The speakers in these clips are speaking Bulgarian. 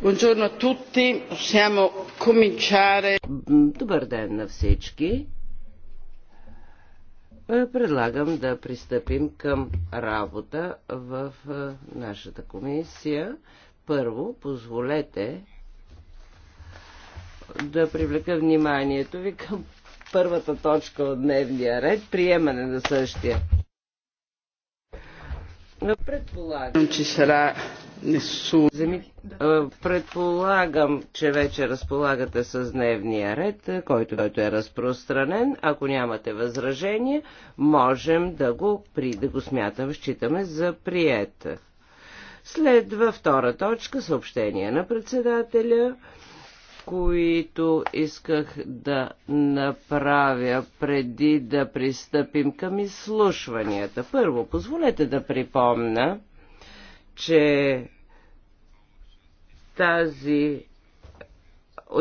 Buongiorno a tutti, possiamo cominciare. Добър ден на всички. Е, предлагам да пристъпим към работа в е, нашата комисия. Първо, позволете да привлека вниманието ви към първата точка от дневния ред, приемане на същия. Предполагам, че сера несу... Земи... Предполагам, че вече разполагате с дневния ред, който, който е разпространен. Ако нямате възражение, можем да го, при... да го смятам, считаме за прият. Следва втора точка, съобщение на председателя които исках да направя преди да пристъпим към изслушванията. Първо, позволете да припомна, че тази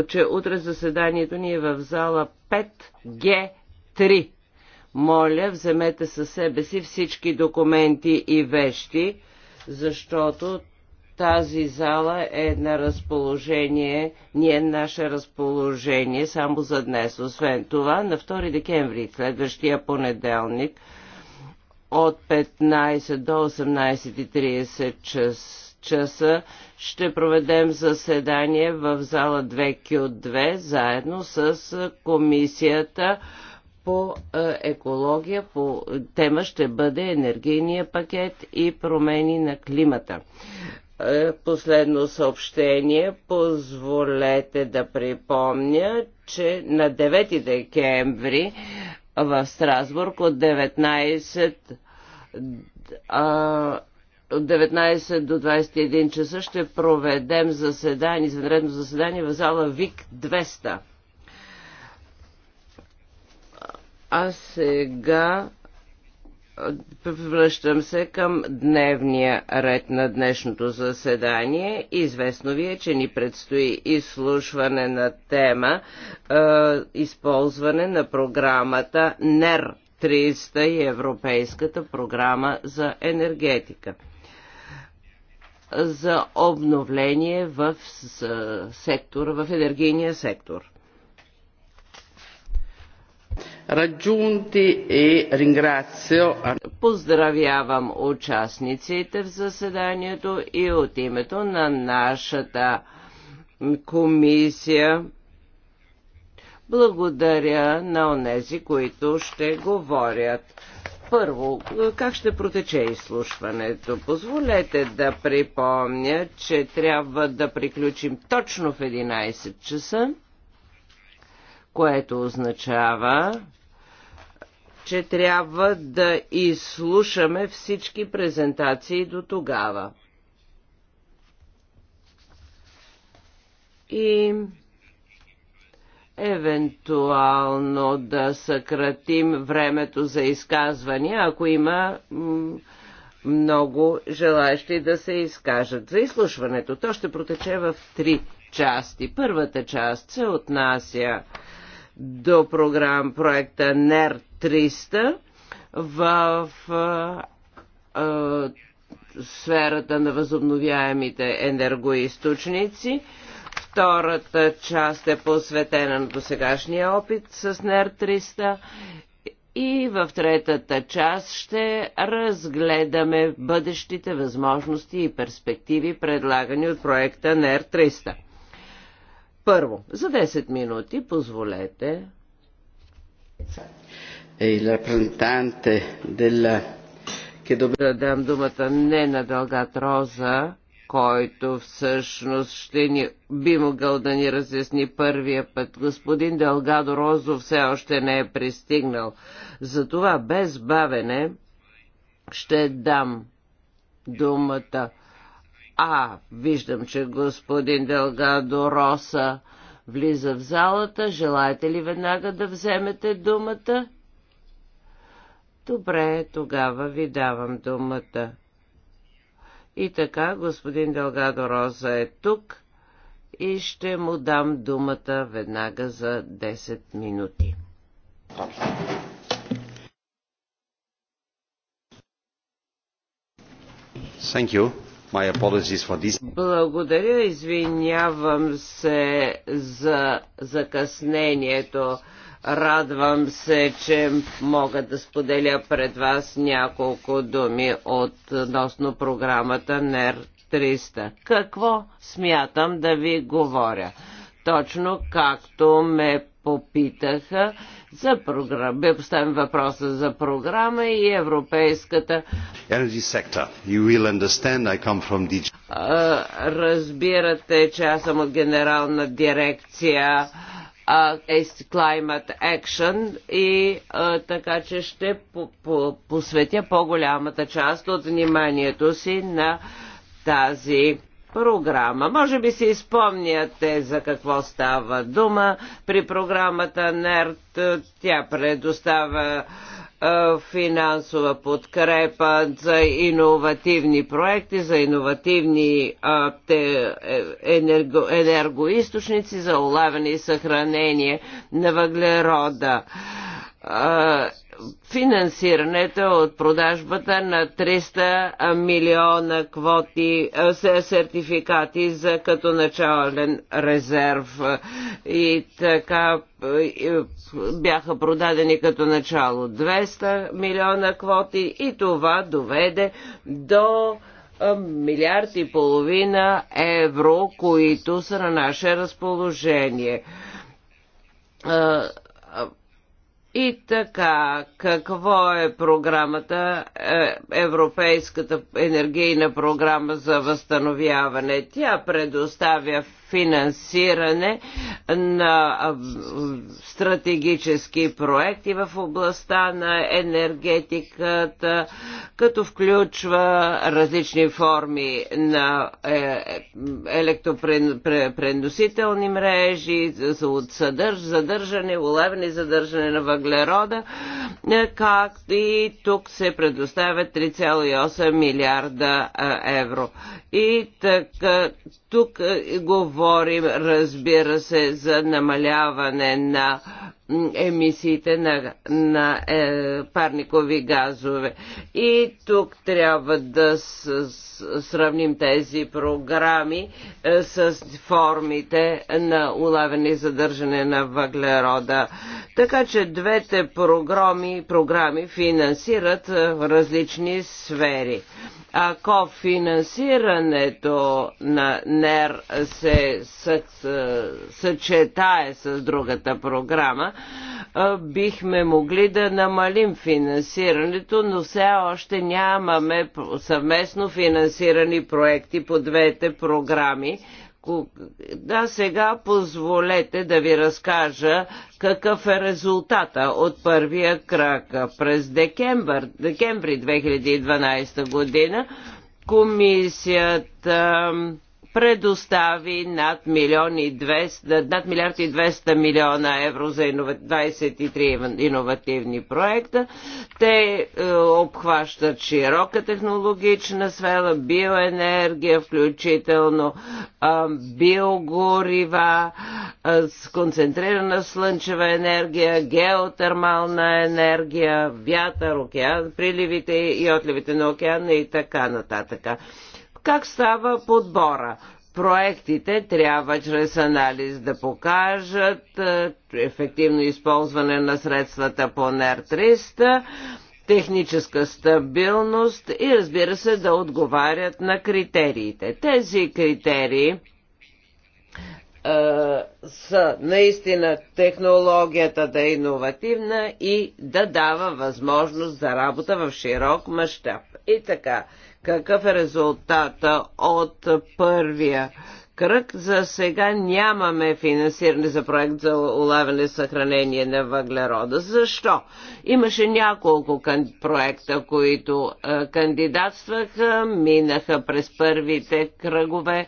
че утре заседанието ни е в зала 5G3. Моля, вземете със себе си всички документи и вещи, защото тази зала е на разположение, ние наше разположение само за днес. Освен това, на 2 декември, следващия понеделник, от 15 до 18.30 часа часа ще проведем заседание в зала 2Q2 заедно с комисията по екология. По тема ще бъде енергийния пакет и промени на климата. Е, последно съобщение. Позволете да припомня, че на 9 декември в Страсбург от 19 а, от 19 до 21 часа ще проведем заседание, извънредно заседание в зала ВИК 200. А сега Връщам се към дневния ред на днешното заседание. Известно ви е, че ни предстои изслушване на тема е, използване на програмата НЕР 300 и Европейската програма за енергетика за обновление в сектора, в енергийния сектор raggiunti e ringrazio. Поздравявам участниците в заседанието и от името на нашата комисия. Благодаря на онези, които ще говорят. Първо, как ще протече изслушването? Позволете да припомня, че трябва да приключим точно в 11 часа което означава, че трябва да изслушаме всички презентации до тогава. И евентуално да съкратим времето за изказвания, ако има много желаящи да се изкажат. За изслушването то ще протече в три части. Първата част се отнася до програм проекта НЕР 300 в а, сферата на възобновяемите енергоисточници. Втората част е посветена на досегашния опит с НЕР 300 и в третата част ще разгледаме бъдещите възможности и перспективи, предлагани от проекта НЕР 300. Първо, за 10 минути позволете. Il rappresentante della... Che Да дам думата не на Дългат Роза, който всъщност ще ни, би могъл да ни разясни първия път. Господин Дългадо Розо все още не е пристигнал. Затова без бавене ще дам думата а, виждам, че господин Делгадо Роса влиза в залата. Желаете ли веднага да вземете думата? Добре, тогава ви давам думата. И така, господин Делгадо Роза е тук и ще му дам думата веднага за 10 минути. Thank you. My apologies for this. Благодаря, извинявам се за закъснението. Радвам се, че мога да споделя пред вас няколко думи относно програмата НЕР 300. Какво смятам да ви говоря? Точно както ме попитаха, за програма, бе поставен въпроса за програма и европейската. Energy sector. You will understand I come from DG. Разбирате, че аз съм от генерална дирекция Climate Action и uh, така, че ще по по посветя по-голямата част от вниманието си на тази програма. Може би си изпомняте за какво става дума. При програмата НЕРТ тя предоставя финансова подкрепа за иновативни проекти, за иновативни е, енерго, енергоисточници, за улавяне и съхранение на въглерода финансирането от продажбата на 300 милиона квоти, сертификати за като начален резерв. И така бяха продадени като начало 200 милиона квоти и това доведе до милиард и половина евро, които са на наше разположение и така, какво е програмата, е, Европейската енергийна програма за възстановяване? Тя предоставя финансиране на стратегически проекти в областта на енергетиката, като включва различни форми на е, е, електропреносителни мрежи, задържане, улавяне и задържане на въглерода, е, както и тук се предоставят 3,8 милиарда евро. И така, тук го Говорим, разбира се, за намаляване на емисиите на, на е, парникови газове. И тук трябва да с, с, сравним тези програми е, с формите на улавяне и задържане на въглерода. Така че двете програми, програми финансират в е, различни сфери. Ако финансирането на НЕР се е, съчетае с другата програма, бихме могли да намалим финансирането, но все още нямаме съвместно финансирани проекти по двете програми. Да, сега позволете да ви разкажа какъв е резултата от първия крак. През декембър, декември 2012 година комисията предостави над, милиард и 200 милиона евро за 23 иновативни проекта. Те е, обхващат широка технологична сфера, биоенергия, включително биогорива, с концентрирана слънчева енергия, геотермална енергия, вятър, океан, приливите и отливите на океана и така нататък как става подбора проектите трябва чрез анализ да покажат е, ефективно използване на средствата по НЕР-300, техническа стабилност и разбира се да отговарят на критериите. Тези критерии е, са наистина технологията да е иновативна и да дава възможност за работа в широк мащаб. И така, какъв е резултата от първия кръг? За сега нямаме финансиране за проект за улавяне и съхранение на въглерода. Защо? Имаше няколко проекта, които е, кандидатстваха, минаха през първите кръгове,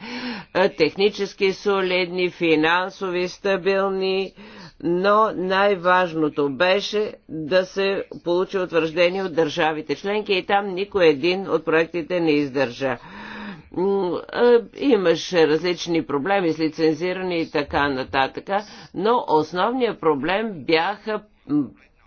е, технически солидни, финансови стабилни, но най-важното беше да се получи утвърждение от държавите членки и там никой един от проектите не издържа. Имаше различни проблеми с лицензиране и така нататък, но основният проблем бяха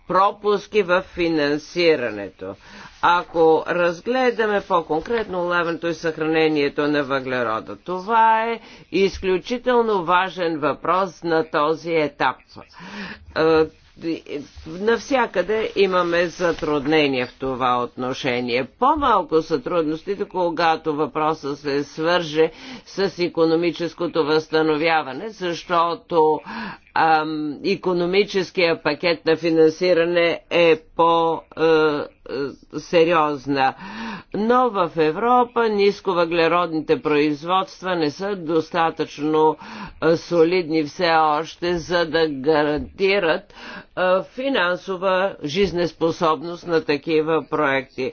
пропуски в финансирането. Ако разгледаме по-конкретно улавянето и съхранението на въглерода, това е изключително важен въпрос на този етап е, навсякъде имаме затруднения в това отношение. По-малко са трудностите, когато въпроса се свърже с економическото възстановяване, защото економическия пакет на финансиране е по-сериозна. Е, е, Но в Европа нисковъглеродните производства не са достатъчно е, солидни все още, за да гарантират финансова жизнеспособност на такива проекти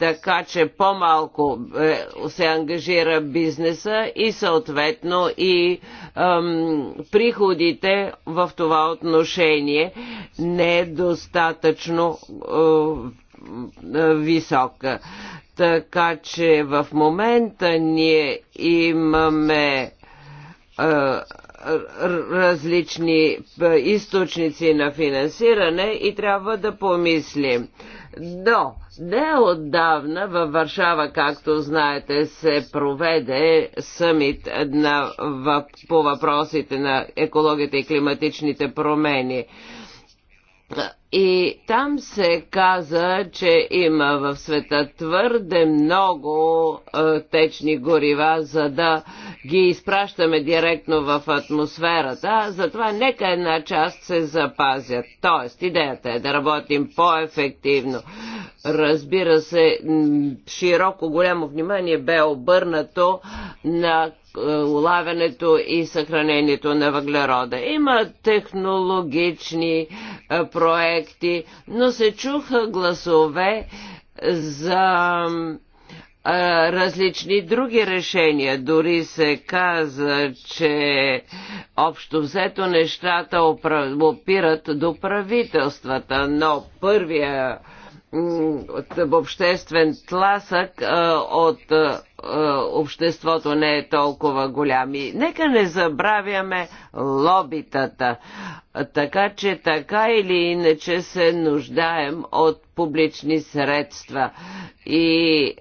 така че по-малко е, се ангажира бизнеса и съответно и ем, приходите в това отношение не е достатъчно е, е висока. Така че в момента ние имаме е, различни източници на финансиране и трябва да помислим. До неотдавна във Варшава, както знаете, се проведе съмит на, в, по въпросите на екологията и климатичните промени и там се каза, че има в света твърде много е, течни горива, за да ги изпращаме директно в атмосферата, затова нека една част се запазят. Тоест, идеята е да работим по-ефективно. Разбира се, широко голямо внимание бе обърнато на е, улавянето и съхранението на въглерода. Има технологични е, проекти, проекти, но се чуха гласове за различни други решения. Дори се каза, че общо взето нещата опират до правителствата, но първия от обществен тласък от обществото не е толкова голям. И нека не забравяме лобитата. Така че така или иначе се нуждаем от публични средства. И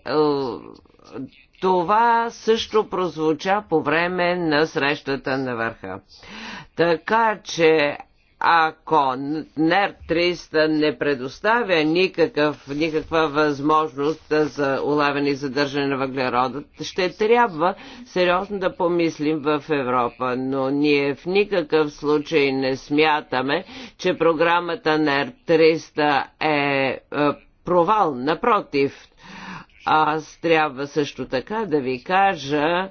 това също прозвуча по време на срещата на върха. Така че ако НЕР 300 не предоставя никакъв, никаква възможност за улавяне и задържане на въглерода, ще трябва сериозно да помислим в Европа. Но ние в никакъв случай не смятаме, че програмата НЕР 300 е, е провал. Напротив, аз трябва също така да ви кажа,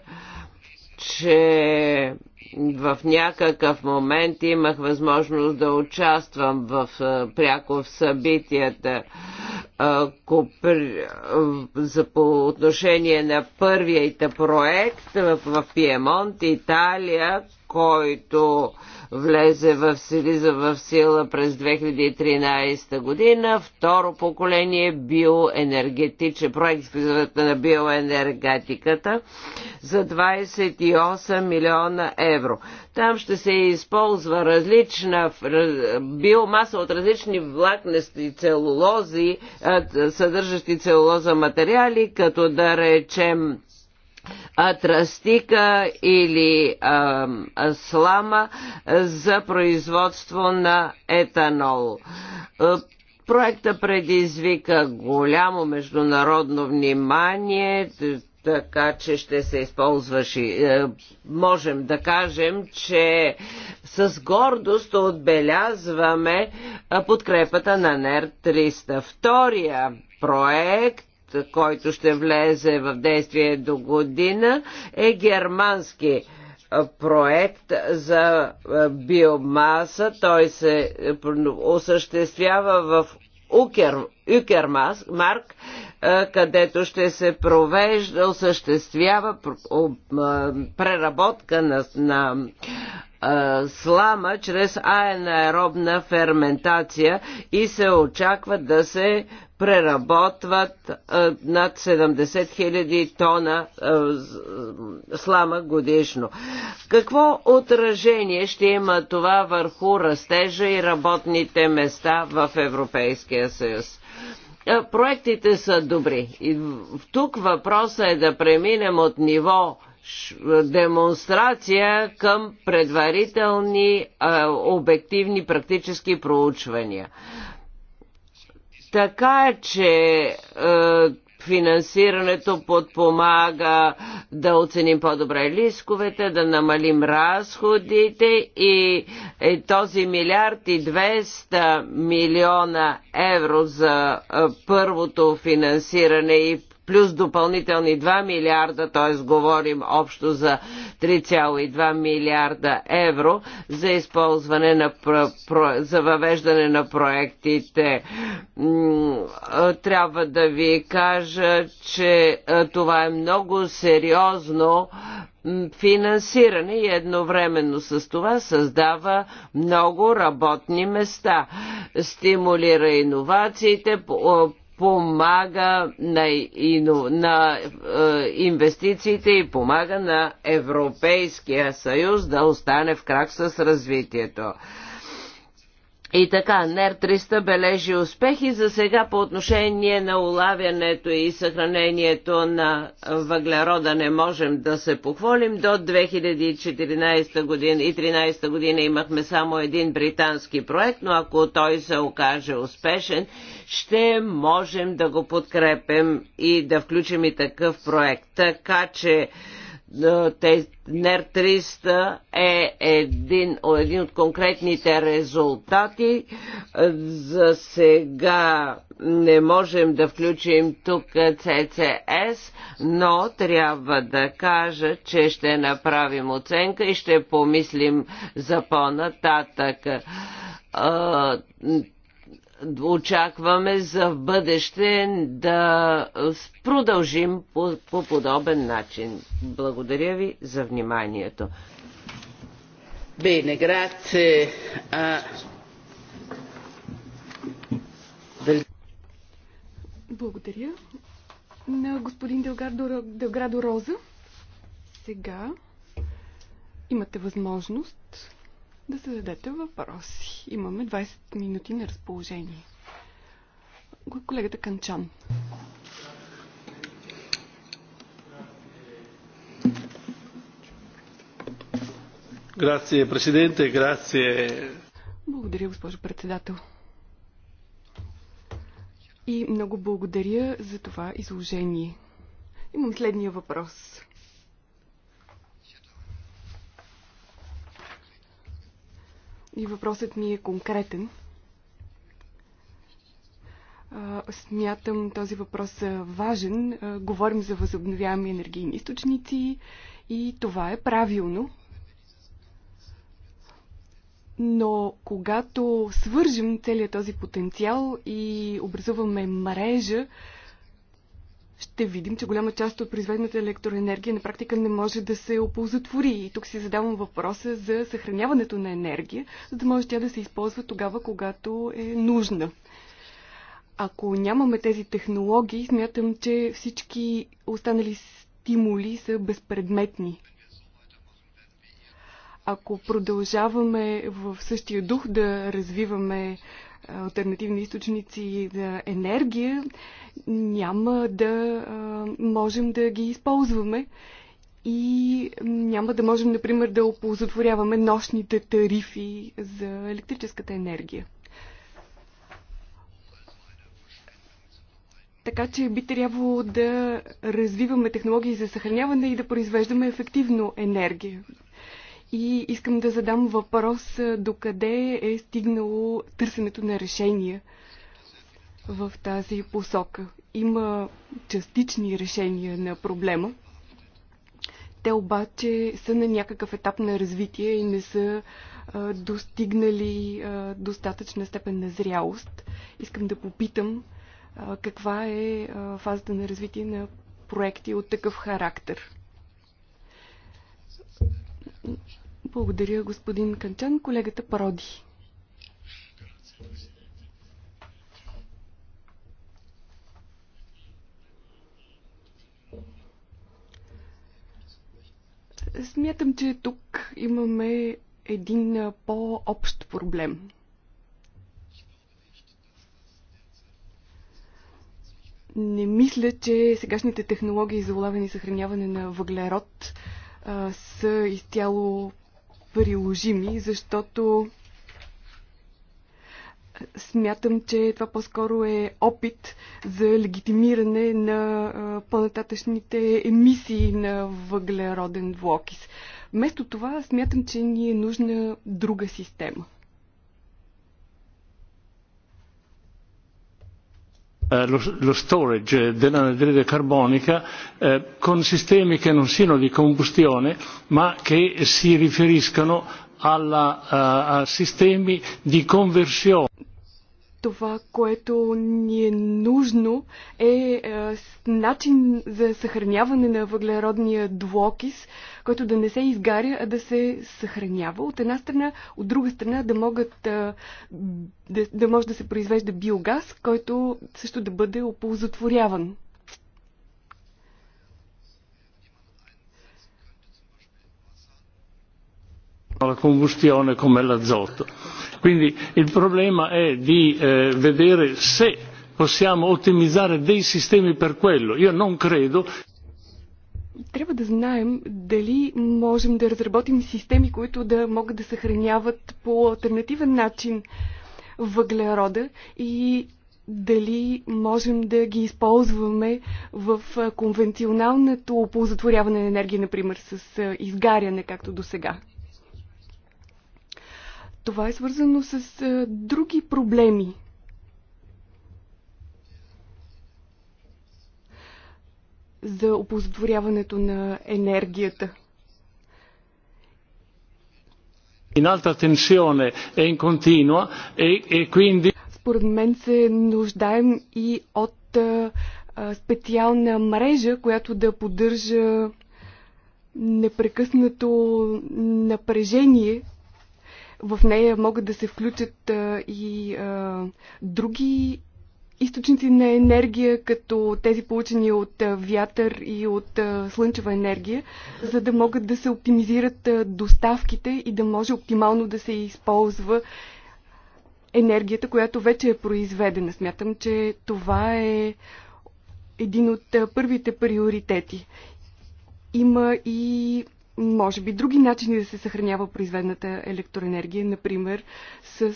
че в някакъв момент имах възможност да участвам в, пряко в събитията за, по отношение на първият проект в, в Пиемонт, Италия, който влезе в Силиза в сила през 2013 година. Второ поколение биоенергетичен проект на биоенергетиката за 28 милиона евро. Там ще се използва различна биомаса от различни влакнести целулози, съдържащи целулоза материали, като да речем тръстика или а, слама за производство на етанол. Проекта предизвика голямо международно внимание, така че ще се използваш и е, можем да кажем, че с гордост отбелязваме подкрепата на НЕР 300. Втория проект който ще влезе в действие до година, е германски проект за биомаса. Той се е, осъществява в Укер, Юкермарк, където ще се провежда, осъществява преработка на, на слама чрез аенаеробна ферментация и се очаква да се преработват над 70 000 тона слама годишно. Какво отражение ще има това върху растежа и работните места в Европейския съюз? Проектите са добри. И тук въпросът е да преминем от ниво демонстрация към предварителни а, обективни практически проучвания. Така е, че е, финансирането подпомага да оценим по-добре рисковете, да намалим разходите и е, този милиард и 200 милиона евро за е, първото финансиране и плюс допълнителни 2 милиарда, т.е. говорим общо за 3,2 милиарда евро за използване на за въвеждане на проектите. Трябва да ви кажа, че това е много сериозно финансиране и едновременно с това създава много работни места. Стимулира иновациите, помага на, на, на е, инвестициите и помага на Европейския съюз да остане в крак с развитието. И така, НЕР 300 бележи успехи за сега по отношение на улавянето и съхранението на въглерода не можем да се похвалим. До 2014 година и 2013 година имахме само един британски проект, но ако той се окаже успешен, ще можем да го подкрепим и да включим и такъв проект. Така че е, НЕР 300 е един, един от конкретните резултати. За сега не можем да включим тук CCS, но трябва да кажа, че ще направим оценка и ще помислим за по-нататък е, очакваме за в бъдеще да продължим по, по подобен начин. Благодаря ви за вниманието. Bene, grazie a... Благодаря на господин Делгардо, Делградо Роза. Сега имате възможност да зададете въпроси. Имаме 20 минути на разположение. Колегата Канчан. Грация, президенте, грация. Благодаря, госпожо председател. И много благодаря за това изложение. Имам следния въпрос. И въпросът ми е конкретен. Смятам този въпрос важен. Говорим за възобновяеми енергийни източници и това е правилно. Но когато свържим целият този потенциал и образуваме мрежа, ще видим, че голяма част от произведената електроенергия на практика не може да се оползотвори. И тук си задавам въпроса за съхраняването на енергия, за да може тя да се използва тогава, когато е нужна. Ако нямаме тези технологии, смятам, че всички останали стимули са безпредметни. Ако продължаваме в същия дух да развиваме альтернативни източници за енергия, няма да можем да ги използваме и няма да можем, например, да оползотворяваме нощните тарифи за електрическата енергия. Така че би трябвало да развиваме технологии за съхраняване и да произвеждаме ефективно енергия. И искам да задам въпрос докъде е стигнало търсенето на решения в тази посока. Има частични решения на проблема. Те обаче са на някакъв етап на развитие и не са а, достигнали а, достатъчна степен на зрялост. Искам да попитам а, каква е а, фазата на развитие на проекти от такъв характер. Благодаря, господин Канчан. Колегата Пароди. Смятам, че тук имаме един по-общ проблем. Не мисля, че сегашните технологии за улавяне и съхраняване на въглерод а, са изцяло приложими, защото смятам, че това по-скоро е опит за легитимиране на по-нататъчните емисии на въглероден двуокис. Вместо това смятам, че ни е нужна друга система – lo, storage dell'anidride carbonica con sistemi che non siano di combustione ma che si riferiscano a sistemi di conversione. Това, което ни е нужно е, е начин за съхраняване на въглеродния двуокис, което да не се изгаря, а да се съхранява от една страна, от друга страна да могат да, да може да се произвежда биогаз, който също да бъде оползотворяван. la combustione come l'azoto. Quindi il problema è di eh, vedere se possiamo ottimizzare dei sistemi per quello. Io non credo трябва да знаем дали можем да разработим системи, които да могат да съхраняват по альтернативен начин въглерода и дали можем да ги използваме в конвенционалното оползотворяване на енергия, например, с изгаряне, както до сега. Това е свързано с други проблеми за оползотворяването на енергията. In alta tensione e in continua e, e quindi... Според мен се нуждаем и от а, специална мрежа, която да поддържа непрекъснато напрежение. В нея могат да се включат а, и а, други източници на енергия, като тези получени от вятър и от слънчева енергия, за да могат да се оптимизират доставките и да може оптимално да се използва енергията, която вече е произведена. Смятам, че това е един от първите приоритети. Има и може би други начини да се съхранява произведената електроенергия, например с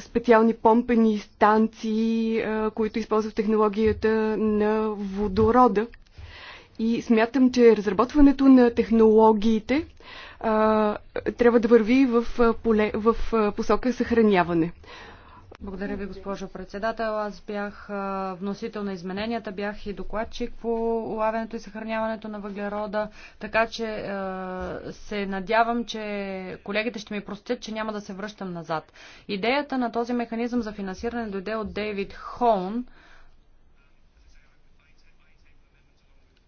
специални помпени станции, които използват технологията на водорода. И смятам, че разработването на технологиите трябва да върви в, поле, в посока съхраняване. Благодаря ви, госпожо председател. Аз бях вносител на измененията, бях и докладчик по улавянето и съхраняването на въглерода, така че се надявам, че колегите ще ми простят, че няма да се връщам назад. Идеята на този механизъм за финансиране дойде от Дейвид Хоун,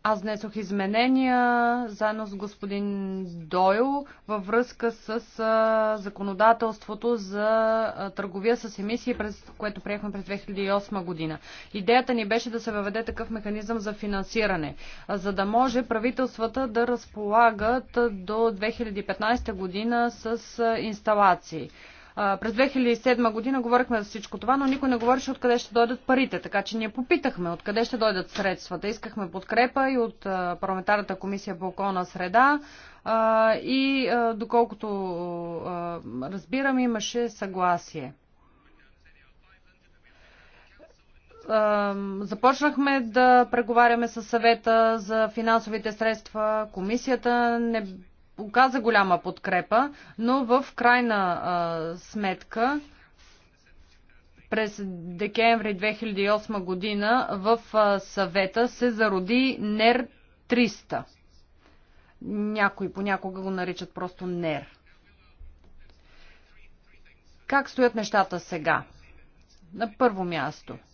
Аз внесох изменения заедно с господин Дойл във връзка с законодателството за търговия с емисии, през, което приехме през 2008 година. Идеята ни беше да се въведе такъв механизъм за финансиране, за да може правителствата да разполагат до 2015 година с инсталации. През 2007 година говорихме за всичко това, но никой не говореше откъде ще дойдат парите, така че ние попитахме откъде ще дойдат средствата. Искахме подкрепа и от парламентарната комисия по околна среда и доколкото разбирам имаше съгласие. започнахме да преговаряме с съвета за финансовите средства. Комисията не оказа голяма подкрепа, но в крайна а, сметка през декември 2008 година в а, съвета се зароди НЕР 300. Някои понякога го наричат просто НЕР. Как стоят нещата сега? На първо място –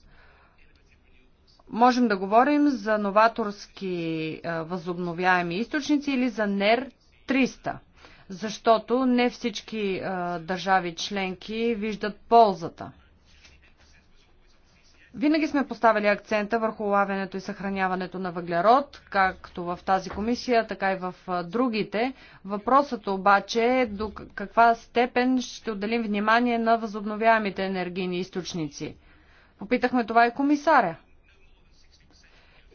можем да говорим за новаторски възобновяеми източници или за НЕР 300, защото не всички държави членки виждат ползата. Винаги сме поставили акцента върху лавянето и съхраняването на въглерод, както в тази комисия, така и в другите. Въпросът обаче е до каква степен ще отделим внимание на възобновяемите енергийни източници. Попитахме това и комисаря.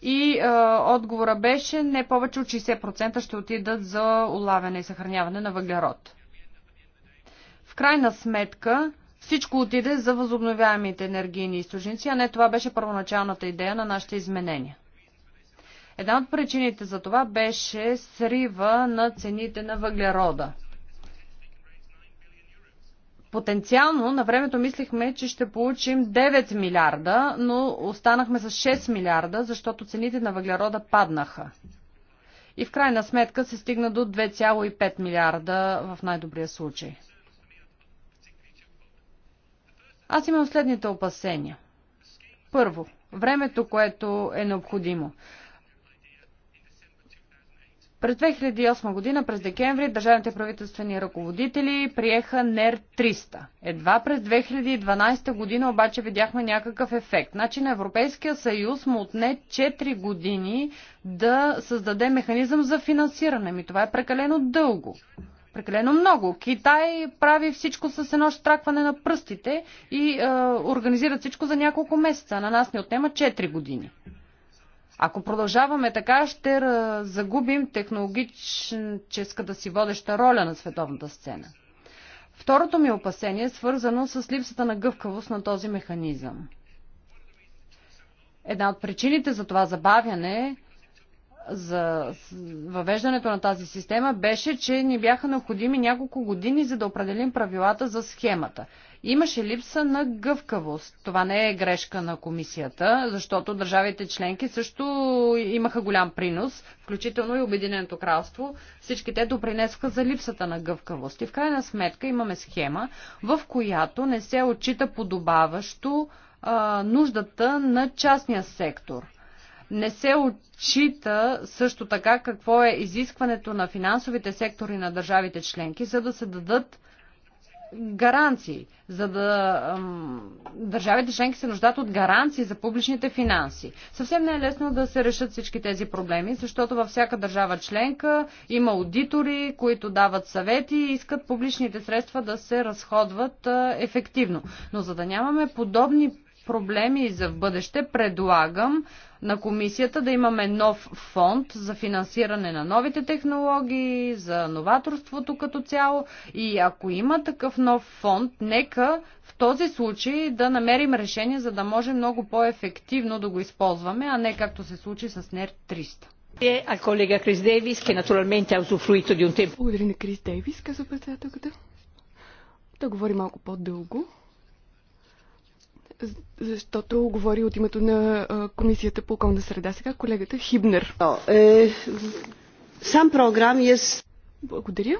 И а, отговора беше не повече от 60% ще отидат за улавяне и съхраняване на въглерод. В крайна сметка всичко отиде за възобновяемите енергийни източници, а не това беше първоначалната идея на нашите изменения. Една от причините за това беше срива на цените на въглерода – потенциално на времето мислихме, че ще получим 9 милиарда, но останахме с 6 милиарда, защото цените на въглерода паднаха. И в крайна сметка се стигна до 2,5 милиарда в най-добрия случай. Аз имам следните опасения. Първо, времето, което е необходимо. През 2008 година, през декември, държавните правителствени ръководители приеха НЕР 300. Едва през 2012 година обаче видяхме някакъв ефект. Значи на Европейския съюз му отне 4 години да създаде механизъм за финансиране. Ми това е прекалено дълго. Прекалено много. Китай прави всичко с едно штракване на пръстите и е, организира всичко за няколко месеца. На нас ни отнема 4 години. Ако продължаваме така, ще загубим технологическата си водеща роля на световната сцена. Второто ми опасение е свързано с липсата на гъвкавост на този механизъм. Една от причините за това забавяне за въвеждането на тази система беше, че ни бяха необходими няколко години, за да определим правилата за схемата. Имаше липса на гъвкавост. Това не е грешка на комисията, защото държавите членки също имаха голям принос, включително и Обединеното кралство. Всички те допринесоха за липсата на гъвкавост. И в крайна сметка имаме схема, в която не се отчита подобаващо а, нуждата на частния сектор не се отчита също така какво е изискването на финансовите сектори на държавите членки, за да се дадат гаранции, за да държавите членки се нуждат от гаранции за публичните финанси. Съвсем не е лесно да се решат всички тези проблеми, защото във всяка държава членка има аудитори, които дават съвети и искат публичните средства да се разходват ефективно. Но за да нямаме подобни проблеми за в бъдеще, предлагам на комисията да имаме нов фонд за финансиране на новите технологии, за новаторството като цяло. И ако има такъв нов фонд, нека в този случай да намерим решение, за да може много по-ефективно да го използваме, а не както се случи с НЕР 300. Е, е Благодаря на Крис Дейвис, казва председателката. Да говори малко по-дълго защото говори от името на Комисията по околна среда. Сега колегата Хибнер. Е, сам програм е... Благодаря.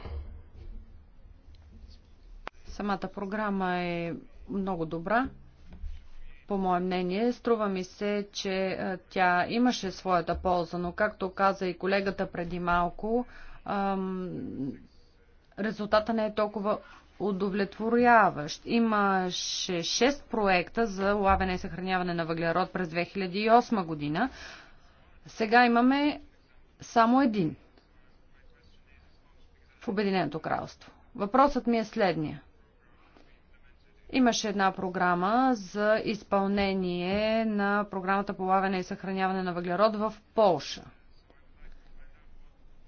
Самата програма е много добра по мое мнение. Струва ми се, че тя имаше своята полза, но както каза и колегата преди малко, резултата не е толкова удовлетворяващ. Имаше 6 проекта за лавене и съхраняване на въглерод през 2008 година. Сега имаме само един в Обединеното кралство. Въпросът ми е следния. Имаше една програма за изпълнение на програмата по лавене и съхраняване на въглерод в Полша.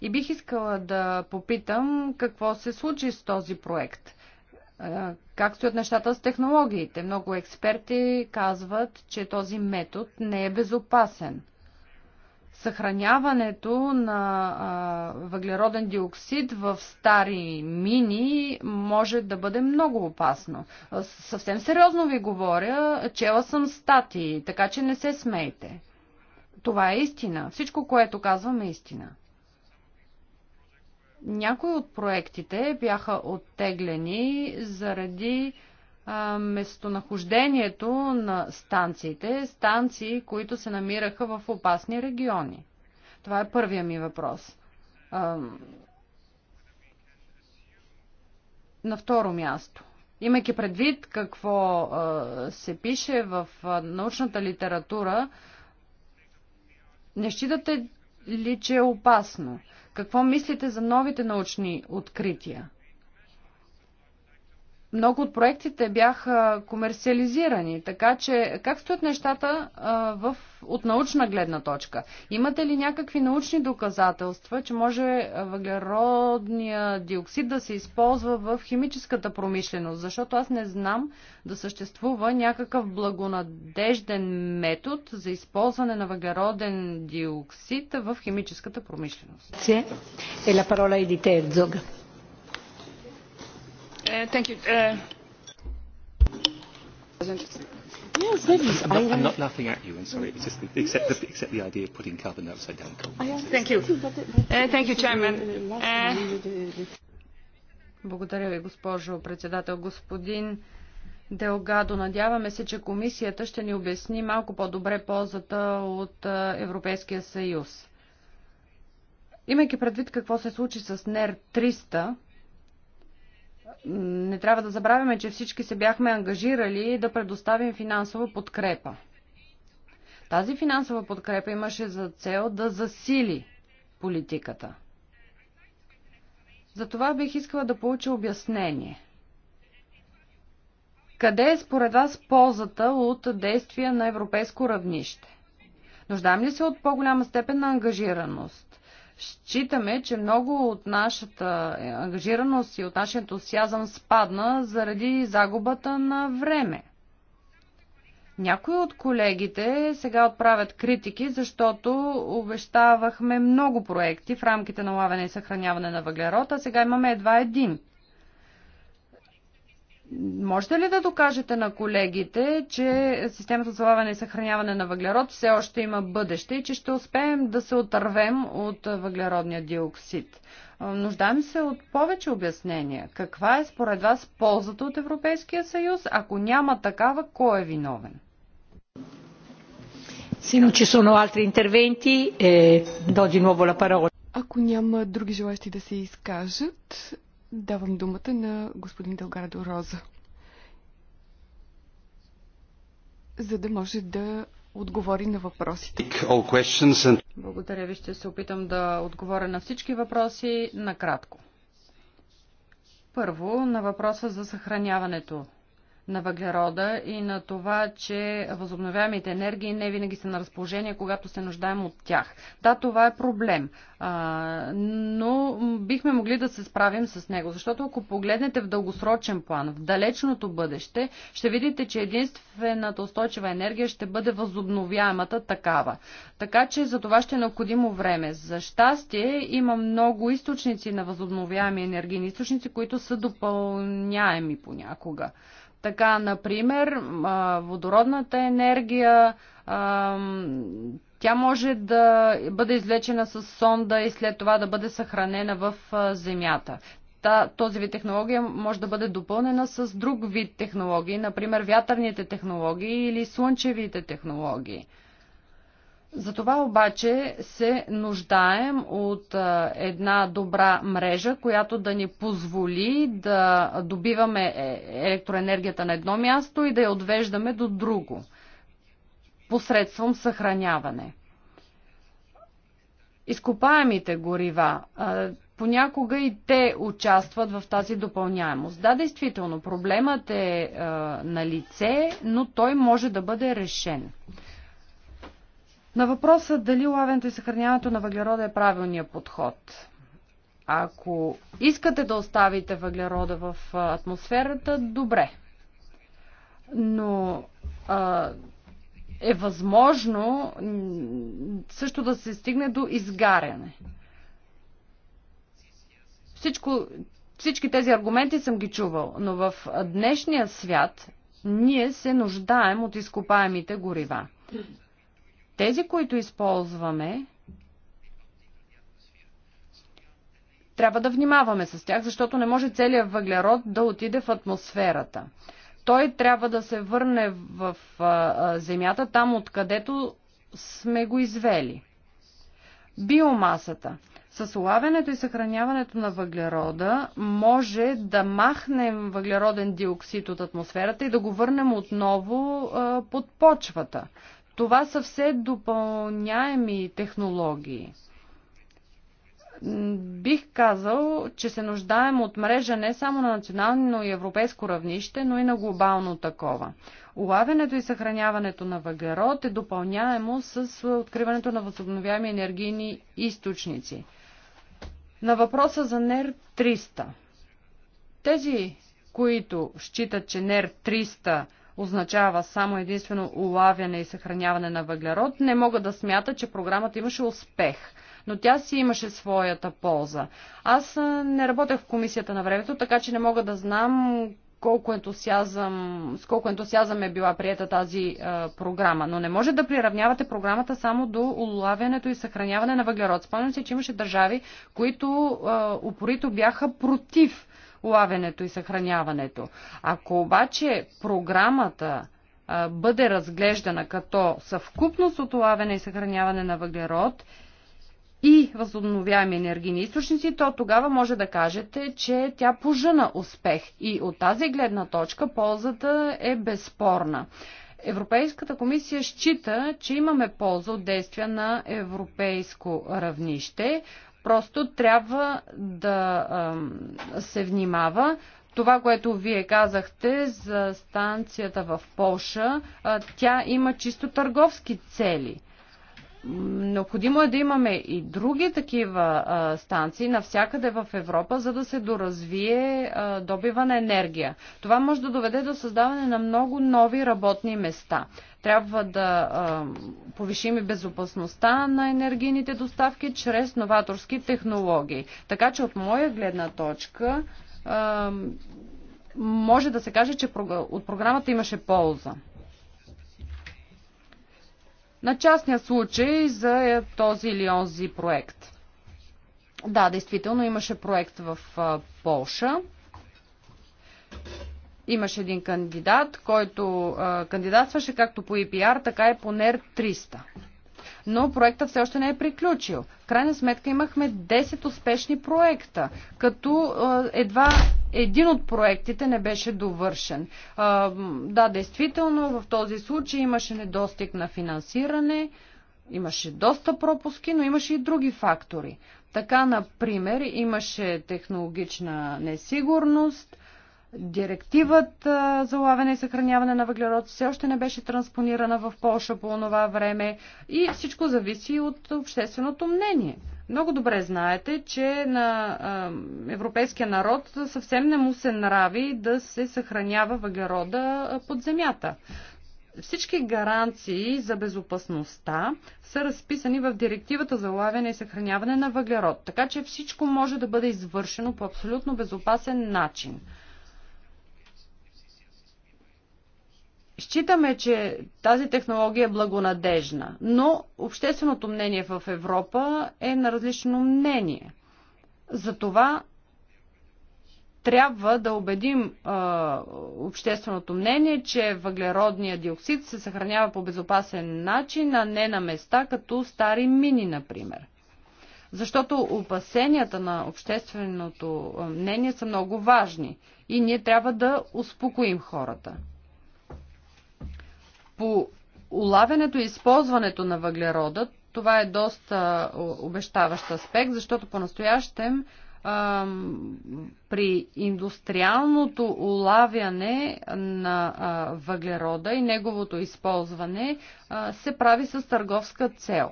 И бих искала да попитам какво се случи с този проект. Как стоят нещата с технологиите? Много експерти казват, че този метод не е безопасен. Съхраняването на въглероден диоксид в стари мини може да бъде много опасно. Съвсем сериозно ви говоря, чела съм статии, така че не се смейте. Това е истина. Всичко, което казвам е истина. Някои от проектите бяха оттеглени заради местонахождението на станциите, станции, които се намираха в опасни региони. Това е първия ми въпрос. На второ място. Имайки предвид какво се пише в научната литература, не считате ли, че е опасно? Какво мислите за новите научни открития? много от проектите бяха комерциализирани, така че как стоят нещата а, в, от научна гледна точка? Имате ли някакви научни доказателства, че може въглеродния диоксид да се използва в химическата промишленост? Защото аз не знам да съществува някакъв благонадежден метод за използване на въглероден диоксид в химическата промишленост. Е е, е, е, е, е, Uh, uh, I'm, not, I'm not uh, laughing at you, I'm sorry, it's just the, except, the, except the idea of putting carbon dioxide down Thank you. Uh, thank you, Chairman. Благодаря ви, госпожо председател. Господин Делгадо, надяваме се, че комисията ще ни обясни малко по-добре ползата от Европейския съюз. Имайки предвид какво се случи с НЕР 300, не трябва да забравяме, че всички се бяхме ангажирали да предоставим финансова подкрепа. Тази финансова подкрепа имаше за цел да засили политиката. За това бих искала да получа обяснение. Къде е според вас ползата от действия на европейско равнище? Нуждаем ли се от по-голяма степен на ангажираност? Считаме, че много от нашата ангажираност и от нашия ентусиазъм спадна заради загубата на време. Някои от колегите сега отправят критики, защото обещавахме много проекти в рамките на лавяне и съхраняване на въглерод, а сега имаме едва един. Можете ли да докажете на колегите, че системата за лавяне и съхраняване на въглерод все още има бъдеще и че ще успеем да се отървем от въглеродния диоксид? Нуждаем се от повече обяснения. Каква е според вас ползата от Европейския съюз? Ако няма такава, кой е виновен? Сино, че sono altri interventi, eh, do di Ако няма други желащи да се изкажат, Давам думата на господин Дългардо Роза, за да може да отговори на въпросите. Благодаря ви, ще се опитам да отговоря на всички въпроси накратко. Първо, на въпроса за съхраняването на въглерода и на това, че възобновяемите енергии не винаги са на разположение, когато се нуждаем от тях. Да, това е проблем, но бихме могли да се справим с него, защото ако погледнете в дългосрочен план, в далечното бъдеще, ще видите, че единствената устойчива енергия ще бъде възобновяемата такава. Така че за това ще е необходимо време. За щастие има много източници на възобновяеми енергийни източници, които са допълняеми понякога. Така, например, водородната енергия, тя може да бъде излечена с сонда и след това да бъде съхранена в земята. Та, този вид технология може да бъде допълнена с друг вид технологии, например вятърните технологии или слънчевите технологии. Затова обаче се нуждаем от една добра мрежа, която да ни позволи да добиваме е, електроенергията на едно място и да я отвеждаме до друго, посредством съхраняване. Изкопаемите горива, понякога и те участват в тази допълняемост. Да, действително, проблемът е на лице, но той може да бъде решен. На въпроса дали лавенето и съхраняването на въглерода е правилният подход. Ако искате да оставите въглерода в атмосферата, добре. Но а, е възможно също да се стигне до изгаряне. Всичко, всички тези аргументи съм ги чувал, но в днешния свят ние се нуждаем от изкопаемите горива. Тези, които използваме, трябва да внимаваме с тях, защото не може целият въглерод да отиде в атмосферата. Той трябва да се върне в земята, там откъдето сме го извели. Биомасата. С улавянето и съхраняването на въглерода може да махнем въглероден диоксид от атмосферата и да го върнем отново а, под почвата. Това са все допълняеми технологии. Бих казал, че се нуждаем от мрежа не само на национално но и европейско равнище, но и на глобално такова. Улавянето и съхраняването на въглерод е допълняемо с откриването на възобновяеми енергийни източници. На въпроса за НЕР 300. Тези, които считат, че НЕР 300 означава само единствено улавяне и съхраняване на въглерод, не мога да смята, че програмата имаше успех. Но тя си имаше своята полза. Аз не работех в комисията на времето, така че не мога да знам колко ентусиазъм, с колко ентусиазъм е била приета тази е, програма. Но не може да приравнявате програмата само до улавянето и съхраняване на въглерод. Спомням се, че имаше държави, които е, упорито бяха против лавенето и съхраняването. Ако обаче програмата бъде разглеждана като съвкупност от лавене и съхраняване на въглерод и възобновяеми енергийни източници, то тогава може да кажете, че тя пожена успех. И от тази гледна точка ползата е безспорна. Европейската комисия счита, че имаме полза от действия на европейско равнище. Просто трябва да се внимава. Това, което вие казахте за станцията в Полша, тя има чисто търговски цели. Необходимо е да имаме и други такива а, станции навсякъде в Европа, за да се доразвие а, добива на енергия. Това може да доведе до създаване на много нови работни места. Трябва да а, повишим и безопасността на енергийните доставки чрез новаторски технологии. Така че от моя гледна точка а, може да се каже, че от програмата имаше полза на частния случай за този или онзи проект. Да, действително имаше проект в Полша. Имаше един кандидат, който кандидатстваше както по EPR, така и по NER 300 но проектът все още не е приключил. В крайна сметка имахме 10 успешни проекта, като е, едва един от проектите не беше довършен. Да, действително, в този случай имаше недостиг на финансиране, имаше доста пропуски, но имаше и други фактори. Така, например, имаше технологична несигурност – Директивата за лавене и съхраняване на въглерод все още не беше транспонирана в Польша по това време и всичко зависи от общественото мнение. Много добре знаете, че на европейския народ съвсем не му се нрави да се съхранява въглерода под земята. Всички гаранции за безопасността са разписани в директивата за лавяне и съхраняване на въглерод, така че всичко може да бъде извършено по абсолютно безопасен начин. Считаме, че тази технология е благонадежна, но общественото мнение в Европа е на различно мнение. Затова трябва да убедим а, общественото мнение, че въглеродния диоксид се съхранява по безопасен начин, а не на места като стари мини, например. Защото опасенията на общественото мнение са много важни и ние трябва да успокоим хората. По улавянето и използването на въглерода, това е доста обещаващ аспект, защото по-настоящем при индустриалното улавяне на въглерода и неговото използване се прави с търговска цел.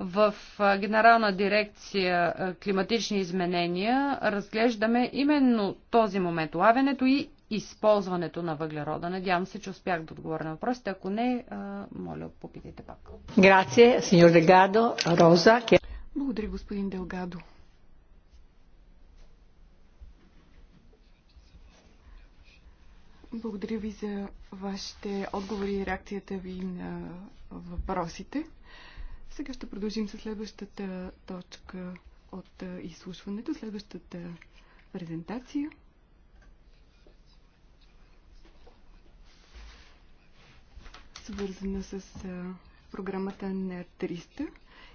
В Генерална дирекция климатични изменения разглеждаме именно този момент, лавянето и използването на въглерода. Надявам се, че успях да отговоря на въпросите. Ако не, моля, попитайте пак. Грация, сеньор Делгадо, Роза. Благодаря, господин Делгадо. Благодаря ви за вашите отговори и реакцията ви на въпросите. Сега ще продължим с следващата точка от изслушването, следващата презентация. свързана с програмата на 300.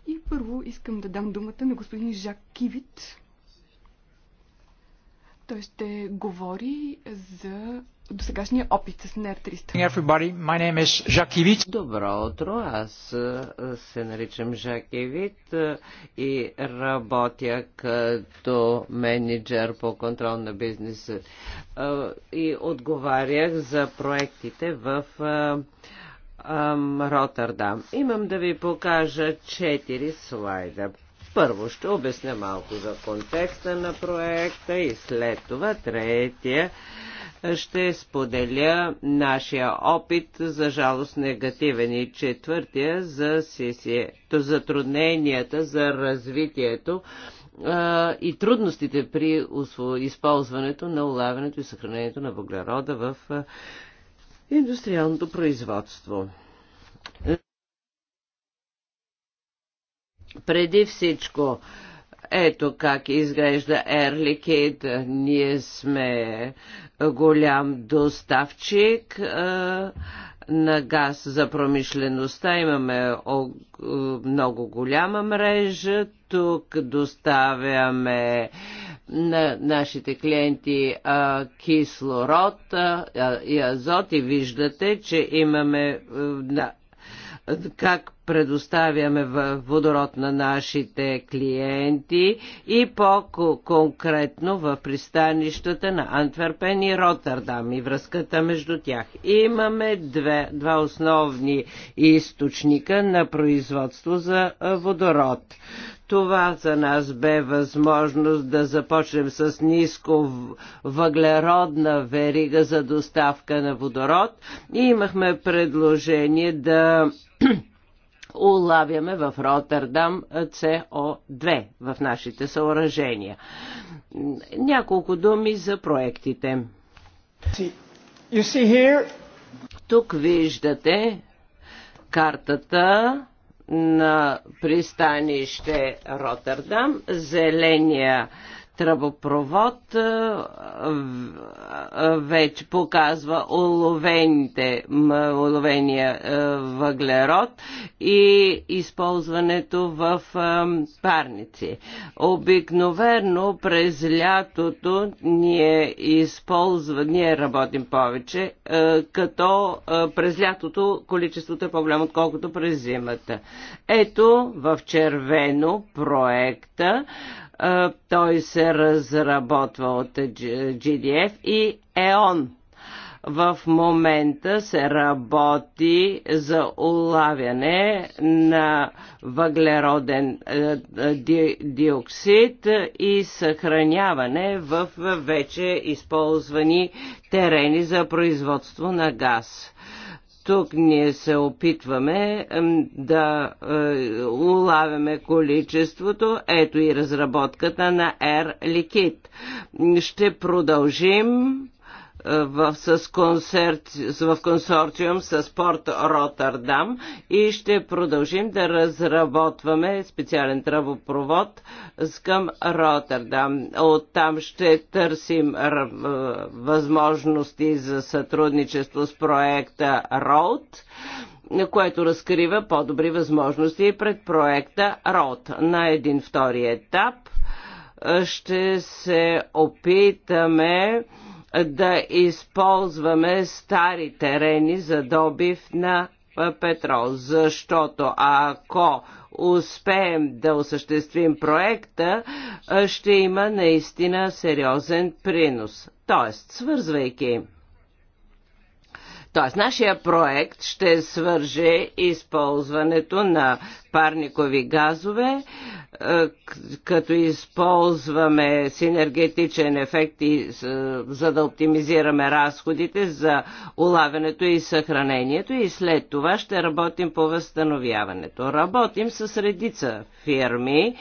И първо искам да дам думата на господин Жак Кивит. Той ще говори за досегашния опит с NER 300. Добро утро, аз се наричам Жакевит и работя като менеджер по контрол на бизнеса и отговарях за проектите в Ротърдам. Имам да ви покажа четири слайда. Първо ще обясня малко за контекста на проекта и след това третия ще споделя нашия опит, за жалост негативен и четвъртия за сесието, затрудненията за развитието а, и трудностите при използването на улавянето и съхранението на въглерода в индустриалното производство. Преди всичко, ето как изглежда Ерликейт. Ние сме голям доставчик на газ за промишлеността. Имаме много голяма мрежа. Тук доставяме на нашите клиенти а, кислород а, и азот и виждате, че имаме е, а, как предоставяме водород на нашите клиенти и по-конкретно в пристанищата на Антверпен и Роттердам и връзката между тях. Имаме две, два основни източника на производство за е, водород. Това за нас бе възможност да започнем с ниско въглеродна верига за доставка на водород и имахме предложение да улавяме в Роттердам CO2 в нашите съоръжения. Няколко думи за проектите. Тук виждате картата на пристанище Роттердам. Зеления тръбопровод вече показва оловените, оловения въглерод и използването в парници. Обикновено през лятото ние използва, ние работим повече, като през лятото количеството е по-голямо, отколкото през зимата. Ето в червено проекта той се разработва от GDF и ЕОН. В момента се работи за улавяне на въглероден диоксид и съхраняване в вече използвани терени за производство на газ. Тук ние се опитваме да е, улавяме количеството. Ето и разработката на Air Liquid. Ще продължим в, с концерт, в консорциум с порт Ротърдам и ще продължим да разработваме специален тръбопровод към Ротърдам. Оттам ще търсим възможности за сътрудничество с проекта РОД което разкрива по-добри възможности пред проекта РОД. На един втори етап ще се опитаме да използваме стари терени за добив на петрол, защото ако успеем да осъществим проекта, ще има наистина сериозен принос. Тоест, свързвайки Тоест, нашия проект ще свърже използването на парникови газове, е, като използваме синергетичен ефект и, е, за да оптимизираме разходите за улавянето и съхранението и след това ще работим по възстановяването. Работим с редица фирми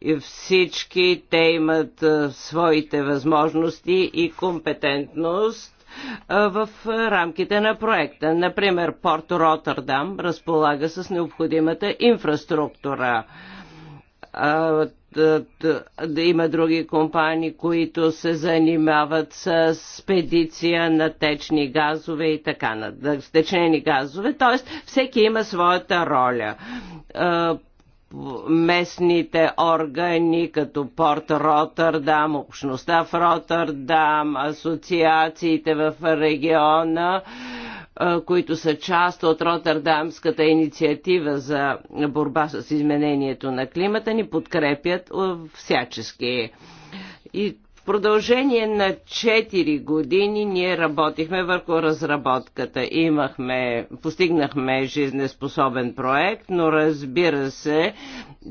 и всички те имат е, своите възможности и компетентност в рамките на проекта. Например, Порт Роттердам разполага с необходимата инфраструктура да има други компании, които се занимават с спедиция на течни газове и така на течнени газове. Т.е. всеки има своята роля местните органи, като Порт Ротърдам, общността в Ротърдам, асоциациите в региона, които са част от Ротърдамската инициатива за борба с изменението на климата, ни подкрепят всячески. И в продължение на 4 години ние работихме върху разработката. Имахме, постигнахме жизнеспособен проект, но разбира се,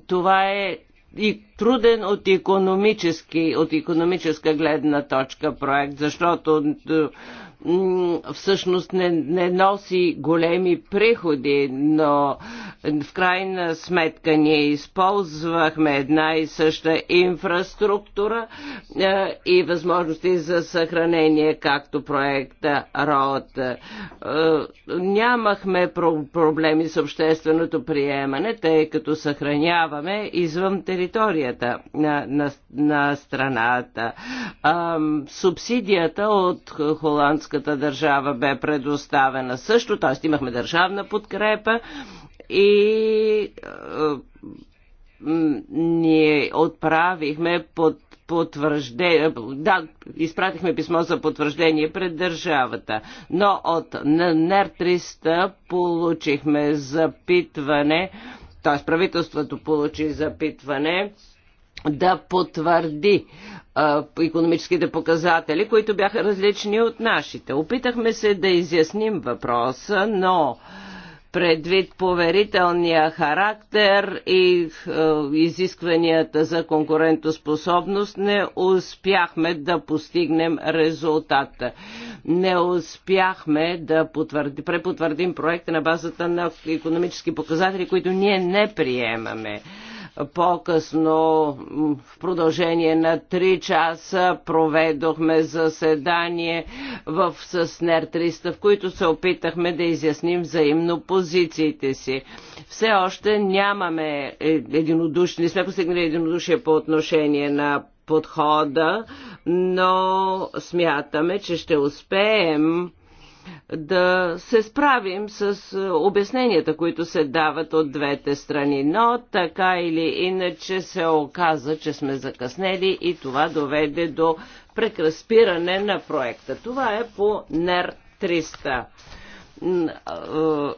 това е и труден от, економически, от економическа гледна точка проект, защото всъщност не, не носи големи приходи, но в крайна сметка ние използвахме една и съща инфраструктура е, и възможности за съхранение, както проекта РОД. Е, нямахме про- проблеми с общественото приемане, тъй като съхраняваме извън територията на, на, на страната. Е, субсидията от холандска българската държава бе предоставена също, т.е. имахме държавна подкрепа и е, ние отправихме под потвърждение, да, изпратихме писмо за потвърждение пред държавата, но от НЕР 300 получихме запитване, т.е. правителството получи запитване да потвърди економическите показатели, които бяха различни от нашите. Опитахме се да изясним въпроса, но предвид поверителния характер и изискванията за конкурентоспособност, не успяхме да постигнем резултата. Не успяхме да потвърди, препотвърдим проекта на базата на економически показатели, които ние не приемаме. По-късно, в продължение на 3 часа, проведохме заседание в СНЕР 300, в които се опитахме да изясним взаимно позициите си. Все още нямаме е, единодушие, не сме постигнали единодушие по отношение на подхода, но смятаме, че ще успеем да се справим с е, обясненията, които се дават от двете страни. Но така или иначе се оказа, че сме закъснели и това доведе до прекраспиране на проекта. Това е по НЕР 300.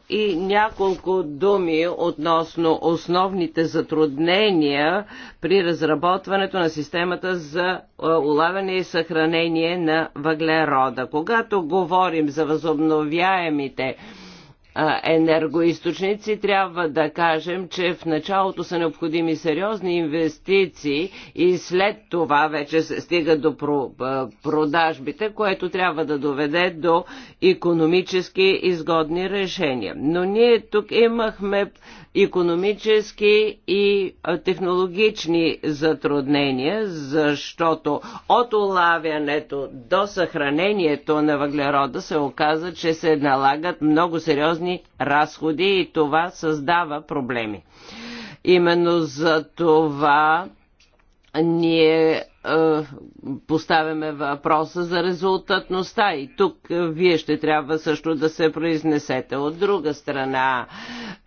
И няколко думи относно основните затруднения при разработването на системата за е, улавяне и съхранение на въглерода. Когато говорим за възобновяемите енергоисточници, трябва да кажем, че в началото са необходими сериозни инвестиции и след това вече се стига до продажбите, което трябва да доведе до економически изгодни решения. Но ние тук имахме економически и технологични затруднения, защото от улавянето до съхранението на въглерода се оказа, че се налагат много сериозни разходи и това създава проблеми. Именно за това ние е, поставяме въпроса за резултатността и тук е, вие ще трябва също да се произнесете. От друга страна,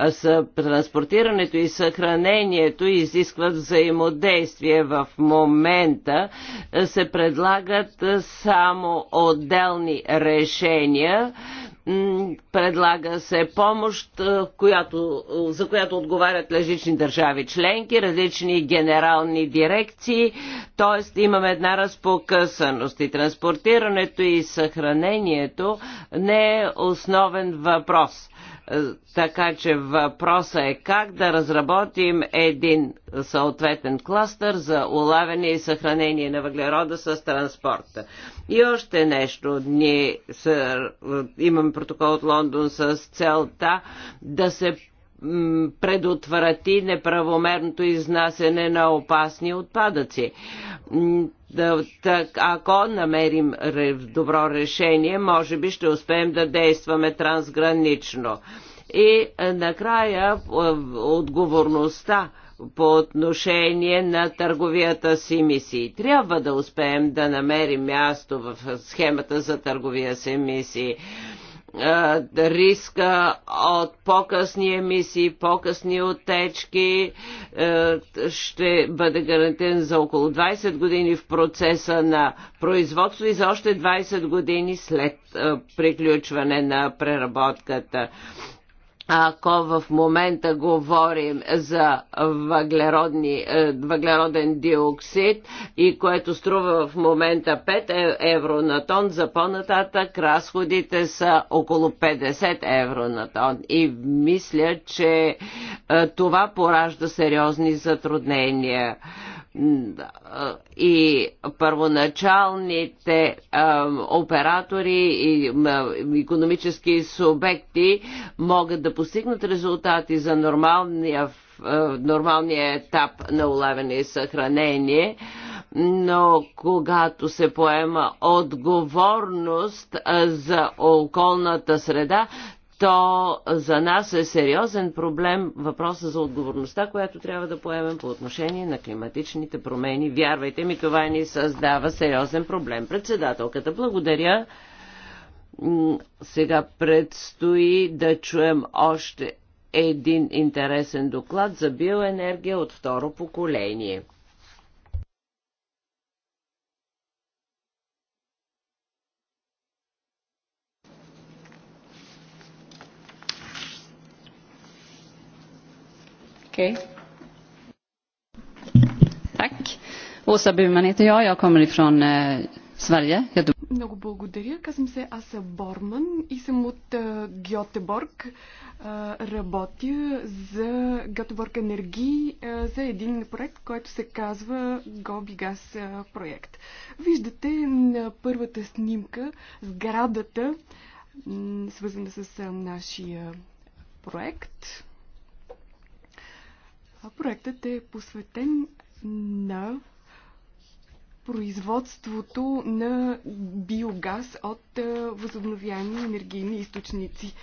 е, с транспортирането и съхранението изискват взаимодействие. В момента се предлагат само отделни решения, предлага се помощ, която, за която отговарят различни държави членки, различни генерални дирекции, т.е. имаме една разпокъсаност и транспортирането и съхранението не е основен въпрос. Е, така че въпросът е как да разработим един съответен кластър за улавяне и съхранение на въглерода с транспорта. И още нещо. Ние е, имаме протокол от Лондон с целта да се предотврати неправомерното изнасяне на опасни отпадъци. Ако намерим добро решение, може би ще успеем да действаме трансгранично. И е, накрая е, отговорността по отношение на търговията с емисии. Трябва да успеем да намерим място в схемата за търговия с емисии риска от по-късни емисии, по-късни оттечки ще бъде гарантиран за около 20 години в процеса на производство и за още 20 години след приключване на преработката. Ако в момента говорим за въглеродни, е, въглероден диоксид и което струва в момента 5 е, евро на тон, за по-нататък разходите са около 50 евро на тон. И мисля, че е, това поражда сериозни затруднения и първоначалните оператори и економически субекти могат да постигнат резултати за нормалния, нормалния етап на улавяне и съхранение но когато се поема отговорност за околната среда, то за нас е сериозен проблем въпроса за отговорността, която трябва да поемем по отношение на климатичните промени. Вярвайте ми, това ни създава сериозен проблем. Председателката, благодаря. Сега предстои да чуем още един интересен доклад за биоенергия от второ поколение. Okej. Tack. Åsa Burman heter jag. Jag kommer ifrån eh, Sverige. Много благодаря. Казвам се Аса Борман и съм от е, Гьотеборг. Е, работя за Гьотеборг Енерги е, за един проект, който се казва Гобигаз проект. Виждате на първата снимка сградата, свързана с нашия проект. Проектът е посветен на производството на биогаз от възобновяеми енергийни източници.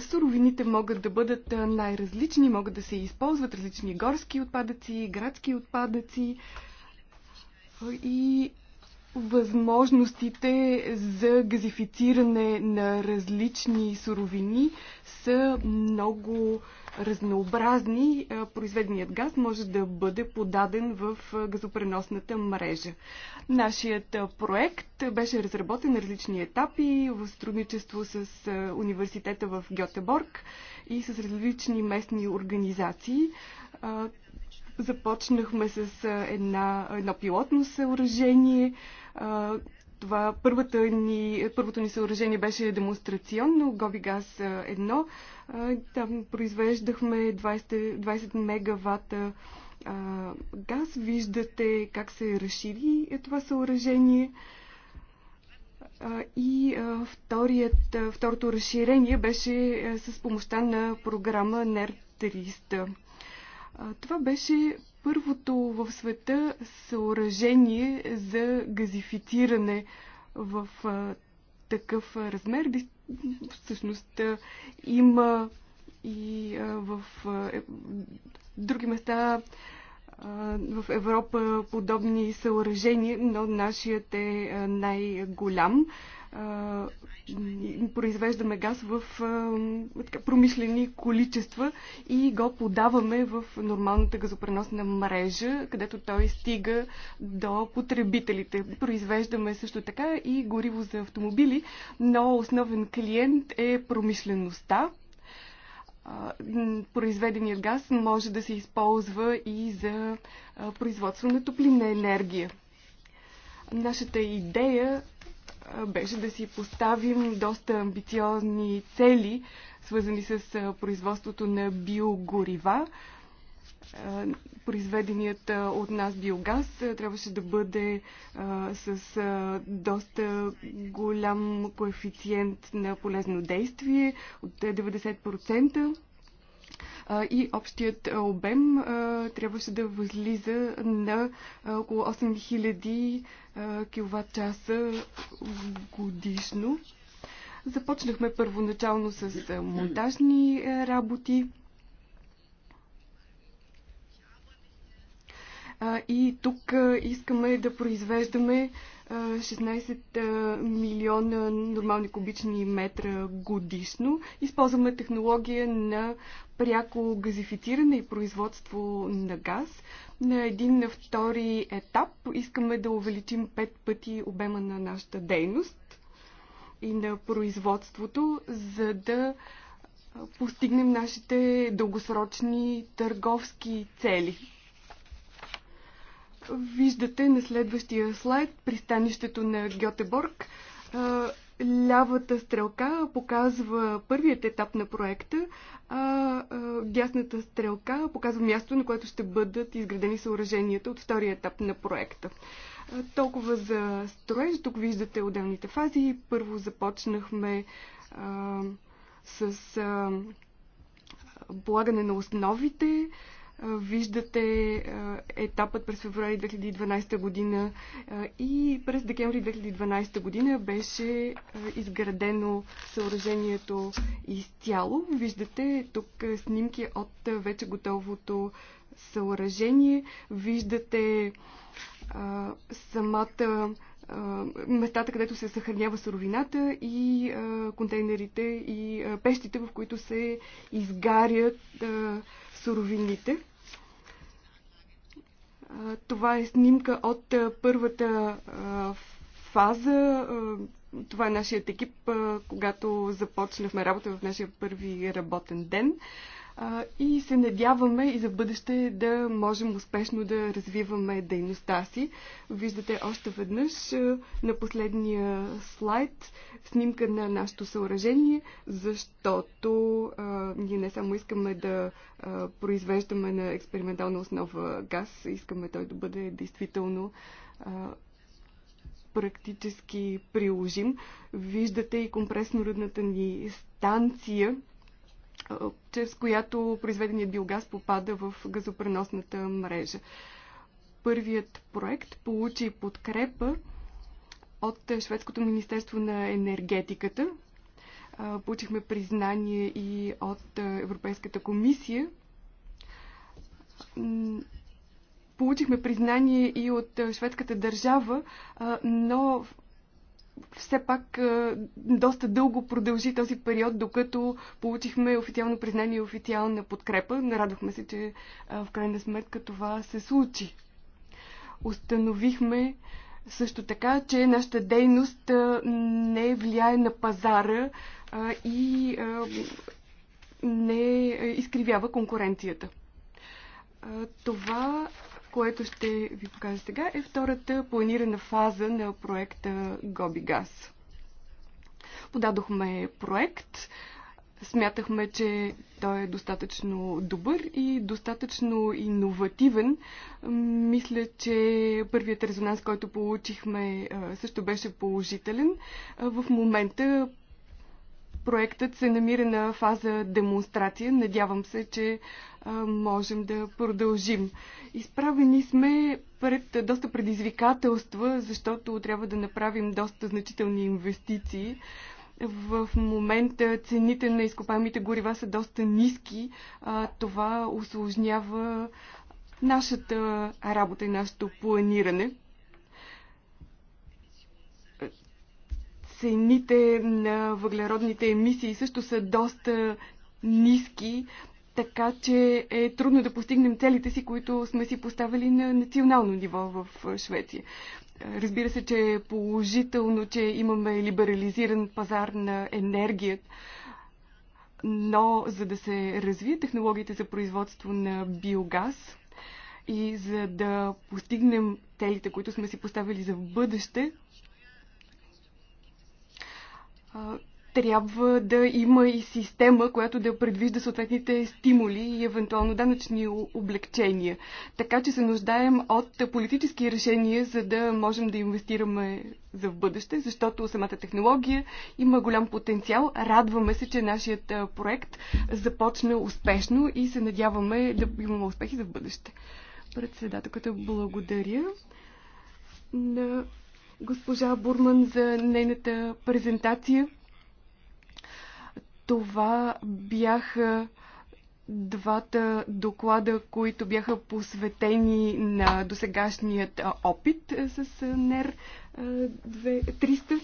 Суровините могат да бъдат най-различни, могат да се използват различни горски отпадъци, градски отпадъци и Възможностите за газифициране на различни суровини са много разнообразни. Произведеният газ може да бъде подаден в газопреносната мрежа. Нашият проект беше разработен на различни етапи в сътрудничество с университета в Гьотеборг и с различни местни организации. Започнахме с една, едно пилотно съоръжение, това първата ни, първото ни съоръжение беше демонстрационно, Гоби газ 1. Там произвеждахме 20, 20 мегавата газ. Виждате как се разшири е, това съоръжение. И вторият, второто разширение беше с помощта на програма ner 300. Това беше първото в света съоръжение за газифициране в такъв размер. Всъщност има и в е, други места в Европа подобни съоръжения, но нашият е най-голям произвеждаме газ в така, промишлени количества и го подаваме в нормалната газопреносна мрежа, където той стига до потребителите. Произвеждаме също така и гориво за автомобили, но основен клиент е промишлеността произведеният газ може да се използва и за производство на топлинна енергия. Нашата идея беше да си поставим доста амбициозни цели, свързани с производството на биогорива. Произведеният от нас биогаз трябваше да бъде с доста голям коефициент на полезно действие от 90%. Е, и общият обем трябваше да възлиза на около 8000 кВт годишно. Започнахме първоначално с монтажни работи. И тук искаме да произвеждаме 16 милиона нормални кубични метра годишно. Използваме технология на пряко газифициране и производство на газ. На един на втори етап искаме да увеличим 5 пъти обема на нашата дейност и на производството, за да постигнем нашите дългосрочни търговски цели Виждате на следващия слайд пристанището на Гьотеборг. Лявата стрелка показва първият етап на проекта, а дясната стрелка показва място, на което ще бъдат изградени съоръженията от втория етап на проекта. Толкова за строеж. Тук виждате отделните фази. Първо започнахме а, с а, полагане на основите, виждате етапът през февруари 2012 година и през декември 2012 година беше изградено съоръжението изцяло. Виждате тук снимки от вече готовото съоръжение. Виждате самата местата, където се съхранява суровината и контейнерите и пещите, в които се изгарят суровините. Това е снимка от първата фаза. Това е нашият екип, когато започнахме работа в нашия първи работен ден и се надяваме и за бъдеще да можем успешно да развиваме дейността си. Виждате още веднъж на последния слайд снимка на нашето съоръжение, защото а, ние не само искаме да а, произвеждаме на експериментална основа газ, искаме той да бъде действително а, практически приложим. Виждате и компресно ни станция, чрез която произведеният биогаз попада в газопреносната мрежа. Първият проект получи подкрепа от Шведското Министерство на енергетиката. Получихме признание и от Европейската комисия. Получихме признание и от шведската държава, но все пак е, доста дълго продължи този период, докато получихме официално признание и официална подкрепа. Нарадвахме се, че е, в крайна сметка това се случи. Установихме също така, че нашата дейност е, не влияе на пазара и не изкривява конкуренцията. Това което ще ви покажа сега, е втората планирана фаза на проекта Гоби Газ. Подадохме проект, смятахме, че той е достатъчно добър и достатъчно иновативен. Мисля, че първият резонанс, който получихме, също беше положителен. В момента проектът се намира на фаза демонстрация. Надявам се, че можем да продължим. Изправени сме пред доста предизвикателства, защото трябва да направим доста значителни инвестиции. В момента цените на изкопаемите горива са доста ниски. Това осложнява нашата работа и нашето планиране. Цените на въглеродните емисии също са доста ниски така че е трудно да постигнем целите си, които сме си поставили на национално ниво в е, Швеция. Разбира се, че е положително, че имаме либерализиран пазар на енергията, но за да се развие технологиите за производство на биогаз и за да постигнем целите, които сме си поставили за бъдеще, трябва да има и система, която да предвижда съответните стимули и евентуално данъчни облегчения. Така че се нуждаем от политически решения, за да можем да инвестираме за в бъдеще, защото самата технология има голям потенциал. Радваме се, че нашият проект започна успешно и се надяваме да имаме успехи за в бъдеще. Председателката благодаря на госпожа Бурман за нейната презентация. Това бяха двата доклада, които бяха посветени на досегашният опит с НЕР 300.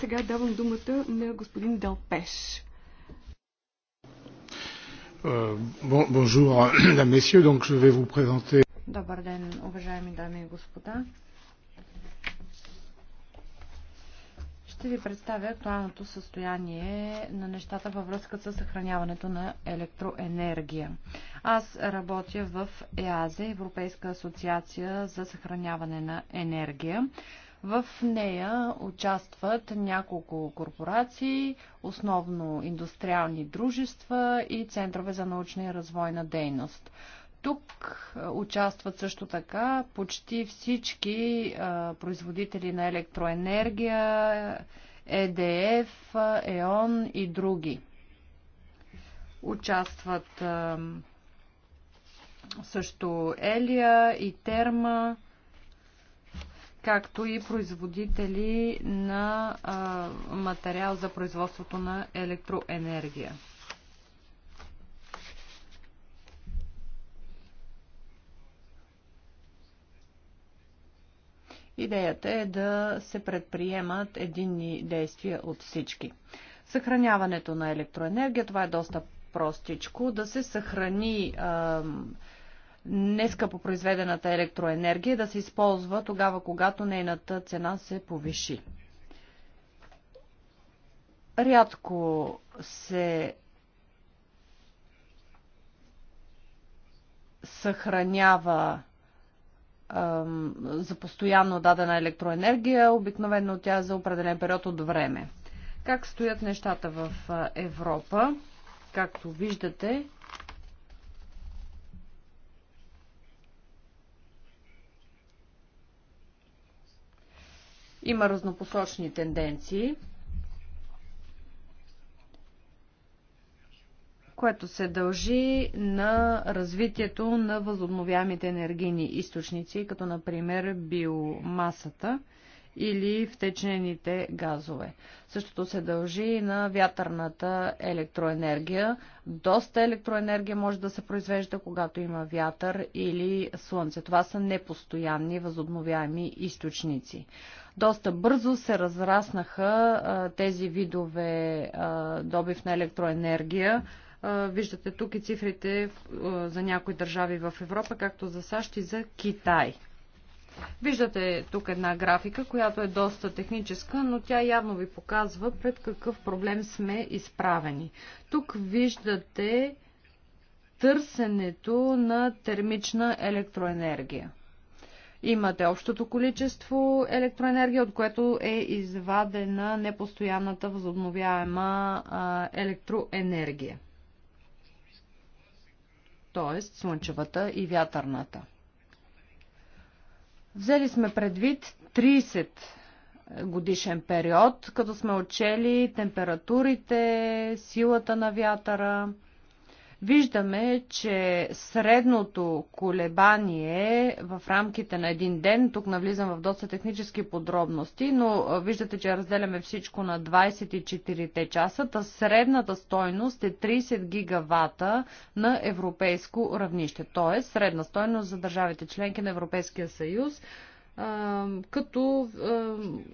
Сега давам думата на господин Дълпеш. Е, Добър ден, уважаеми дами и господа. Ще ви представя актуалното състояние на нещата във връзка с съхраняването на електроенергия. Аз работя в ЕАЗЕ, Европейска асоциация за съхраняване на енергия. В нея участват няколко корпорации, основно индустриални дружества и центрове за научна и развойна дейност. Тук участват също така почти всички производители на електроенергия, ЕДФ, ЕОН и други. Участват също Елия и Терма, както и производители на материал за производството на електроенергия. Идеята е да се предприемат единни действия от всички. Съхраняването на електроенергия, това е доста простичко. Да се съхрани ам, нескъпо произведената електроенергия, да се използва тогава, когато нейната цена се повиши. Рядко се съхранява за постоянно дадена електроенергия, обикновено тя е за определен период от време. Как стоят нещата в Европа? Както виждате, има разнопосочни тенденции. което се дължи на развитието на възобновяемите енергийни източници, като например биомасата или втечнените газове. Същото се дължи и на вятърната електроенергия. Доста електроенергия може да се произвежда, когато има вятър или слънце. Това са непостоянни възобновяеми източници. Доста бързо се разраснаха а, тези видове а, добив на електроенергия Виждате тук и цифрите за някои държави в Европа, както за САЩ и за Китай. Виждате тук една графика, която е доста техническа, но тя явно ви показва пред какъв проблем сме изправени. Тук виждате търсенето на термична електроенергия. Имате общото количество електроенергия, от което е извадена непостоянната възобновяема електроенергия т.е. слънчевата и вятърната. Взели сме предвид 30 годишен период, като сме отчели температурите, силата на вятъра, Виждаме, че средното колебание в рамките на един ден, тук навлизам в доста технически подробности, но виждате, че разделяме всичко на 24 те часа, та средната стойност е 30 гигавата на европейско равнище, т.е. средна стойност за държавите членки на Европейския съюз – като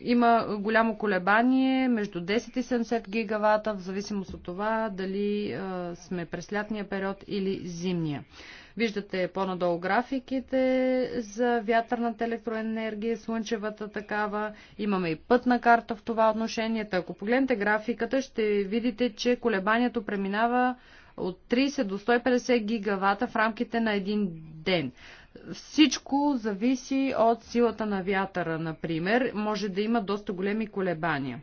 има голямо колебание между 10 и 70 гигавата, в зависимост от това дали сме през лятния период или зимния. Виждате по-надолу графиките за вятърната електроенергия, слънчевата такава. Имаме и пътна карта в това отношение. ако погледнете графиката, ще видите, че колебанието преминава от 30 до 150 гигавата в рамките на един ден. Всичко зависи от силата на вятъра, например. Може да има доста големи колебания.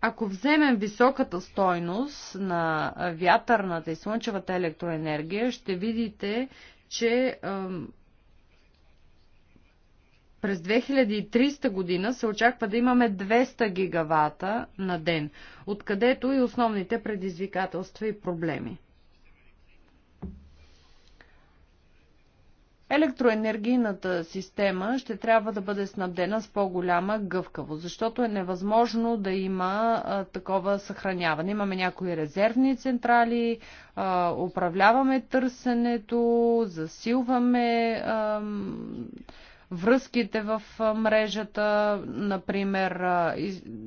Ако вземем високата стойност на вятърната и слънчевата електроенергия, ще видите, че през 2300 година се очаква да имаме 200 гигавата на ден, откъдето и основните предизвикателства и проблеми. електроенергийната система ще трябва да бъде снабдена с по-голяма гъвкавост, защото е невъзможно да има а, такова съхраняване. Имаме някои резервни централи, а, управляваме търсенето, засилваме а, връзките в мрежата, например,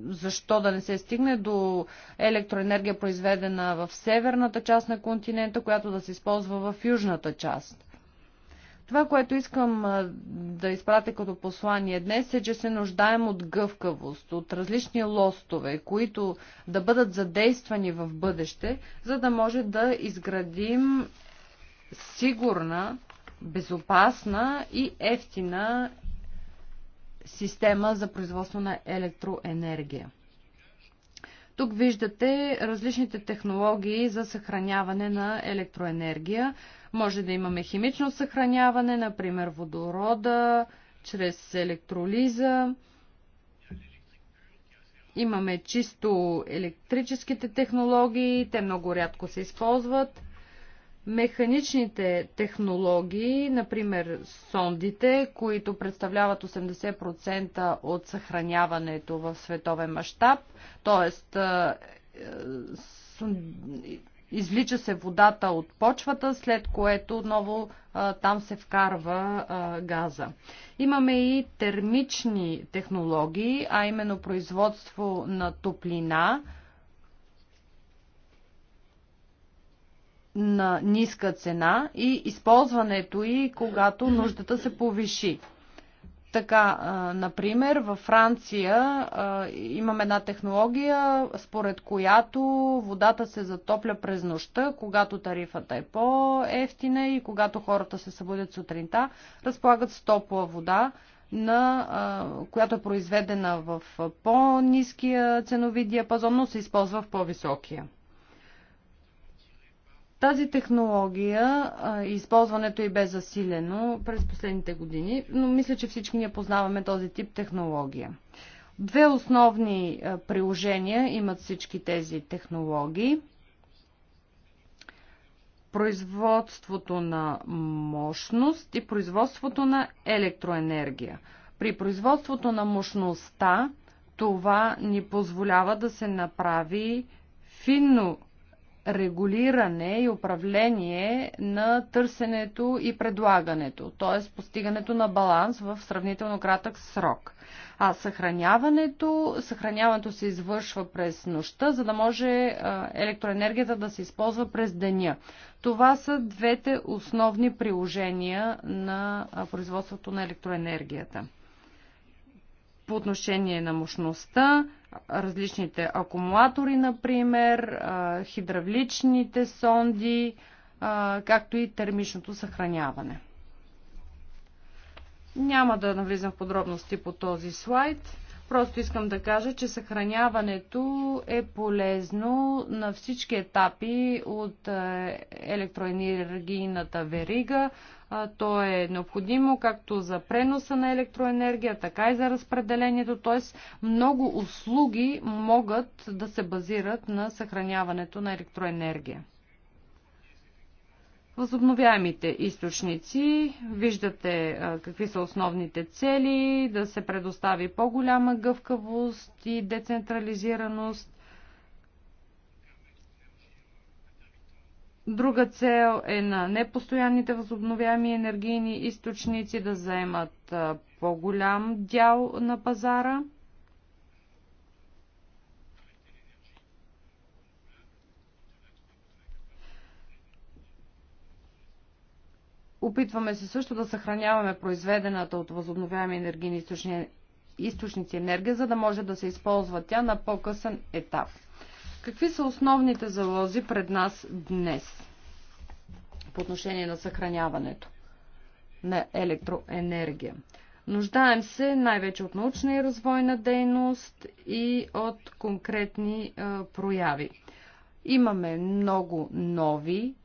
защо да не се стигне до електроенергия, произведена в северната част на континента, която да се използва в южната част. Това, което искам да изпратя като послание днес е, че се нуждаем от гъвкавост, от различни лостове, които да бъдат задействани в бъдеще, за да може да изградим сигурна, безопасна и ефтина система за производство на електроенергия. Тук виждате различните технологии за съхраняване на електроенергия. Може да имаме химично съхраняване, например водорода, чрез електролиза. Имаме чисто електрическите технологии, те много рядко се използват. Механичните технологии, например сондите, които представляват 80% от съхраняването в световен мащаб, т.е. Е, е, Излича се водата от почвата, след което отново а, там се вкарва а, газа. Имаме и термични технологии, а именно производство на топлина на ниска цена и използването и когато нуждата се повиши. Така, например, във Франция имам една технология, според която водата се затопля през нощта, когато тарифата е по-ефтина и когато хората се събудят сутринта, разполагат с топла вода, на, която е произведена в по-низкия ценови диапазон, но се използва в по-високия. Тази технология, използването и бе засилено през последните години, но мисля, че всички ние познаваме този тип технология. Две основни приложения имат всички тези технологии. Производството на мощност и производството на електроенергия. При производството на мощността това ни позволява да се направи финно регулиране и управление на търсенето и предлагането, т.е. постигането на баланс в сравнително кратък срок. А съхраняването, съхраняването се извършва през нощта, за да може електроенергията да се използва през деня. Това са двете основни приложения на производството на електроенергията. По отношение на мощността, различните акумулатори, например, хидравличните сонди, както и термичното съхраняване. Няма да навлизам в подробности по този слайд. Просто искам да кажа, че съхраняването е полезно на всички етапи от е, електроенергийната верига. То е необходимо както за преноса на електроенергия, така и за разпределението. Т.е. много услуги могат да се базират на съхраняването на електроенергия. Възобновяемите източници, виждате какви са основните цели, да се предостави по-голяма гъвкавост и децентрализираност. Друга цел е на непостоянните възобновяеми енергийни източници да заемат по-голям дял на пазара – Опитваме се също да съхраняваме произведената от възобновяеми енергийни източници енергия, за да може да се използва тя на по-късен етап. Какви са основните залози пред нас днес по отношение на съхраняването на електроенергия? Нуждаем се най-вече от научна и развойна дейност и от конкретни а, прояви. Имаме много нови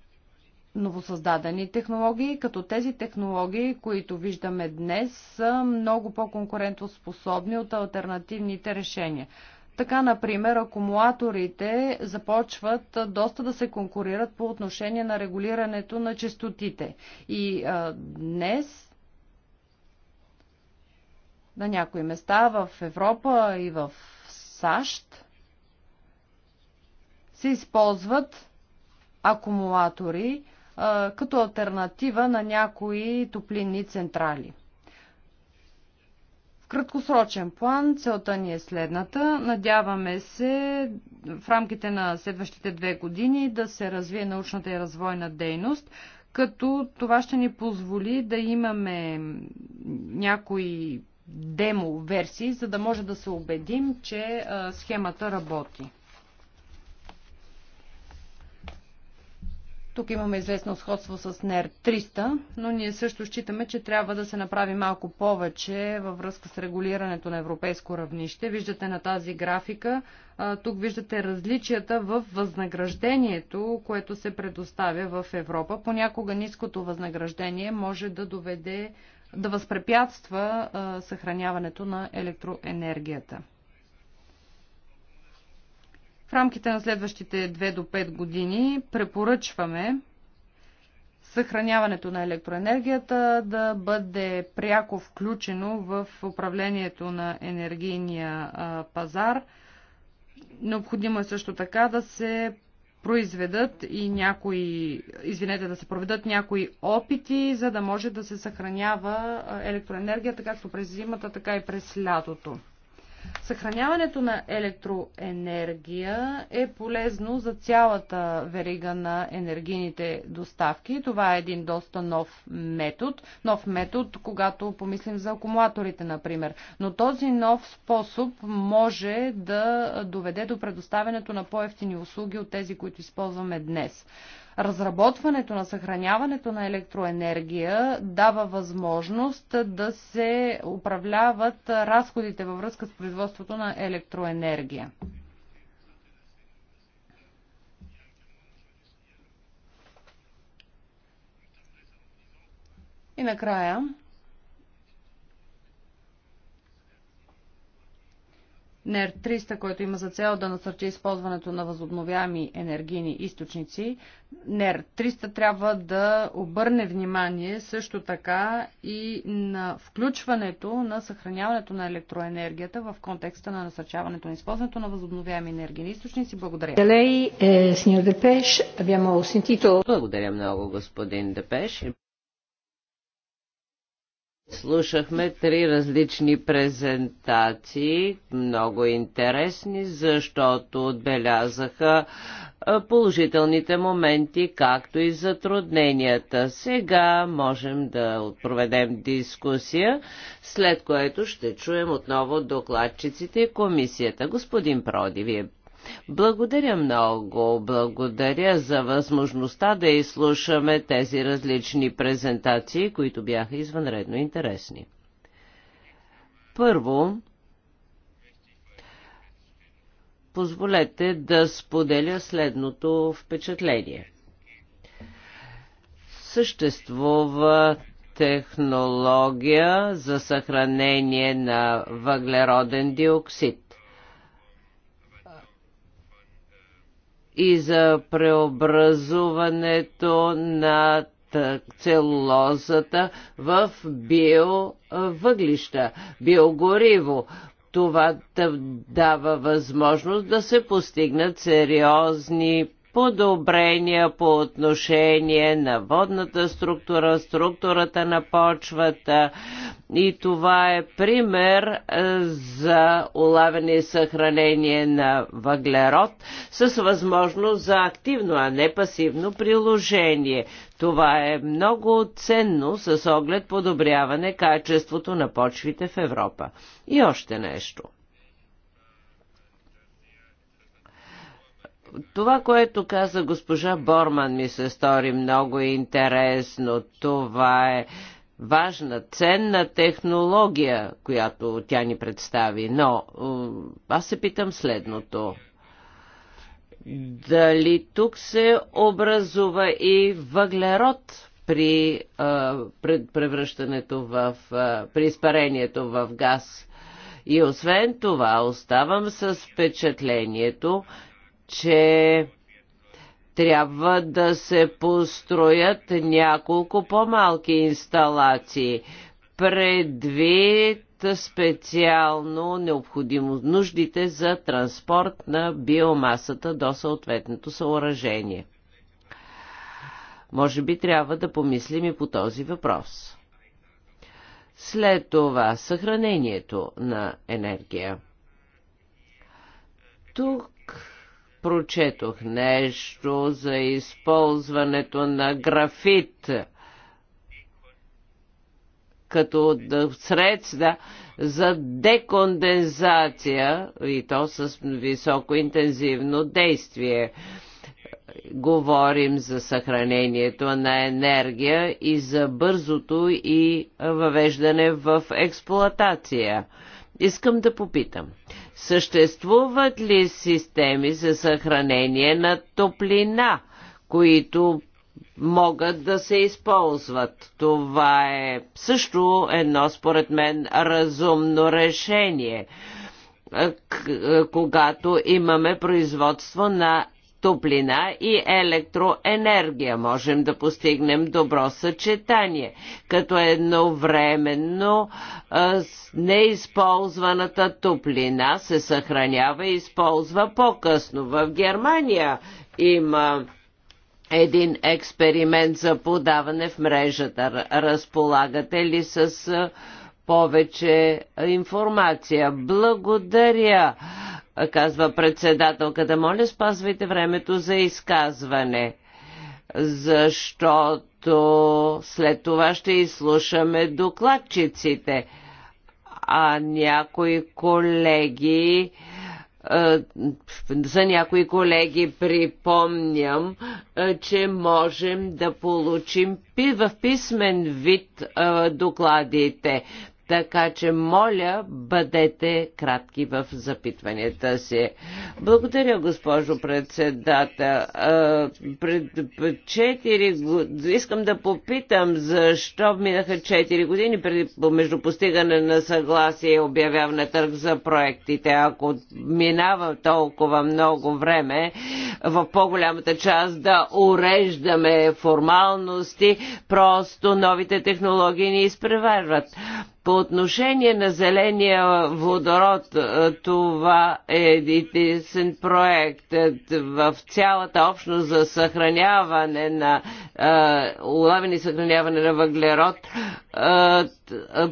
новосъздадени технологии, като тези технологии, които виждаме днес, са много по-конкурентоспособни от альтернативните решения. Така, например, акумулаторите започват доста да се конкурират по отношение на регулирането на частотите. И а, днес на някои места в Европа и в САЩ се използват акумулатори, като альтернатива на някои топлинни централи. В краткосрочен план целта ни е следната. Надяваме се в рамките на следващите две години да се развие научната и развойна дейност, като това ще ни позволи да имаме някои демо версии, за да може да се убедим, че схемата работи. Тук имаме известно сходство с НЕР 300, но ние също считаме, че трябва да се направи малко повече във връзка с регулирането на европейско равнище. Виждате на тази графика, тук виждате различията в възнаграждението, което се предоставя в Европа. Понякога ниското възнаграждение може да доведе да възпрепятства съхраняването на електроенергията. В рамките на следващите 2 до 5 години препоръчваме съхраняването на електроенергията да бъде пряко включено в управлението на енергийния пазар. Необходимо е също така да се произведат и някои, извинете, да се проведат някои опити, за да може да се съхранява електроенергията както през зимата, така и през лятото. Съхраняването на електроенергия е полезно за цялата верига на енергийните доставки. Това е един доста нов метод. Нов метод, когато помислим за акумулаторите, например. Но този нов способ може да доведе до предоставянето на по-ефтини услуги от тези, които използваме днес. Разработването на съхраняването на електроенергия дава възможност да се управляват разходите във връзка с производството на електроенергия. И накрая, НЕР 300, който има за цел да насърчи използването на възобновяеми енергийни източници. НЕР 300 трябва да обърне внимание също така и на включването на съхраняването на електроенергията в контекста на насърчаването на използването на възобновяеми енергийни източници. Благодаря. Eh, Благодаря много, господин Депеш. Слушахме три различни презентации, много интересни, защото отбелязаха положителните моменти, както и затрудненията. Сега можем да проведем дискусия, след което ще чуем отново докладчиците и комисията. Господин Проди, вие благодаря много. Благодаря за възможността да изслушаме тези различни презентации, които бяха извънредно интересни. Първо, позволете да споделя следното впечатление. Съществува технология за съхранение на въглероден диоксид. и за преобразуването на целулозата в биовъглища, биогориво. Това дава възможност да се постигнат сериозни подобрения по отношение на водната структура, структурата на почвата и това е пример е, за улавяне и съхранение на въглерод с възможност за активно, а не пасивно приложение. Това е много ценно с оглед подобряване качеството на почвите в Европа. И още нещо – Това, което каза госпожа Борман, ми се стори много интересно. Това е важна, ценна технология, която тя ни представи. Но аз се питам следното. Дали тук се образува и въглерод при а, превръщането в, а, при изпарението в газ? И освен това оставам с впечатлението, че трябва да се построят няколко по-малки инсталации, предвид специално необходимо нуждите за транспорт на биомасата до съответното съоръжение. Може би трябва да помислим и по този въпрос. След това съхранението на енергия. Тук Прочетох нещо за използването на графит като средства за декондензация и то с високо интензивно действие. Говорим за съхранението на енергия и за бързото и въвеждане в експлоатация. Искам да попитам, Съществуват ли системи за съхранение на топлина, които могат да се използват? Това е също едно, според мен, разумно решение когато имаме производство на топлина и електроенергия. Можем да постигнем добро съчетание, като едновременно а, неизползваната топлина се съхранява и използва по-късно. В Германия има един експеримент за подаване в мрежата. Разполагате ли с повече информация? Благодаря казва председателката. Моля, спазвайте времето за изказване, защото след това ще изслушаме докладчиците, а някои колеги е, за някои колеги припомням, е, че можем да получим в писмен вид е, докладите. Така че, моля, бъдете кратки в запитванията си. Благодаря, госпожо председател. Пред четири Искам да попитам, защо минаха 4 години преди, между постигане на съгласие и обявяване търг за проектите. Ако минава толкова много време, в по-голямата част да уреждаме формалности, просто новите технологии ни изпреварват. По отношение на зеления водород, е, това е единствен проект е, в цялата общност за съхраняване на е, улавени съхраняване на въглерод.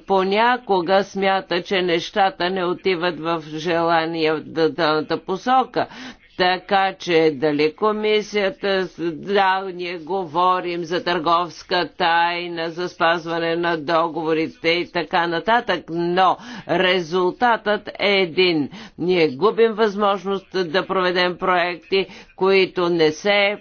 Понякога смята, че нещата не отиват в желанията посока, така че дали комисията, да, ние говорим за търговска тайна, за спазване на договорите и така нататък, но резултатът е един. Ние губим възможност да проведем проекти, които не се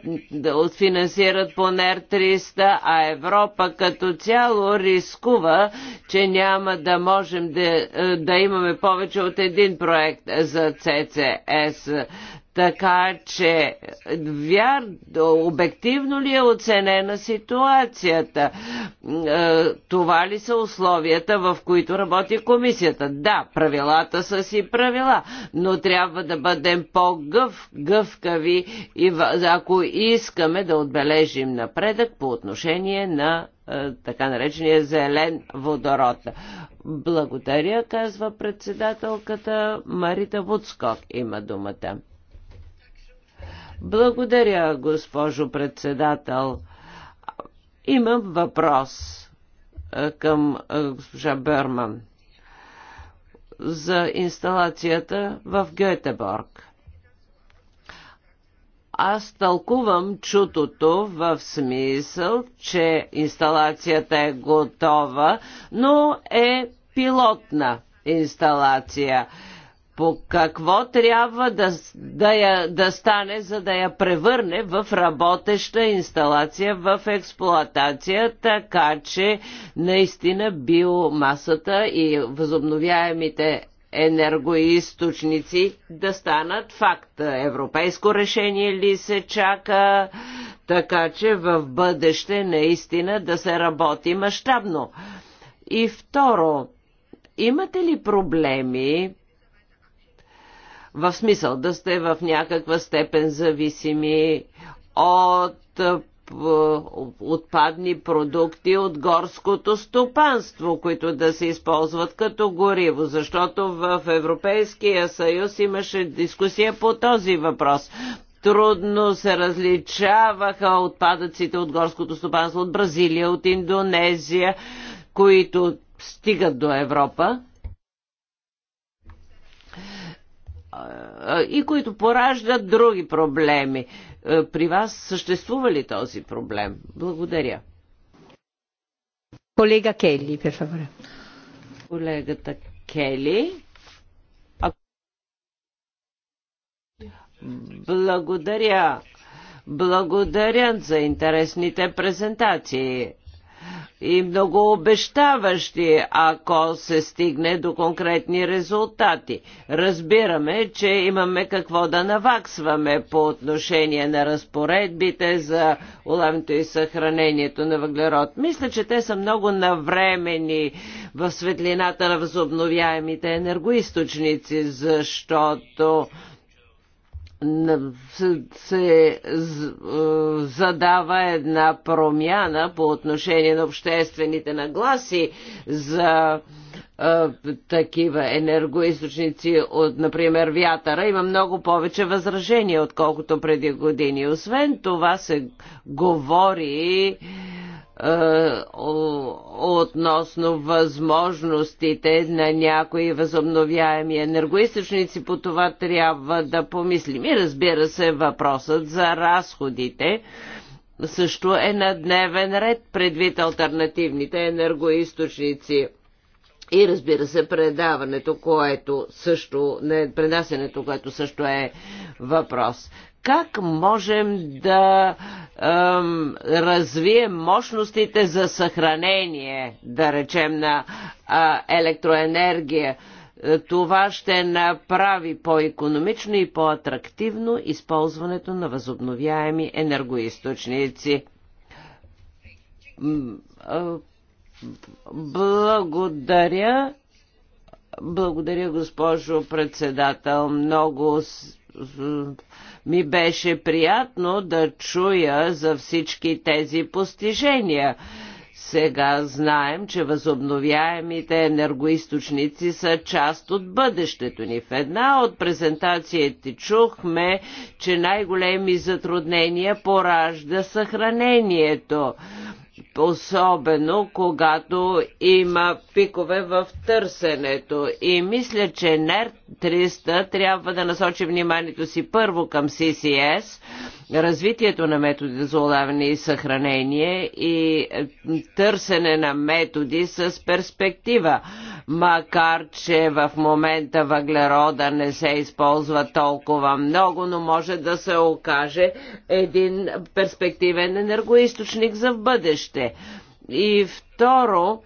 финансират по НЕР 300, а Европа като цяло рискува, че няма да можем да, да имаме повече от един проект за ЦЦС. Така че, вяр, обективно ли е оценена ситуацията? Е, това ли са условията, в които работи комисията? Да, правилата са си правила, но трябва да бъдем по-гъвкави, -гъв, ако искаме да отбележим напредък по отношение на е, така наречения зелен водород. Благодаря, казва председателката Марита Вудскок има думата. Благодаря, госпожо председател. Имам въпрос е, към е, госпожа Берман за инсталацията в Гетеборг. Аз тълкувам чутото в смисъл, че инсталацията е готова, но е пилотна инсталация по какво трябва да, да, я, да стане, за да я превърне в работеща инсталация в експлоатация, така че наистина биомасата и възобновяемите енергоисточници да станат факт. Европейско решение ли се чака, така че в бъдеще наистина да се работи мащабно. И второ, имате ли проблеми в смисъл да сте в някаква степен зависими от е, отпадни продукти от горското стопанство, които да се използват като гориво, защото в Европейския съюз имаше дискусия по този въпрос. Трудно се различаваха отпадъците от горското стопанство от Бразилия, от Индонезия, които стигат до Европа и които пораждат други проблеми. При вас съществува ли този проблем? Благодаря. Колега Кели, per Колегата Кели. Благодаря. Благодаря за интересните презентации и много обещаващи, ако се стигне до конкретни резултати. Разбираме, че имаме какво да наваксваме по отношение на разпоредбите за улавянето и съхранението на въглерод. Мисля, че те са много навремени в светлината на възобновяемите енергоисточници, защото се е, задава една промяна по отношение на обществените нагласи за е, такива енергоисточници от, например, вятъра, има много повече възражения, отколкото преди години. Освен това се говори е, относно възможностите на някои възобновяеми енергоисточници. По това трябва да помислим. И разбира се, въпросът за разходите също е на дневен ред предвид альтернативните енергоисточници. И разбира се, предаването, което също, не, предасенето, което също е въпрос как можем да ем, развием мощностите за съхранение, да речем, на а, електроенергия. Това ще направи по-економично и по-атрактивно използването на възобновяеми енергоисточници. Благодаря. Благодаря, госпожо председател. Много ми беше приятно да чуя за всички тези постижения. Сега знаем, че възобновяемите енергоисточници са част от бъдещето ни. В една от презентациите чухме, че най-големи затруднения поражда съхранението особено когато има пикове в търсенето. И мисля, че НЕР 300 трябва да насочи вниманието си първо към CCS, развитието на методи за улавяне и съхранение и е, търсене на методи с перспектива. Макар, че в момента въглерода не се използва толкова много, но може да се окаже един перспективен енергоисточник за в бъдеще бъдеще. И второ,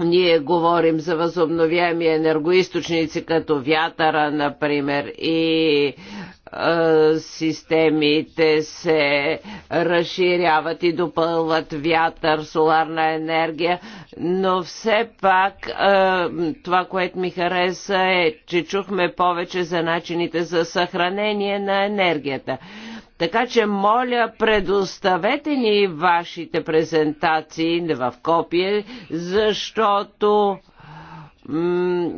ние говорим за възобновяеми енергоисточници, като вятъра, например, и системите се разширяват и допълват вятър, соларна енергия, но все пак това, което ми хареса е, че чухме повече за начините за съхранение на енергията. Така че, моля, предоставете ни вашите презентации в копие, защото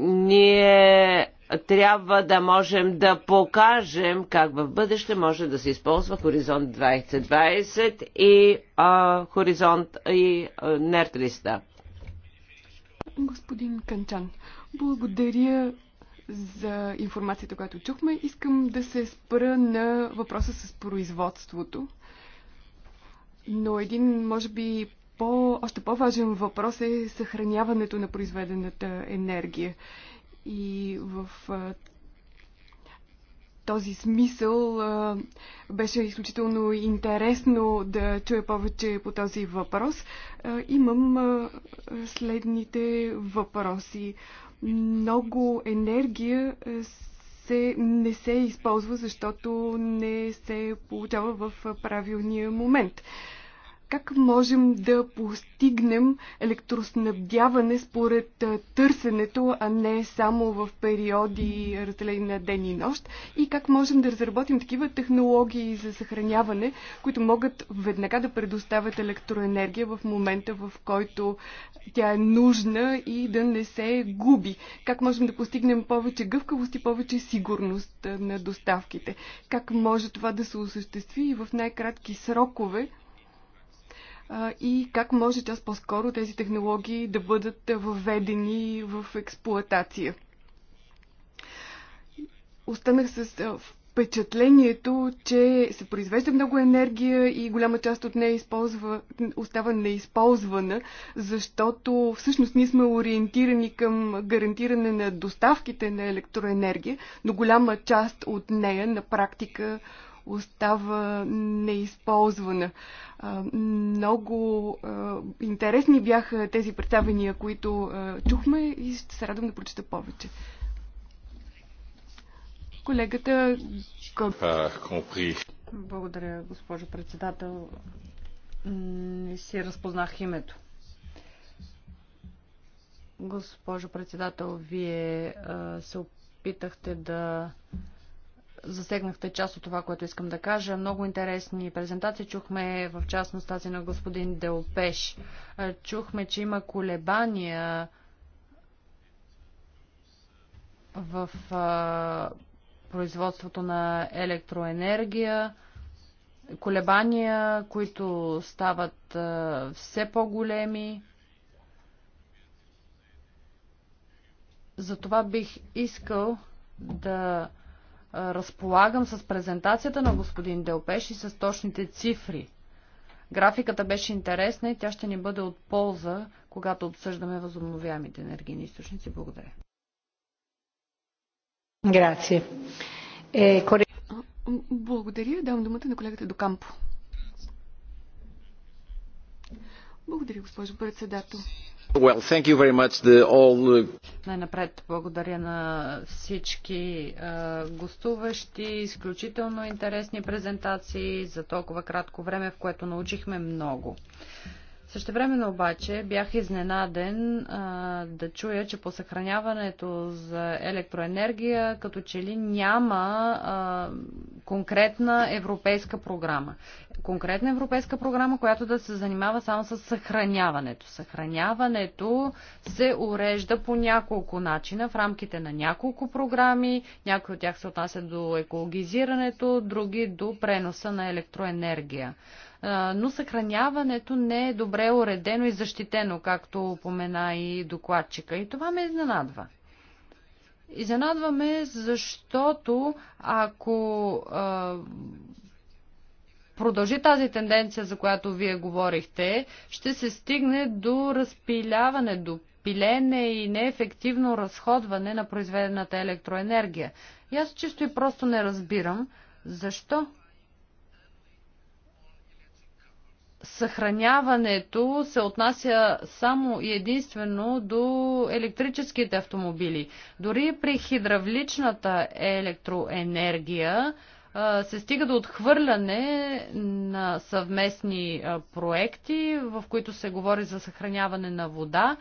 ние трябва да можем да покажем как в бъдеще може да се използва Хоризонт 2020 и а, Хоризонт и НЕР 300. Господин Канчан, благодаря за информацията, която чухме. Искам да се спра на въпроса с производството. Но един, може би, по, още по-важен въпрос е съхраняването на произведената енергия. И в този смисъл беше изключително интересно да чуя повече по този въпрос. Имам следните въпроси много енергия е, се, не се използва, защото не се получава в правилния момент. Как можем да постигнем електроснабдяване според търсенето, а не само в периоди разделени на ден и нощ? И как можем да разработим такива технологии за съхраняване, които могат веднага да предоставят електроенергия в момента, в който тя е нужна и да не се губи? Как можем да постигнем повече гъвкавост и повече сигурност на доставките? Как може това да се осъществи и в най-кратки срокове? и как може час по-скоро тези технологии да бъдат въведени в експлоатация. Останах с впечатлението, че се произвежда много енергия и голяма част от нея използва, остава неизползвана, защото всъщност ние сме ориентирани към гарантиране на доставките на електроенергия, но голяма част от нея на практика остава неизползвана. Много интересни бяха тези представения, които чухме и ще се радвам да прочета повече. Колегата Благодаря, госпожо председател. Не си разпознах името. Госпожо председател, вие се опитахте да засегнахте част от това, което искам да кажа. Много интересни презентации чухме, в частност тази на господин Делпеш. Е, чухме, че има колебания в производството на електроенергия, колебания, които стават все по-големи. Затова бих искал да разполагам с презентацията на господин Делпеш и с точните цифри. Графиката беше интересна и тя ще ни бъде от полза, когато обсъждаме възобновяемите енергийни източници. Благодаря. Грация. Е, коре... Благодаря. Давам думата на колегата Докампо. Благодаря, госпожо председател. Uh, Най-напред благодаря на всички гостуващи, изключително интересни презентации за толкова кратко време, в което научихме много. Същевременно обаче бях изненаден а, да чуя, че по съхраняването за електроенергия като че ли няма а, конкретна европейска програма. Конкретна европейска програма, която да се занимава само с съхраняването. Съхраняването се урежда по няколко начина, в рамките на няколко програми. Някои от тях се отнасят до екологизирането, други до преноса на електроенергия но съхраняването не е добре уредено и защитено, както упомена и докладчика. И това ме изненадва. Изненадваме, защото ако а, продължи тази тенденция, за която вие говорихте, ще се стигне до разпиляване, до пилене и неефективно разходване на произведената електроенергия. И аз чисто и просто не разбирам защо съхраняването се отнася само и единствено до електрическите автомобили. Дори при хидравличната електроенергия се стига до отхвърляне на съвместни проекти, в които се говори за съхраняване на вода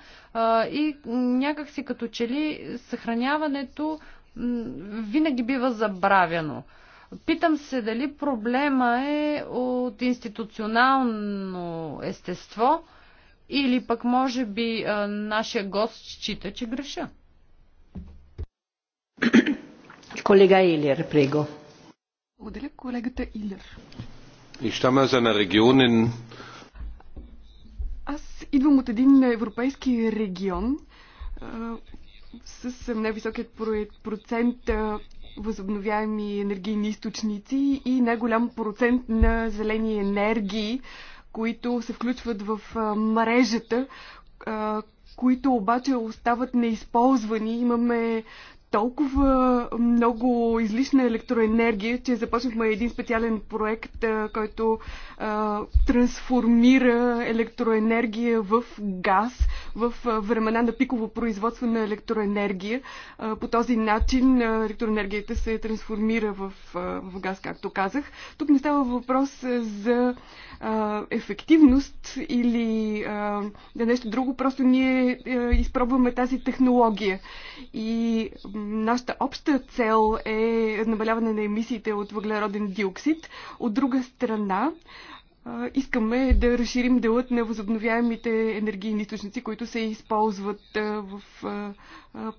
и някакси като че ли съхраняването винаги бива забравяно. Питам се дали проблема е от институционално естество или пък може би нашия гост счита, че греша. Колега Илер, прего. Благодаря колегата Илер. И stamme aus einer аз идвам от един европейски регион а, с най-високият процент възобновяеми енергийни източници и най-голям процент на зелени енергии, които се включват в мрежата, които обаче остават неизползвани. Имаме толкова много излишна електроенергия, че започнахме един специален проект, който а, трансформира електроенергия в газ в времена на пиково производство на електроенергия. А, по този начин електроенергията се трансформира в, а, в газ, както казах. Тук не става въпрос за а, ефективност или а, да нещо друго, просто ние а, изпробваме тази технология. И Нашата обща цел е намаляване на емисиите от въглероден диоксид. От друга страна, искаме да разширим делът на възобновяемите енергийни източници, които се използват в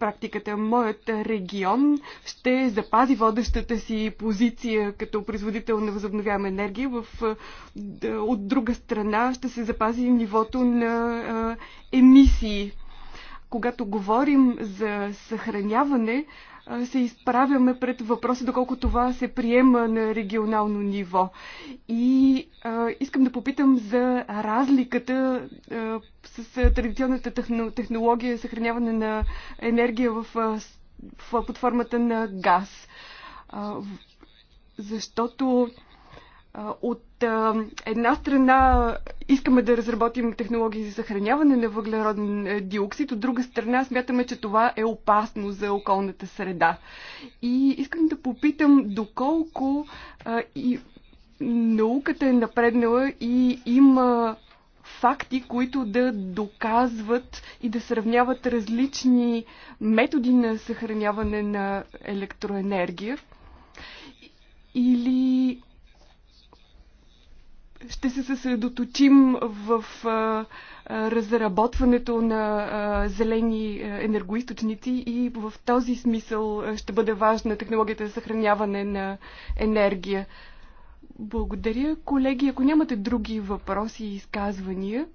практиката. Моят регион ще запази водещата си позиция като производител на възобновяема енергия. В, от друга страна ще се запази нивото на емисии когато говорим за съхраняване, се изправяме пред въпроса, доколко това се приема на регионално ниво. И а, искам да попитам за разликата а, с традиционната технология съхраняване на енергия в, в, в под формата на газ. А, защото а, от една страна искаме да разработим технологии за съхраняване на въглероден е, диоксид, от друга страна смятаме, че това е опасно за околната среда. И искам да попитам доколко а, и науката е напреднала и има факти, които да доказват и да сравняват различни методи на съхраняване на електроенергия. Или ще се съсредоточим в а, разработването на а, зелени енергоисточници и в този смисъл ще бъде важна технологията за съхраняване на енергия. Благодаря, колеги. Ако нямате други въпроси и изказвания,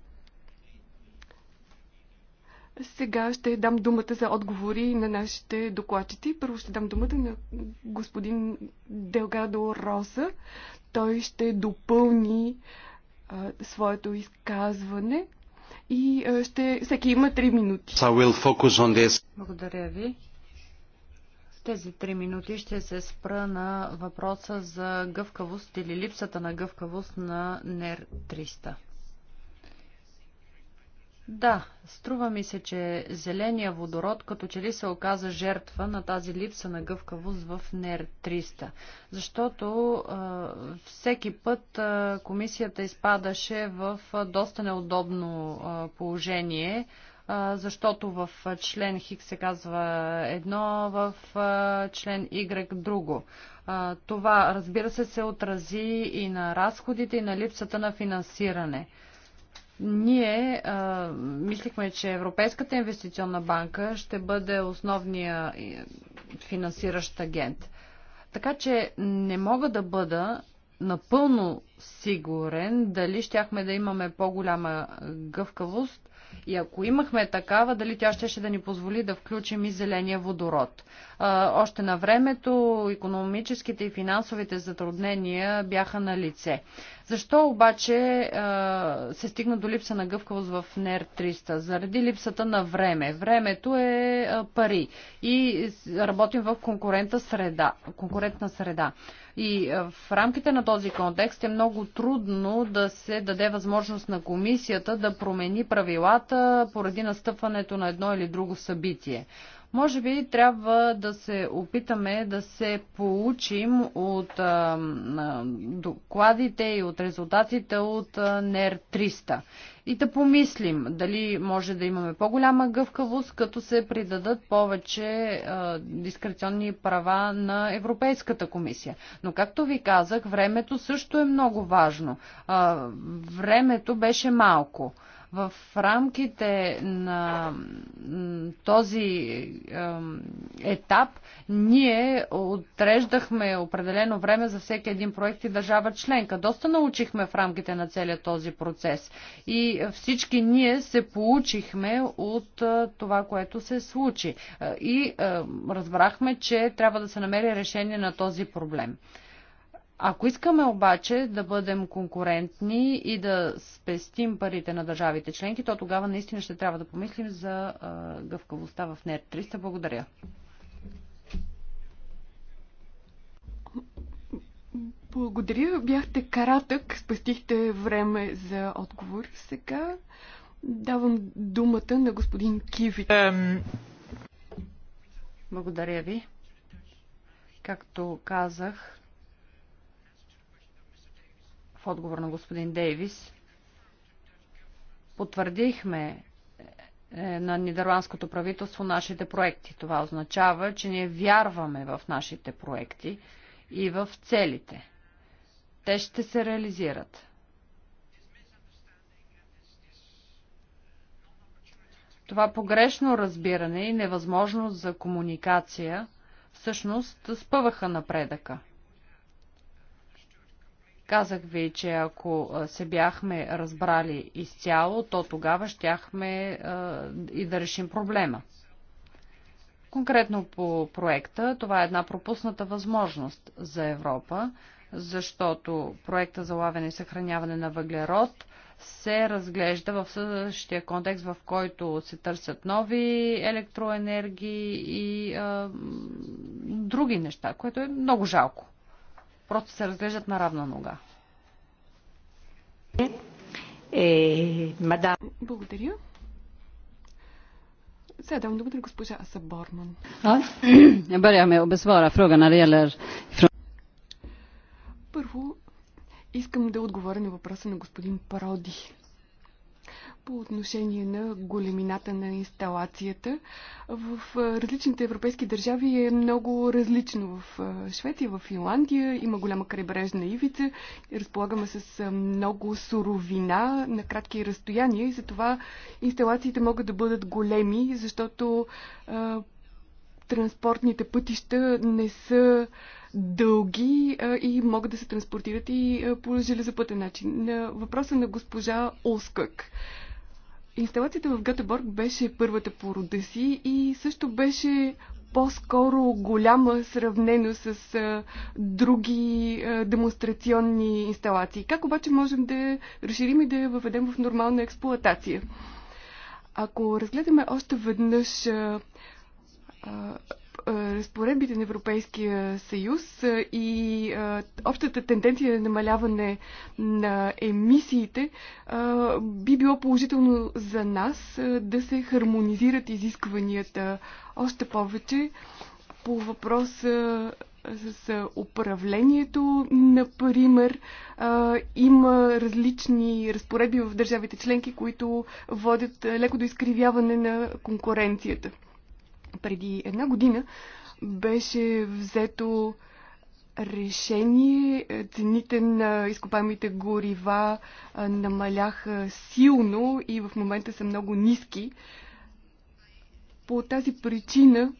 сега ще дам думата за отговори на нашите докладчици. Първо ще дам думата на господин Делгадо Роса той ще допълни а, своето изказване и а, ще... всеки има три минути. Благодаря ви. В тези три минути ще се спра на въпроса за гъвкавост или липсата на гъвкавост на НЕР 300. Да, струва ми се, че зеления водород като че ли се оказа жертва на тази липса на гъвкавост в НЕР 300. Защото а, всеки път а, комисията изпадаше в а, доста неудобно а, положение, а, защото в член Хик се казва едно, в а, член Y друго. А, това, разбира се, се отрази и на разходите, и на липсата на финансиране. Ние а, мислихме, че Европейската инвестиционна банка ще бъде основния е, финансиращ агент. Така че не мога да бъда напълно сигурен дали щяхме да имаме по-голяма гъвкавост и ако имахме такава, дали тя щеше да ни позволи да включим и зеления водород. А, още на времето економическите и финансовите затруднения бяха на лице. Защо обаче а, се стигна до липса на гъвкавост в НЕР 300? Заради липсата на време. Времето е а, пари и работим в конкурентна среда. Конкурентна среда. И а, в рамките на този контекст е много много трудно да се даде възможност на комисията да промени правилата поради настъпването на едно или друго събитие. Може би трябва да се опитаме да се получим от а, докладите и от резултатите от НЕР 300 и да помислим дали може да имаме по-голяма гъвкавост, като се придадат повече а, дискреционни права на Европейската комисия. Но, както ви казах, времето също е много важно. А, времето беше малко. В рамките на този етап ние отреждахме определено време за всеки един проект и държава членка. Доста научихме в рамките на целият този процес и всички ние се получихме от това, което се случи и разбрахме, че трябва да се намери решение на този проблем. Ако искаме обаче да бъдем конкурентни и да спестим парите на държавите членки, то тогава наистина ще трябва да помислим за гъвкавостта в НЕР 300. Благодаря. Благодаря. Бяхте каратък, спестихте време за отговор сега. Давам думата на господин Киви. Благодаря ви. Както казах, отговор на господин Дейвис, потвърдихме е, е, на нидерландското правителство нашите проекти. Това означава, че ние вярваме в нашите проекти и в целите. Те ще се реализират. Това погрешно разбиране и невъзможност за комуникация всъщност спъваха напредъка – Казах ви, че ако се бяхме разбрали изцяло, то тогава щяхме и да решим проблема. Конкретно по проекта, това е една пропусната възможност за Европа, защото проекта за лавене и съхраняване на въглерод се разглежда в същия контекст, в който се търсят нови електроенергии и а, други неща, което е много жалко просто се разглеждат на равна нога. Е, Благодаря. Сега давам думата госпожа Аса Борман. Ja, jag börjar med att besvara frågan Първо, искам да отговоря на въпроса на господин Пароди по отношение на големината на инсталацията. В различните европейски държави е много различно. В Швеция, в Финландия има голяма крайбрежна ивица. Разполагаме с много суровина на кратки разстояния и затова инсталациите могат да бъдат големи, защото а, транспортните пътища не са дълги а, и могат да се транспортират и а, по железопътен начин. На въпроса на госпожа Олскък. Инсталацията в Гатеборг беше първата по рода си и също беше по-скоро голяма сравнено с а, други а, демонстрационни инсталации. Как обаче можем да разширим и да я въведем в нормална експлоатация? Ако разгледаме още веднъж а, а, е, разпоредбите на Европейския съюз е, и е, общата тенденция на намаляване на емисиите, би било положително за нас да се хармонизират изискванията още повече по въпроса с управлението, например, има различни разпоредби в държавите членки, които водят леко до изкривяване на конкуренцията. Преди една година беше взето решение. Е, цените на изкопаемите горива е, намаляха силно и в момента са много ниски. По тази причина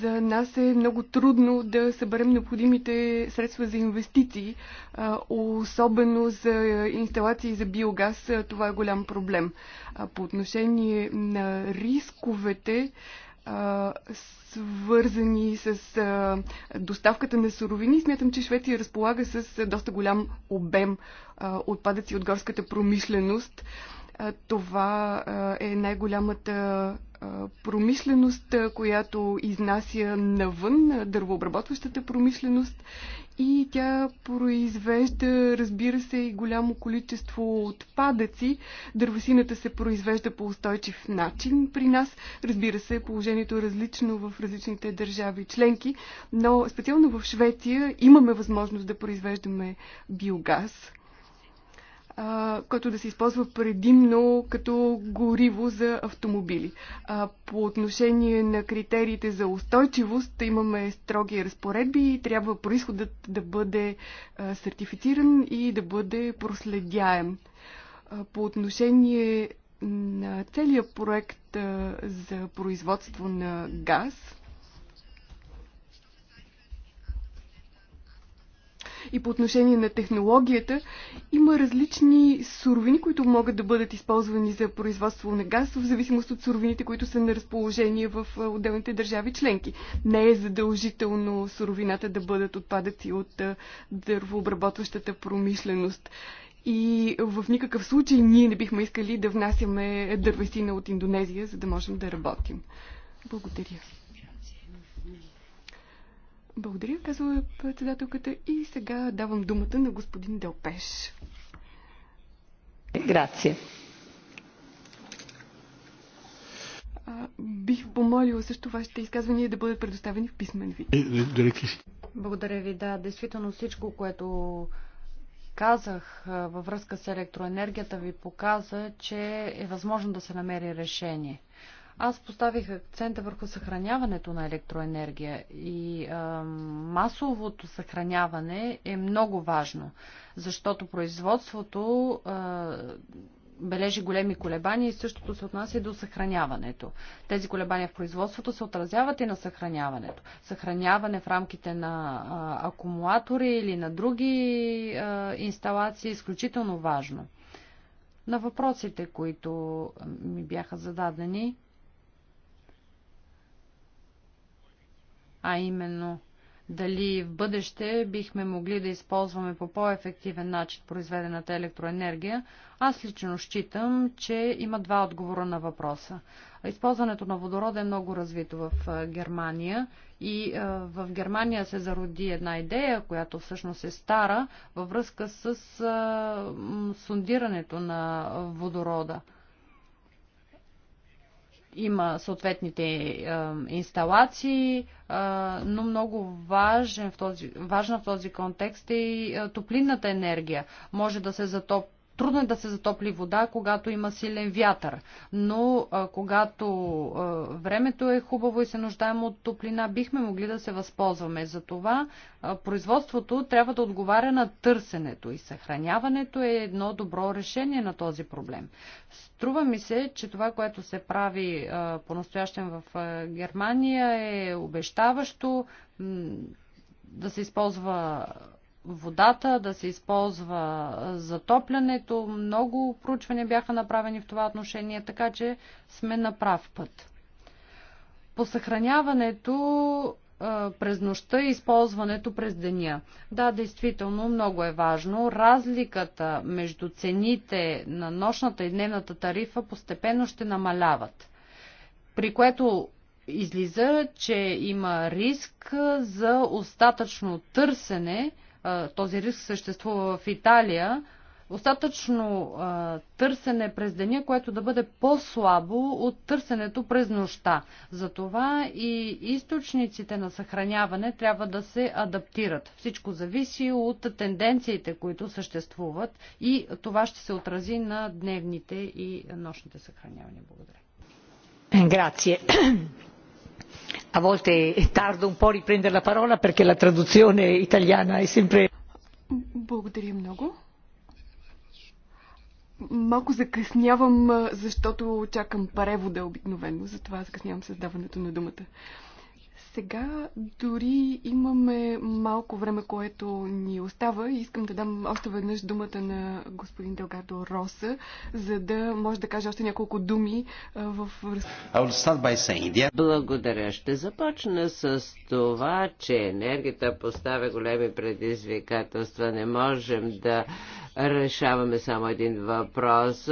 за нас е много трудно да съберем необходимите средства за инвестиции, особено за инсталации за биогаз. Това е голям проблем. По отношение на рисковете, свързани с доставката на суровини, смятам, че Швеция разполага с доста голям обем отпадъци от горската промишленост. Е, това е, е най-голямата е, промишленост, която изнася навън дървообработващата промишленост и тя произвежда, разбира се, и голямо количество отпадъци. Дървесината се произвежда по устойчив начин при нас. Разбира се, положението е различно в различните държави членки, но специално в Швеция имаме възможност да произвеждаме биогаз а, който да се използва предимно като гориво за автомобили. А, по отношение на критериите за устойчивост имаме строги разпоредби и трябва происходът да бъде а, сертифициран и да бъде проследяем. А, по отношение на целият проект а, за производство на газ, и по отношение на технологията. Има различни суровини, които могат да бъдат използвани за производство на газ, в зависимост от суровините, които са на разположение в отделните държави членки. Не е задължително суровината да бъдат отпадъци от дървообработващата промишленост. И в никакъв случай ние не бихме искали да внасяме дървесина от Индонезия, за да можем да работим. Благодаря. Благодаря, казва председателката. И сега давам думата на господин Делпеш. Грация. бих помолила също вашите изказвания да бъдат предоставени в писмен вид. Е, е, Благодаря ви. Да, действително всичко, което казах във връзка с електроенергията ви показа, че е възможно да се намери решение. Аз поставих акцента върху съхраняването на електроенергия и а, масовото съхраняване е много важно, защото производството а, бележи големи колебания и същото се отнася и до съхраняването. Тези колебания в производството се отразяват и на съхраняването. Съхраняване в рамките на а, акумулатори или на други а, инсталации е изключително важно. На въпросите, които ми бяха зададени, а именно дали в бъдеще бихме могли да използваме по по-ефективен начин произведената електроенергия, аз лично считам, че има два отговора на въпроса. Използването на водорода е много развито в Германия и в Германия се зароди една идея, която всъщност е стара във връзка с сундирането на водорода има съответните е, инсталации, е, но много важен в този, важна в този контекст е и топлинната енергия. Може да се затопи Трудно е да се затопли вода, когато има силен вятър, но а, когато а, времето е хубаво и се нуждаем от топлина, бихме могли да се възползваме. Затова а, производството трябва да отговаря на търсенето и съхраняването е едно добро решение на този проблем. Струва ми се, че това, което се прави по-настоящен в а, Германия е обещаващо да се използва водата да се използва за топлянето. Много проучвания бяха направени в това отношение, така че сме на прав път. По съхраняването през нощта и използването през деня. Да, действително много е важно. Разликата между цените на нощната и дневната тарифа постепенно ще намаляват. При което излиза, че има риск за остатъчно търсене този риск съществува в Италия, остатъчно а, търсене през деня, което да бъде по-слабо от търсенето през нощта. Затова и източниците на съхраняване трябва да се адаптират. Всичко зависи от тенденциите, които съществуват и това ще се отрази на дневните и нощните съхранявания. Благодаря. Грация a volte tardo un po' a riprendere la parola perché la traduzione italiana è sempre. Благодаря много. Малко закъснявам, защото чакам превода обикновено, затова закъснявам създаването на думата. Сега дори имаме малко време, което ни остава и искам да дам още веднъж думата на господин Делгадо Роса, за да може да каже още няколко думи в връзка. Благодаря. Ще започна с това, че енергията поставя големи предизвикателства. Не можем да решаваме само един въпрос.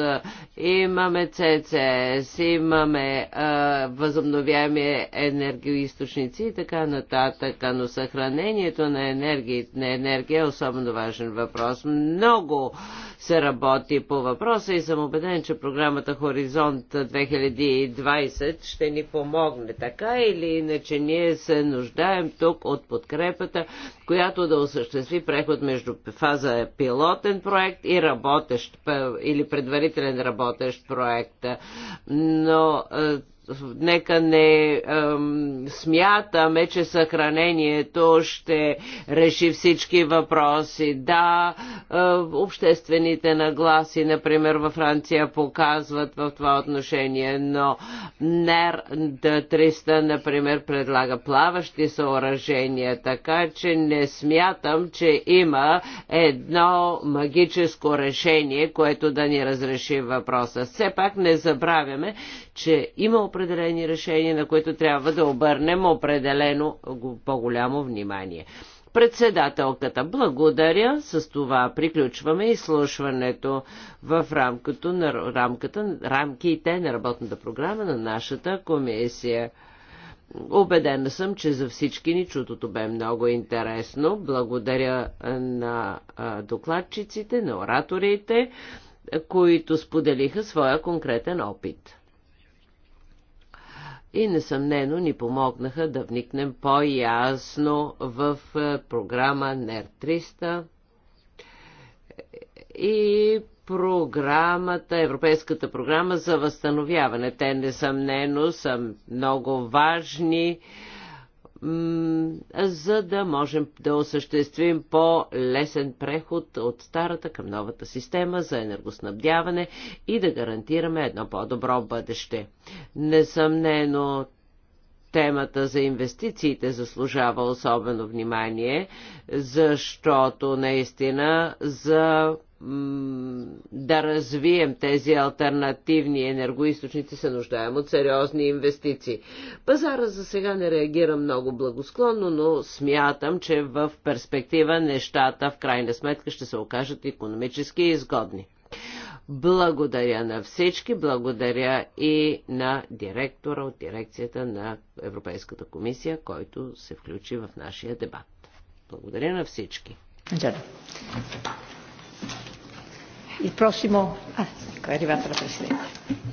Имаме ЦЦС, имаме а, възобновяеми енергоисточници и така нататък, но съхранението на енергия, на енергия е особено важен въпрос. Много се работи по въпроса и съм убеден, че програмата Хоризонт 2020 ще ни помогне. Така или иначе ние се нуждаем тук от подкрепата която да осъществи преход между фаза пилотен проект и работещ или предварителен работещ проект. Но е, нека не ем, смятаме, че съхранението ще реши всички въпроси. Да, е, обществените нагласи, например, във Франция показват в това отношение, но НЕР 300, например, предлага плаващи съоръжения, така че не смятам, че има едно магическо решение, което да ни разреши въпроса. Все пак не забравяме, че има определени решения, на които трябва да обърнем определено по-голямо внимание. Председателката, благодаря. С това приключваме изслушването в рамката на, рамката, рамките на работната програма на нашата комисия. Обедена съм, че за всички ни чутото бе много интересно. Благодаря на докладчиците, на ораторите, които споделиха своя конкретен опит и несъмнено ни помогнаха да вникнем по-ясно в е, програма НЕР 300 и програмата, Европейската програма за възстановяване. Те несъмнено са много важни за да можем да осъществим по-лесен преход от старата към новата система за енергоснабдяване и да гарантираме едно по-добро бъдеще. Несъмнено, темата за инвестициите заслужава особено внимание, защото наистина за да развием тези альтернативни енергоисточници се нуждаем от сериозни инвестиции. Пазара за сега не реагира много благосклонно, но смятам, че в перспектива нещата в крайна сметка ще се окажат економически изгодни. Благодаря на всички, благодаря и на директора от дирекцията на Европейската комисия, който се включи в нашия дебат. Благодаря на всички. Il prossimo... Ah, ecco, è arrivata la Presidente.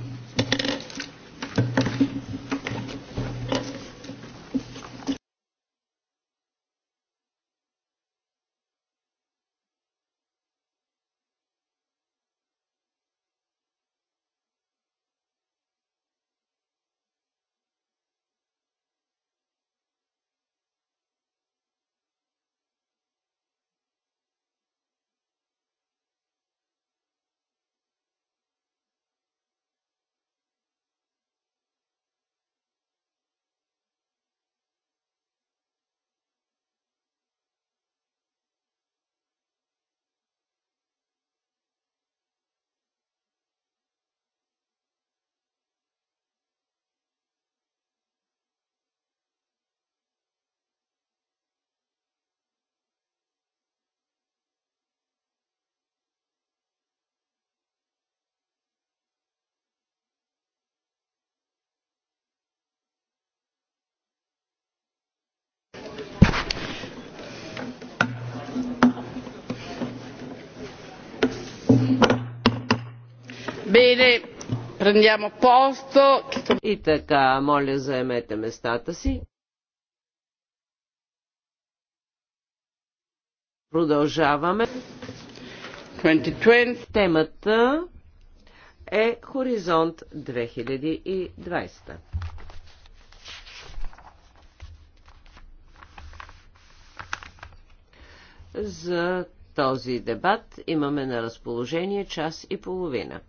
Bene, prendiamo posto. И така, моля, заемете местата си. Продължаваме. 2020. Темата е Хоризонт 2020. За този дебат имаме на разположение час и половина.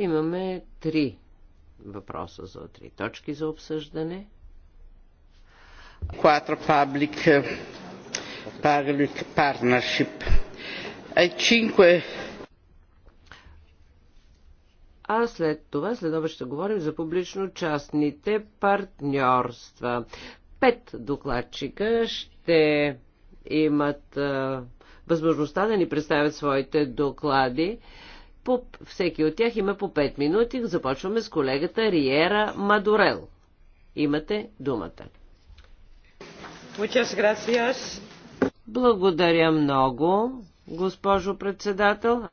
Имаме три въпроса за три точки за обсъждане. Quattro public eh, partnership. Е, cinque а след това, след ще говорим за публично-частните партньорства. Пет докладчика ще имат а, е, възможността да ни представят своите доклади. По, всеки от тях има по 5 минути. Започваме с колегата Риера Мадурел. Имате думата. Благодаря много, госпожо председател.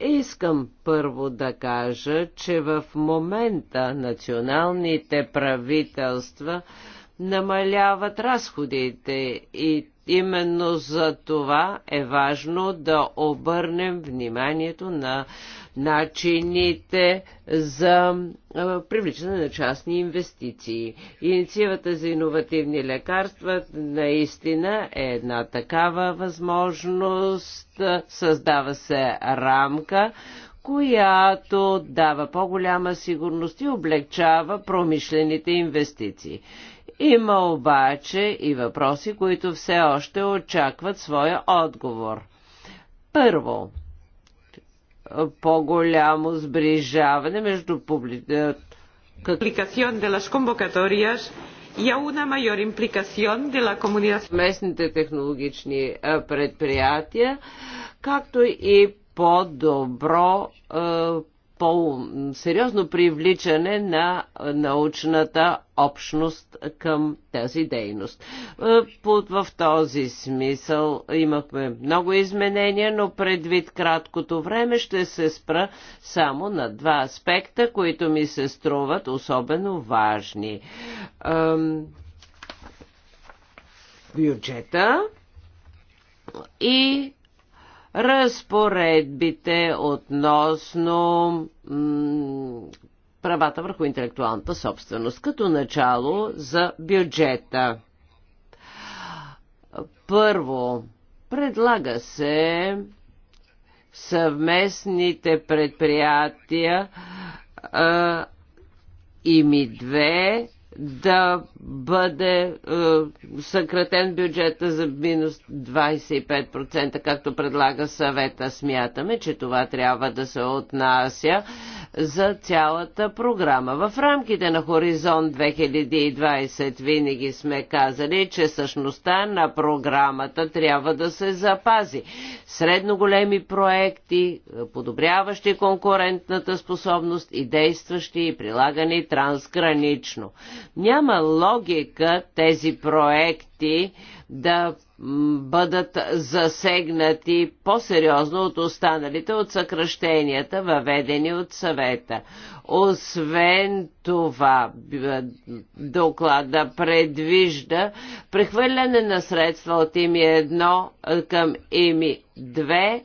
Искам първо да кажа, че в момента националните правителства намаляват разходите и именно за това е важно да обърнем вниманието на начините за привличане на частни инвестиции. Инициативата за иновативни лекарства наистина е една такава възможност. Създава се рамка, която дава по-голяма сигурност и облегчава промишлените инвестиции. Има обаче и въпроси, които все още очакват своя отговор. Първо, по-голямо сближаване между публичната е, Местните технологични е, предприятия, както и по-добро е, по-сериозно привличане на научната общност към тази дейност. Е, в този смисъл имахме много изменения, но предвид краткото време ще се спра само на два аспекта, които ми се струват особено важни. Бюджета и разпоредбите относно правата върху интелектуалната собственост, като начало за бюджета. Първо, предлага се съвместните предприятия а, ими две да бъде е, съкратен бюджета за минус 25%, както предлага съвета. Смятаме, че това трябва да се отнася за цялата програма. В рамките на Хоризонт 2020 винаги сме казали, че същността на програмата трябва да се запази. Средно големи проекти, подобряващи конкурентната способност и действащи и прилагани трансгранично. Няма логика тези проекти да бъдат засегнати по-сериозно от останалите от съкръщенията, въведени от съвета. Освен това, доклада предвижда прехвърляне на средства от ими 1 към ими 2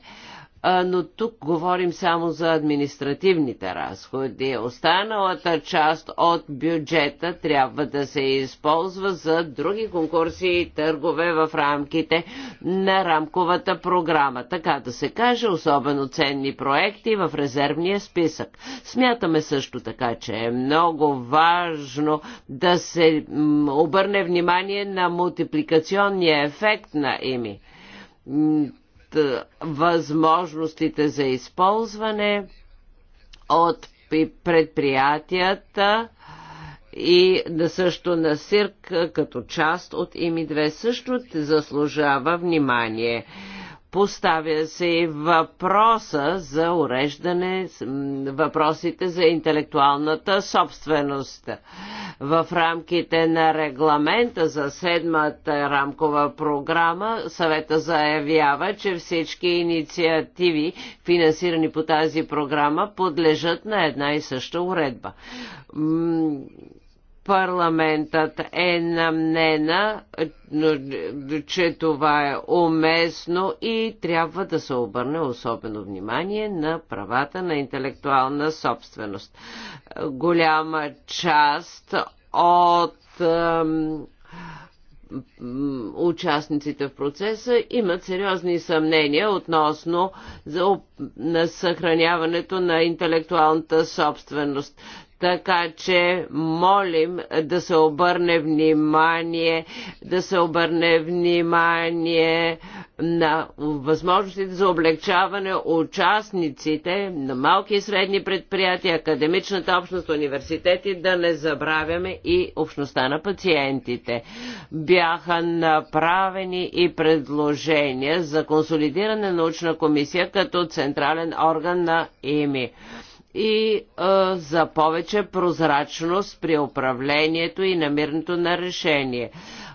но тук говорим само за административните разходи. Останалата част от бюджета трябва да се използва за други конкурси и търгове в рамките на рамковата програма. Така да се каже, особено ценни проекти в резервния списък. Смятаме също така, че е много важно да се обърне внимание на мултипликационния ефект на ими е, възможностите за използване от предприятията и също на СИРК е, като част от ИМИ-2 също заслужава внимание. Поставя се въпроса за уреждане, въпросите за интелектуалната собственост. В рамките на регламента за седмата рамкова програма съвета заявява, че всички инициативи, финансирани по тази програма, подлежат на една и съща уредба парламентът е намнена, че това е уместно и трябва да се обърне особено внимание на правата на интелектуална собственост. Голяма част от участниците в процеса имат сериозни съмнения относно за на съхраняването на интелектуалната собственост. Така че молим да се обърне внимание, да се обърне внимание на възможностите за облегчаване участниците на малки и средни предприятия, академичната общност, университети, да не забравяме и общността на пациентите. Бяха направени и предложения за консолидиране на научна комисия като централен орган на ИМИ и а, за повече прозрачност при управлението и намирането на решение.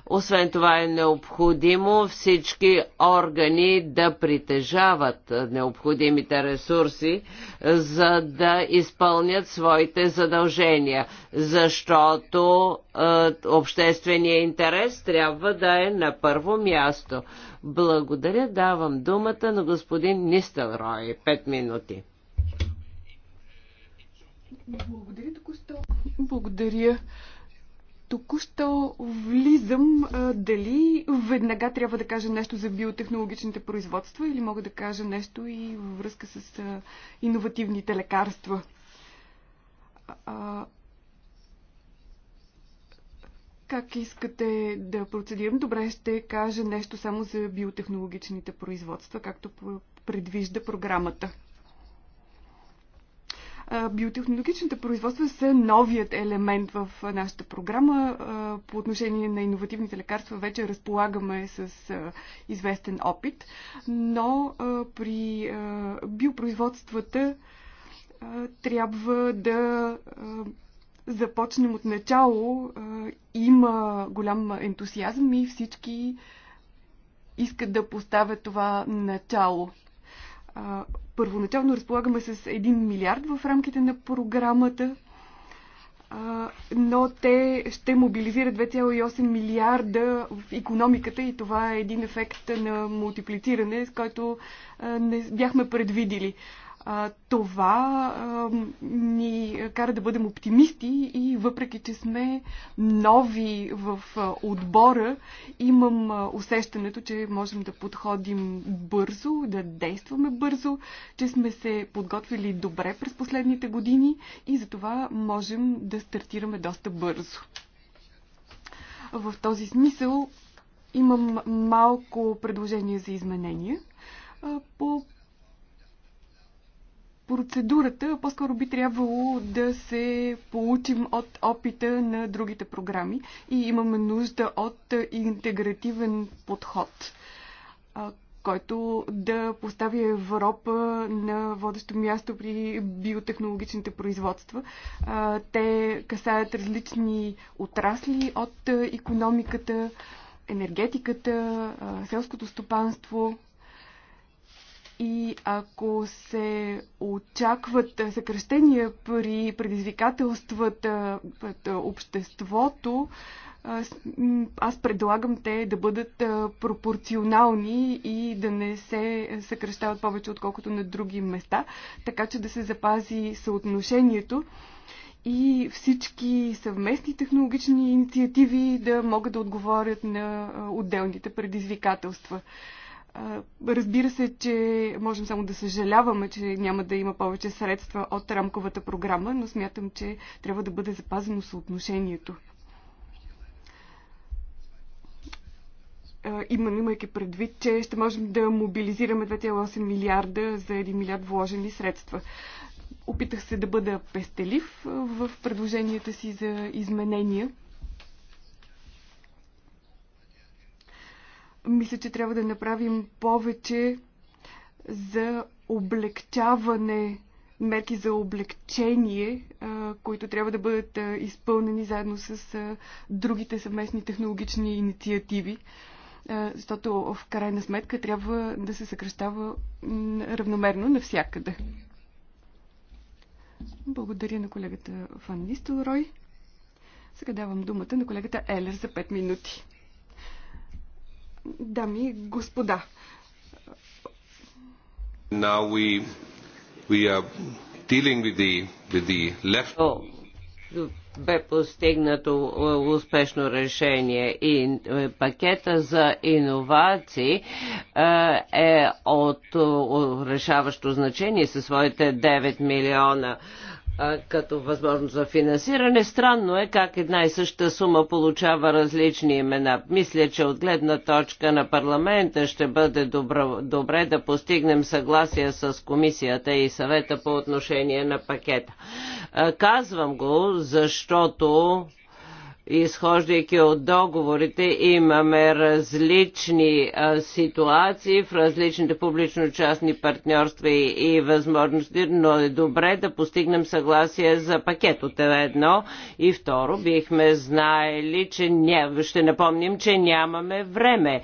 Освен това е необходимо всички органи да притежават необходимите ресурси, за да изпълнят своите задължения, защото е, общественият интерес трябва да е на първо място. Благодаря, давам думата на господин Нистелрой. Пет минути. Благодаря току-що. Благодаря. Току-що влизам дали веднага трябва да кажа нещо за биотехнологичните производства или мога да кажа нещо и във връзка с иновативните лекарства. как искате да процедирам? Добре, ще кажа нещо само за биотехнологичните производства, както предвижда програмата биотехнологичните производства са новият елемент в нашата програма. По отношение на иновативните лекарства вече разполагаме с известен опит, но при биопроизводствата трябва да започнем от начало. Има голям ентусиазъм и всички искат да поставят това начало първоначално разполагаме с 1 милиард в рамките на програмата, но те ще мобилизират 2,8 милиарда в економиката и това е един ефект на мултиплициране, с който не бяхме предвидили. А, това а, ни кара да бъдем оптимисти и въпреки, че сме нови в а, отбора, имам а, усещането, че можем да подходим бързо, да действаме бързо, че сме се подготвили добре през последните години и за това можем да стартираме доста бързо. В този смисъл имам малко предложение за изменения по процедурата, по-скоро би трябвало да се получим от опита на другите програми и имаме нужда от интегративен подход, който да постави Европа на водещо място при биотехнологичните производства. Те касаят различни отрасли от економиката, енергетиката, селското стопанство, и ако се очакват съкръщения при предизвикателствата пред обществото, аз предлагам те да бъдат пропорционални и да не се съкръщават повече, отколкото на други места, така че да се запази съотношението и всички съвместни технологични инициативи да могат да отговорят на отделните предизвикателства. Разбира се, че можем само да съжаляваме, че няма да има повече средства от рамковата програма, но смятам, че трябва да бъде запазено съотношението. Имам, имайки предвид, че ще можем да мобилизираме 2,8 милиарда за 1 милиард вложени средства. Опитах се да бъда пестелив в предложенията си за изменения Мисля, че трябва да направим повече за облегчаване, мерки за облегчение, които трябва да бъдат изпълнени заедно с другите съвместни технологични инициативи защото в крайна сметка трябва да се съкръщава равномерно навсякъде. Благодаря на колегата Фан Нистелрой. Сега давам думата на колегата Елер за 5 минути дами и господа. Now we, we are dealing with the, with the left бе постигнато е, успешно решение и е, пакета за иновации е, е от решаващо значение със своите 9 милиона като възможност за финансиране. Странно е как една и съща сума получава различни имена. Мисля, че от гледна точка на парламента ще бъде добро, добре да постигнем съгласие с комисията и съвета по отношение на пакета. Казвам го, защото изхождайки от договорите, имаме различни а, ситуации в различните публично-частни партньорства и, и възможности, но е добре да постигнем съгласие за пакет от едно и второ. Бихме знаели, че ня... ще напомним, че нямаме време.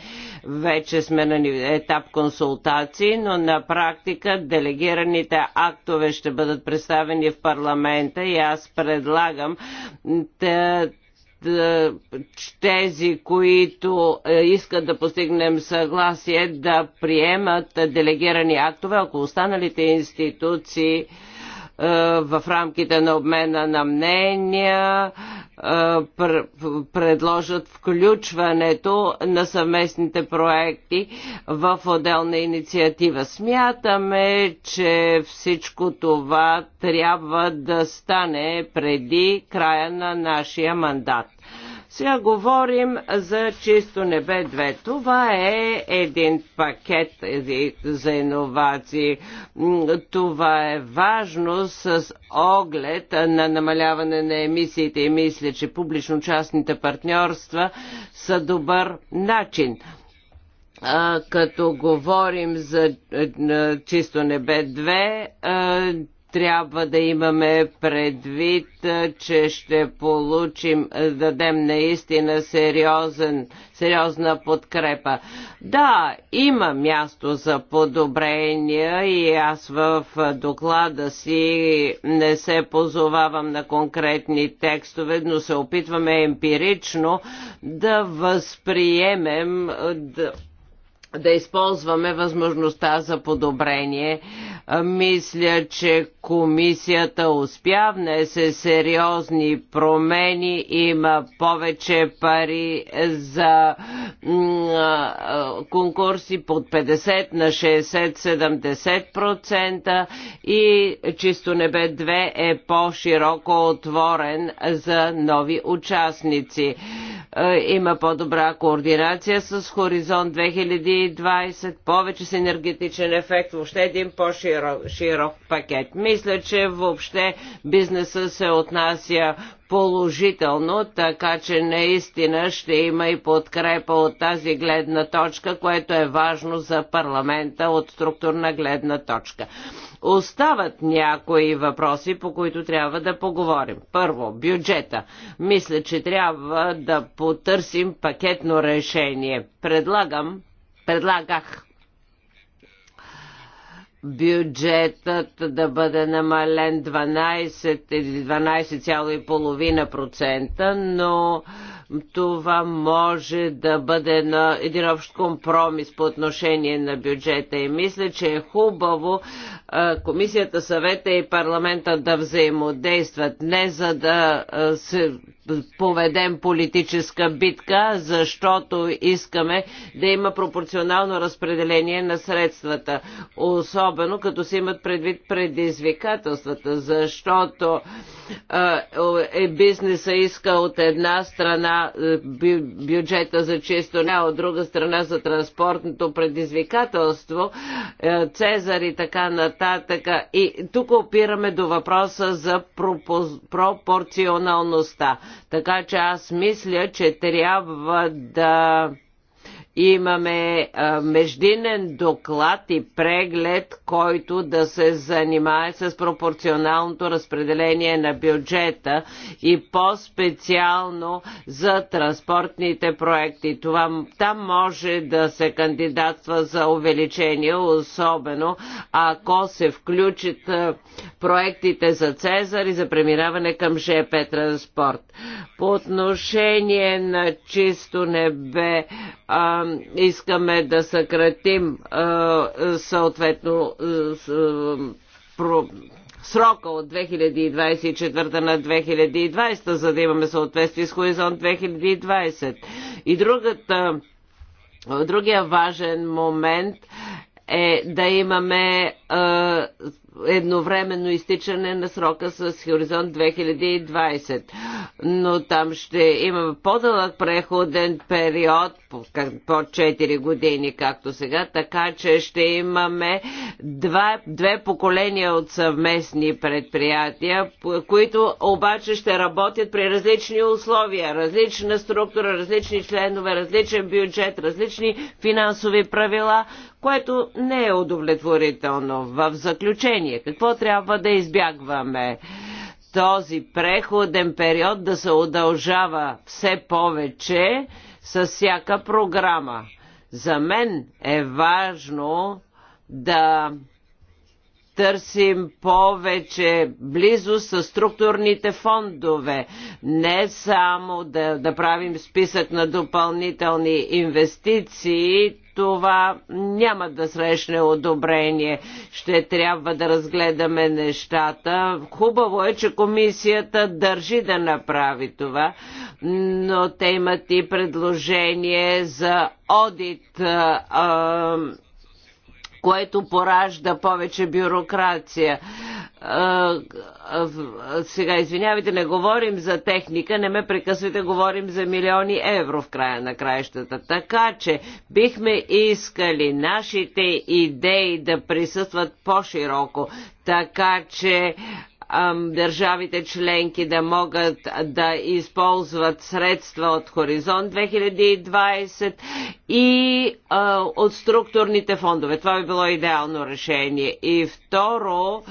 Вече сме на етап консултации, но на практика делегираните актове ще бъдат представени в парламента и аз предлагам да е, тези, които е, искат да постигнем съгласие, да приемат делегирани актове, ако останалите институции е, в рамките на обмена на мнения е, предложат включването на съвместните проекти в отделна инициатива. Смятаме, че всичко това трябва да стане преди края на нашия мандат. Сега говорим за чисто небе 2. Това е един пакет за иновации. Това е важно с оглед на намаляване на емисиите и мисля, че публично-частните партньорства са добър начин като говорим за чисто небе 2, трябва да имаме предвид, че ще получим, дадем наистина сериозен, сериозна подкрепа. Да, има място за подобрения и аз в доклада си не се позовавам на конкретни текстове, но се опитваме емпирично да възприемем да да използваме възможността за подобрение мисля, че комисията успя, внесе сериозни промени, има повече пари за конкурси под 50 на 60-70% и чисто небе 2 е по-широко отворен за нови участници. Има по-добра координация с Хоризонт 2020, повече с енергетичен ефект, въобще един по-широк широк пакет. Мисля, че въобще бизнеса се отнася положително, така че наистина ще има и подкрепа от тази гледна точка, което е важно за парламента от структурна гледна точка. Остават някои въпроси, по които трябва да поговорим. Първо, бюджета. Мисля, че трябва да потърсим пакетно решение. Предлагам, предлагах бюджетът да бъде намален 12 или 12,5%, но това може да бъде на един общ компромис по отношение на бюджета. И мисля, че е хубаво Комисията, съвета и парламента да взаимодействат, не за да се поведем политическа битка, защото искаме да има пропорционално разпределение на средствата. Особено като се имат предвид предизвикателствата, защото е, е бизнеса иска от една страна е, бюджета за чисто не, от друга страна за транспортното предизвикателство, е, Цезар и така нататък. И тук опираме до въпроса за пропорционалността. Така че аз мисля, че трябва да Имаме а, междинен доклад и преглед, който да се занимае с пропорционалното разпределение на бюджета и по-специално за транспортните проекти. Това, там може да се кандидатства за увеличение, особено ако се включат а, проектите за Цезар и за преминаване към ЖП транспорт. По отношение на чисто небе, искаме да съкратим съответно срока от 2024 на 2020, за да имаме съответствие с хоризонт 2020. И другата, другия важен момент е да имаме едновременно изтичане на срока с хоризонт 2020. Но там ще имаме по-дълъг преходен период, по 4 години, както сега, така че ще имаме два, две поколения от съвместни предприятия, които обаче ще работят при различни условия, различна структура, различни членове, различен бюджет, различни финансови правила, което не е удовлетворително. В заключение, ние Какво трябва да избягваме? Този преходен период да се удължава все повече с всяка програма. За мен е важно да търсим повече близост с структурните фондове. Не само да, да правим списък на допълнителни инвестиции, това няма да срещне одобрение. Ще трябва да разгледаме нещата. Хубаво е, че комисията държи да направи това, но те имат и предложение за одит. А, което поражда повече бюрокрация сега извинявайте, не говорим за техника, не ме прекъсвайте, говорим за милиони евро в края на краищата. Така че бихме искали нашите идеи да присъстват по-широко, така че държавите членки да могат да използват средства от Хоризонт 2020 и а, от структурните фондове. Това би било идеално решение. И второ,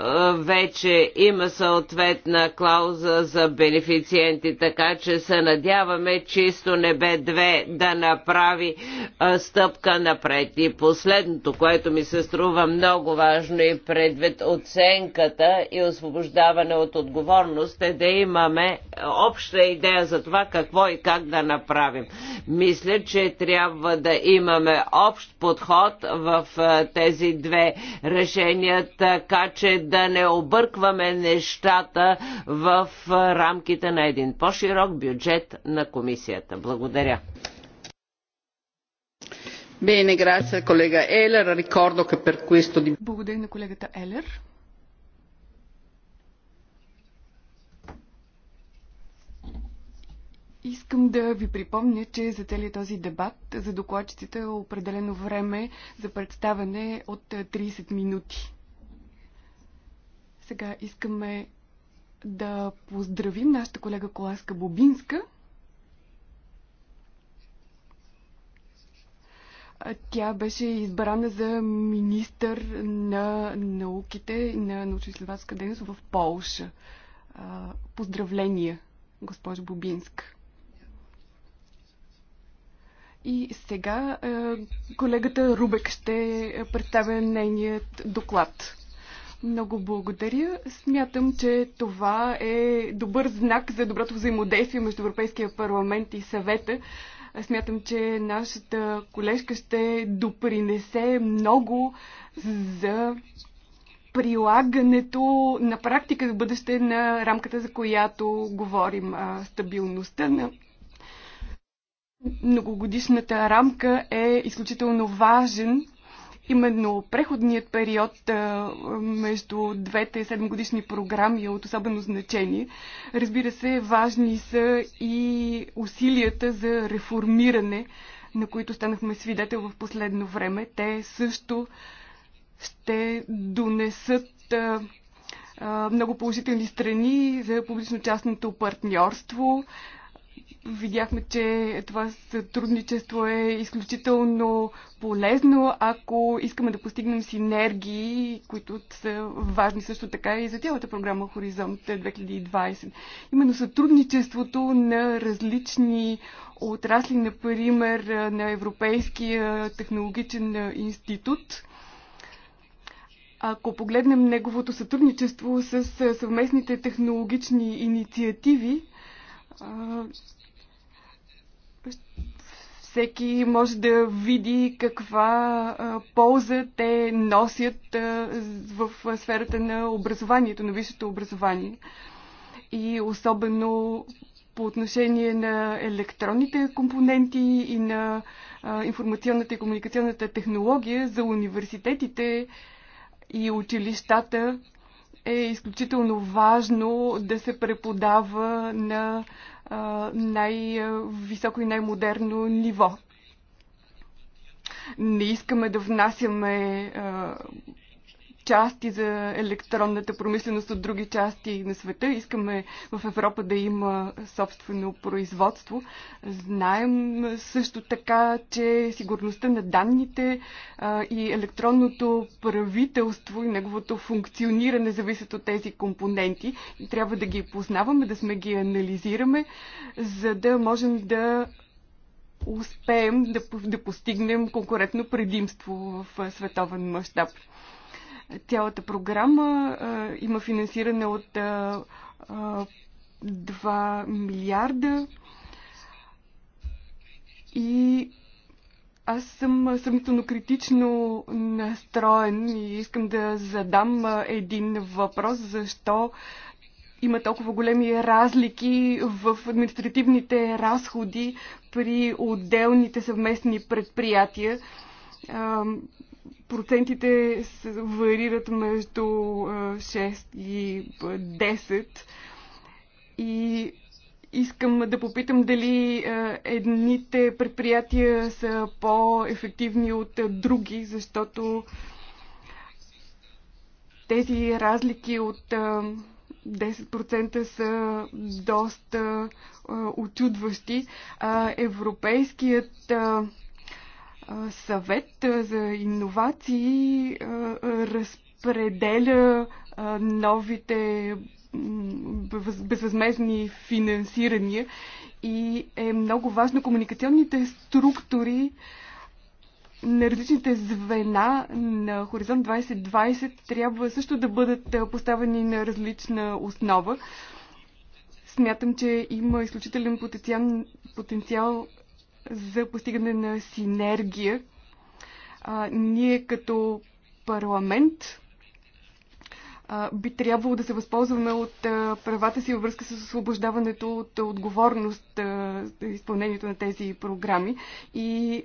е, вече има съответна клауза за бенефициенти, така че се надяваме чисто небе 2 да направи е, стъпка напред. И последното, което ми се струва много важно и предвид оценката и освобождаване от отговорност е да имаме е, обща идея за това какво и как да направим. Мисля, че трябва да имаме общ подход в тези две решения, така че да не объркваме нещата в рамките на един по-широк бюджет на комисията. Благодаря. Bene, grazie collega Eller. Ricordo che per questo... Благодаря на колегата Елер. Искам да ви припомня, че за целият този дебат за докладчиците е определено време за представяне от 30 минути. Сега искаме да поздравим нашата колега Коласка Бобинска. Тя беше избрана за министър на науките и на научно-изследователска дейност в Полша. Поздравления, госпожо Бобинска. И сега колегата Рубек ще представя нейният доклад. Много благодаря. Смятам, че това е добър знак за доброто взаимодействие между Европейския парламент и съвета. Смятам, че нашата колежка ще допринесе много за прилагането на практика в бъдеще на рамката, за която говорим. Стабилността на многогодишната рамка е изключително важен Именно преходният период между двете седмогодишни програми е от особено значение. Разбира се, важни са и усилията за реформиране, на които станахме свидетел в последно време. Те също ще донесат много положителни страни за публично-частното партньорство, Видяхме, че това сътрудничество е изключително полезно, ако искаме да постигнем синергии, които са важни също така и за цялата програма Хоризонт 2020. Именно сътрудничеството на различни отрасли, например на Европейския технологичен институт, ако погледнем неговото сътрудничество с съвместните технологични инициативи, всеки може да види каква а, полза те носят а, в сферата на образованието, на висшето образование. И особено по отношение на електронните компоненти и на а, информационната и комуникационната технология за университетите и училищата е изключително важно да се преподава на най-високо и най-модерно ниво. Не искаме да внасяме части за електронната промисленост от други части на света. Искаме в Европа да има собствено производство. Знаем също така, че сигурността на данните и електронното правителство и неговото функциониране зависят от тези компоненти. Трябва да ги познаваме, да сме ги анализираме, за да можем да успеем да, да постигнем конкурентно предимство в световен мащаб. Цялата програма а, има финансиране от а, а, 2 милиарда и аз съм съмнително критично настроен и искам да задам един въпрос. Защо има толкова големи разлики в административните разходи при отделните съвместни предприятия? процентите варират между 6 и 10. И искам да попитам дали едните предприятия са по-ефективни от други, защото тези разлики от 10% са доста отчудващи. Европейският съвет за иновации разпределя новите безвъзмезни финансирания и е много важно комуникационните структури на различните звена на Хоризонт 2020 трябва също да бъдат поставени на различна основа. Смятам, че има изключителен потенциал, потенциал за постигане на синергия. А, ние като парламент а, би трябвало да се възползваме от а, правата си във връзка с освобождаването от отговорност а, изпълнението на тези програми и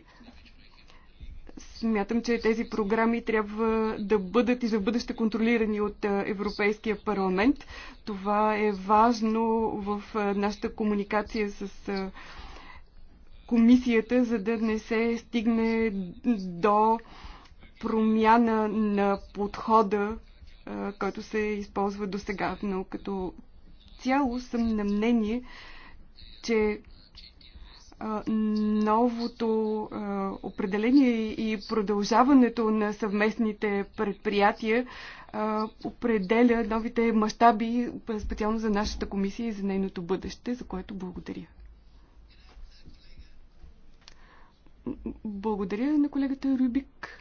смятам, че тези програми трябва да бъдат и за бъдеще контролирани от Европейския парламент. Това е важно в нашата комуникация с комисията, за да не се стигне до промяна на подхода, който се използва до сега. Но като цяло съм на мнение, че новото определение и продължаването на съвместните предприятия определя новите мащаби специално за нашата комисия и за нейното бъдеще, за което благодаря. Благодаря на колегата Рюбик.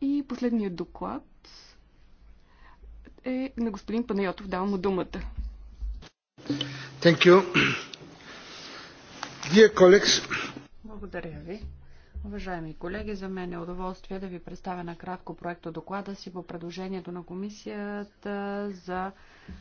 И последният доклад е на господин Панайотов. Давам му думата. Thank you. Dear colleagues. Благодаря ви. Уважаеми колеги, за мен е удоволствие да ви представя на кратко проекто доклада си по предложението на комисията за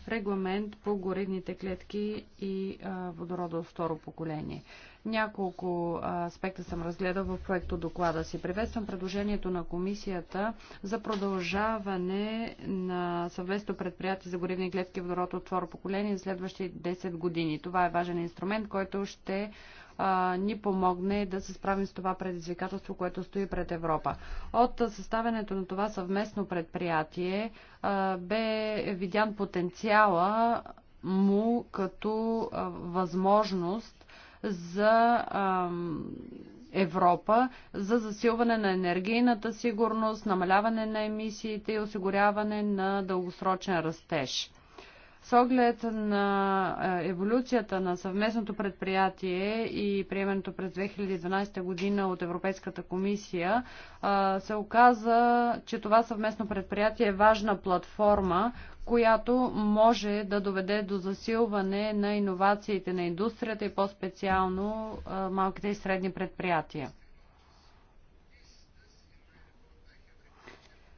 регламент по горивните клетки и от второ поколение. Няколко аспекта съм разгледал в проекто доклада си. Приветствам предложението на комисията за продължаване на съвместно предприятие за горивни клетки и от второ поколение за следващите 10 години. Това е важен инструмент, който ще а, ни помогне да се справим с това предизвикателство, което стои пред Европа. От съставянето на това съвместно предприятие а, бе видян потенциала му като а, възможност за а, Европа за засилване на енергийната сигурност, намаляване на емисиите и осигуряване на дългосрочен растеж. С оглед на е, еволюцията на съвместното предприятие и приемането през 2012 година от Европейската комисия, е, се оказа, че това съвместно предприятие е важна платформа, която може да доведе до засилване на иновациите на индустрията и по-специално е, малките и средни предприятия.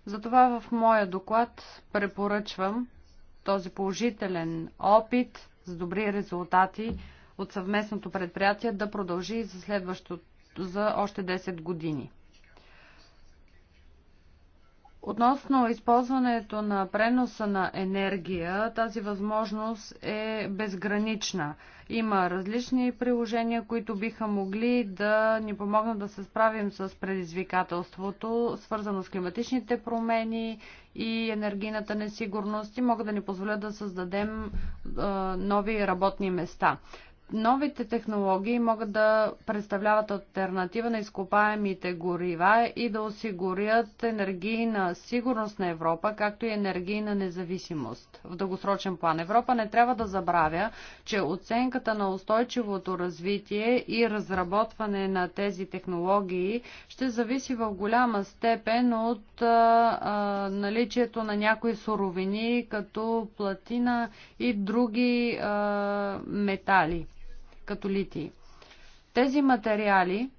Затова в моя доклад препоръчвам този положителен опит с добри резултати от съвместното предприятие да продължи и за следващото за още 10 години. Относно използването на преноса на енергия, тази възможност е безгранична. Има различни приложения, които биха могли да ни помогнат да се справим с предизвикателството, свързано с климатичните промени и енергийната несигурност и могат да ни позволят да създадем нови работни места новите технологии могат да представляват альтернатива на изкопаемите горива и да осигурят енергийна сигурност на Европа, както и енергийна независимост. В дългосрочен план Европа не трябва да забравя, че оценката на устойчивото развитие и разработване на тези технологии ще зависи в голяма степен от а, а, наличието на някои суровини, като платина и други а, метали като литий. Тези материали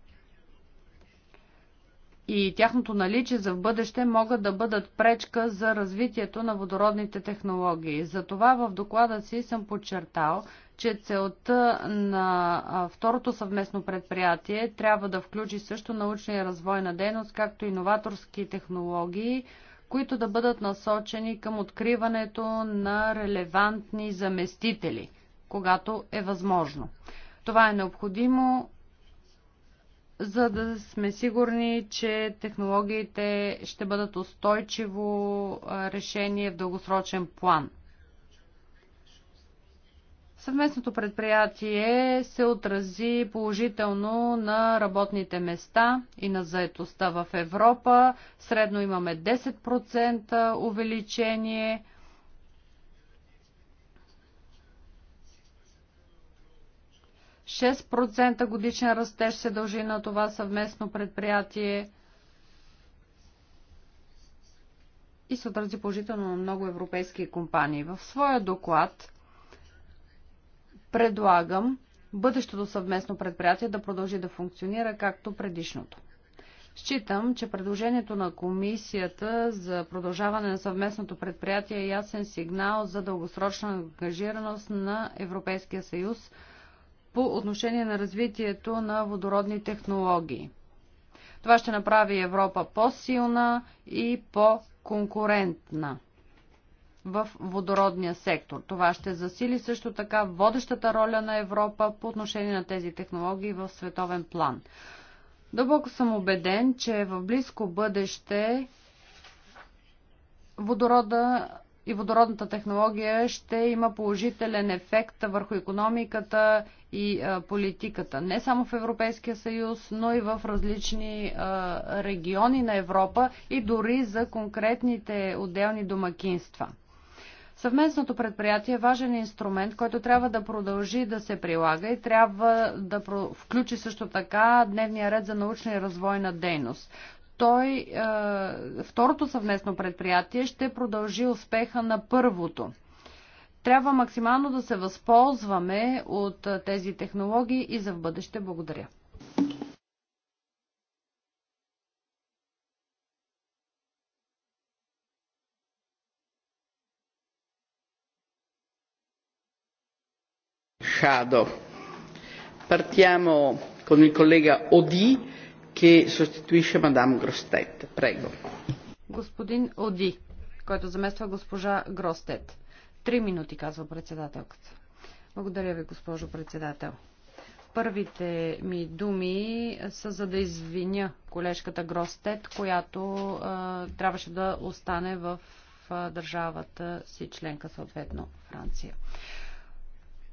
и тяхното наличие за в бъдеще могат да бъдат пречка за развитието на водородните технологии. Затова в доклада си съм подчертал, че целта на второто съвместно предприятие трябва да включи също научна и развойна дейност, както и новаторски технологии, които да бъдат насочени към откриването на релевантни заместители – когато е възможно. Това е необходимо, за да сме сигурни, че технологиите ще бъдат устойчиво решение в дългосрочен план. Съвместното предприятие се отрази положително на работните места и на заетостта в Европа. Средно имаме 10% увеличение – 6% годишен растеж се дължи на това съвместно предприятие и се отрази положително на много европейски компании. В своя доклад предлагам бъдещото съвместно предприятие да продължи да функционира както предишното. Считам, че предложението на комисията за продължаване на съвместното предприятие е ясен сигнал за дългосрочна ангажираност на Европейския съюз – по отношение на развитието на водородни технологии. Това ще направи Европа по-силна и по-конкурентна в водородния сектор. Това ще засили също така водещата роля на Европа по отношение на тези технологии в световен план. Дълбоко съм убеден, че в близко бъдеще водорода и водородната технология ще има положителен ефект върху економиката и политиката. Не само в Европейския съюз, но и в различни региони на Европа и дори за конкретните отделни домакинства. Съвместното предприятие е важен инструмент, който трябва да продължи да се прилага и трябва да включи също така дневния ред за научна и развойна дейност той, е, второто съвместно предприятие ще продължи успеха на първото. Трябва максимално да се възползваме от е, тези технологии и за в бъдеще. Благодаря. Партиямо con il collega Odì che sostituisce Prego. Господин Оди, който замества госпожа Гростет. Три минути, казва председателката. Благодаря ви, госпожо председател. Първите ми думи са за да извиня колежката Гростет, която а, трябваше да остане в а, държавата си членка, съответно Франция.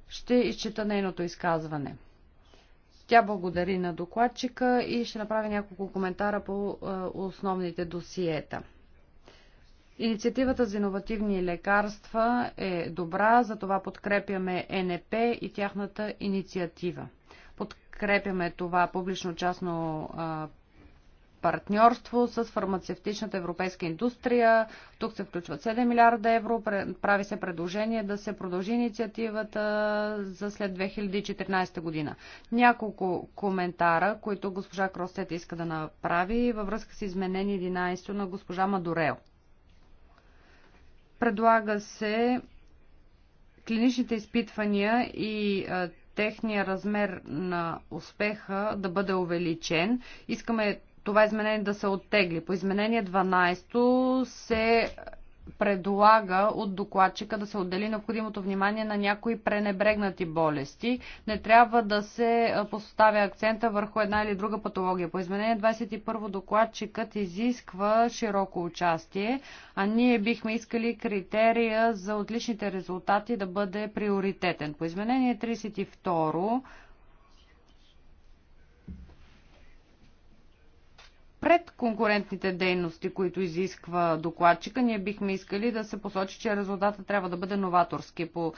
Ще изчита нейното изказване. Тя благодари на докладчика и ще направи няколко коментара по е, основните досиета. Инициативата за иновативни лекарства е добра, затова подкрепяме НП и тяхната инициатива. Подкрепяме това публично-частно е, партньорство с фармацевтичната европейска индустрия. Тук се включват 7 милиарда евро. Прави се предложение да се продължи инициативата за след 2014 година. Няколко коментара, които госпожа Кростет иска да направи във връзка с изменение 11 на госпожа Мадорео. Предлага се клиничните изпитвания и техния размер на успеха да бъде увеличен. Искаме това изменение да се оттегли. По изменение 12 се предлага от докладчика да се отдели необходимото внимание на някои пренебрегнати болести. Не трябва да се поставя акцента върху една или друга патология. По изменение 21 докладчикът изисква широко участие, а ние бихме искали критерия за отличните резултати да бъде приоритетен. По изменение 32 пред конкурентните дейности, които изисква докладчика, ние бихме искали да се посочи, че резултата трябва да бъде новаторски. По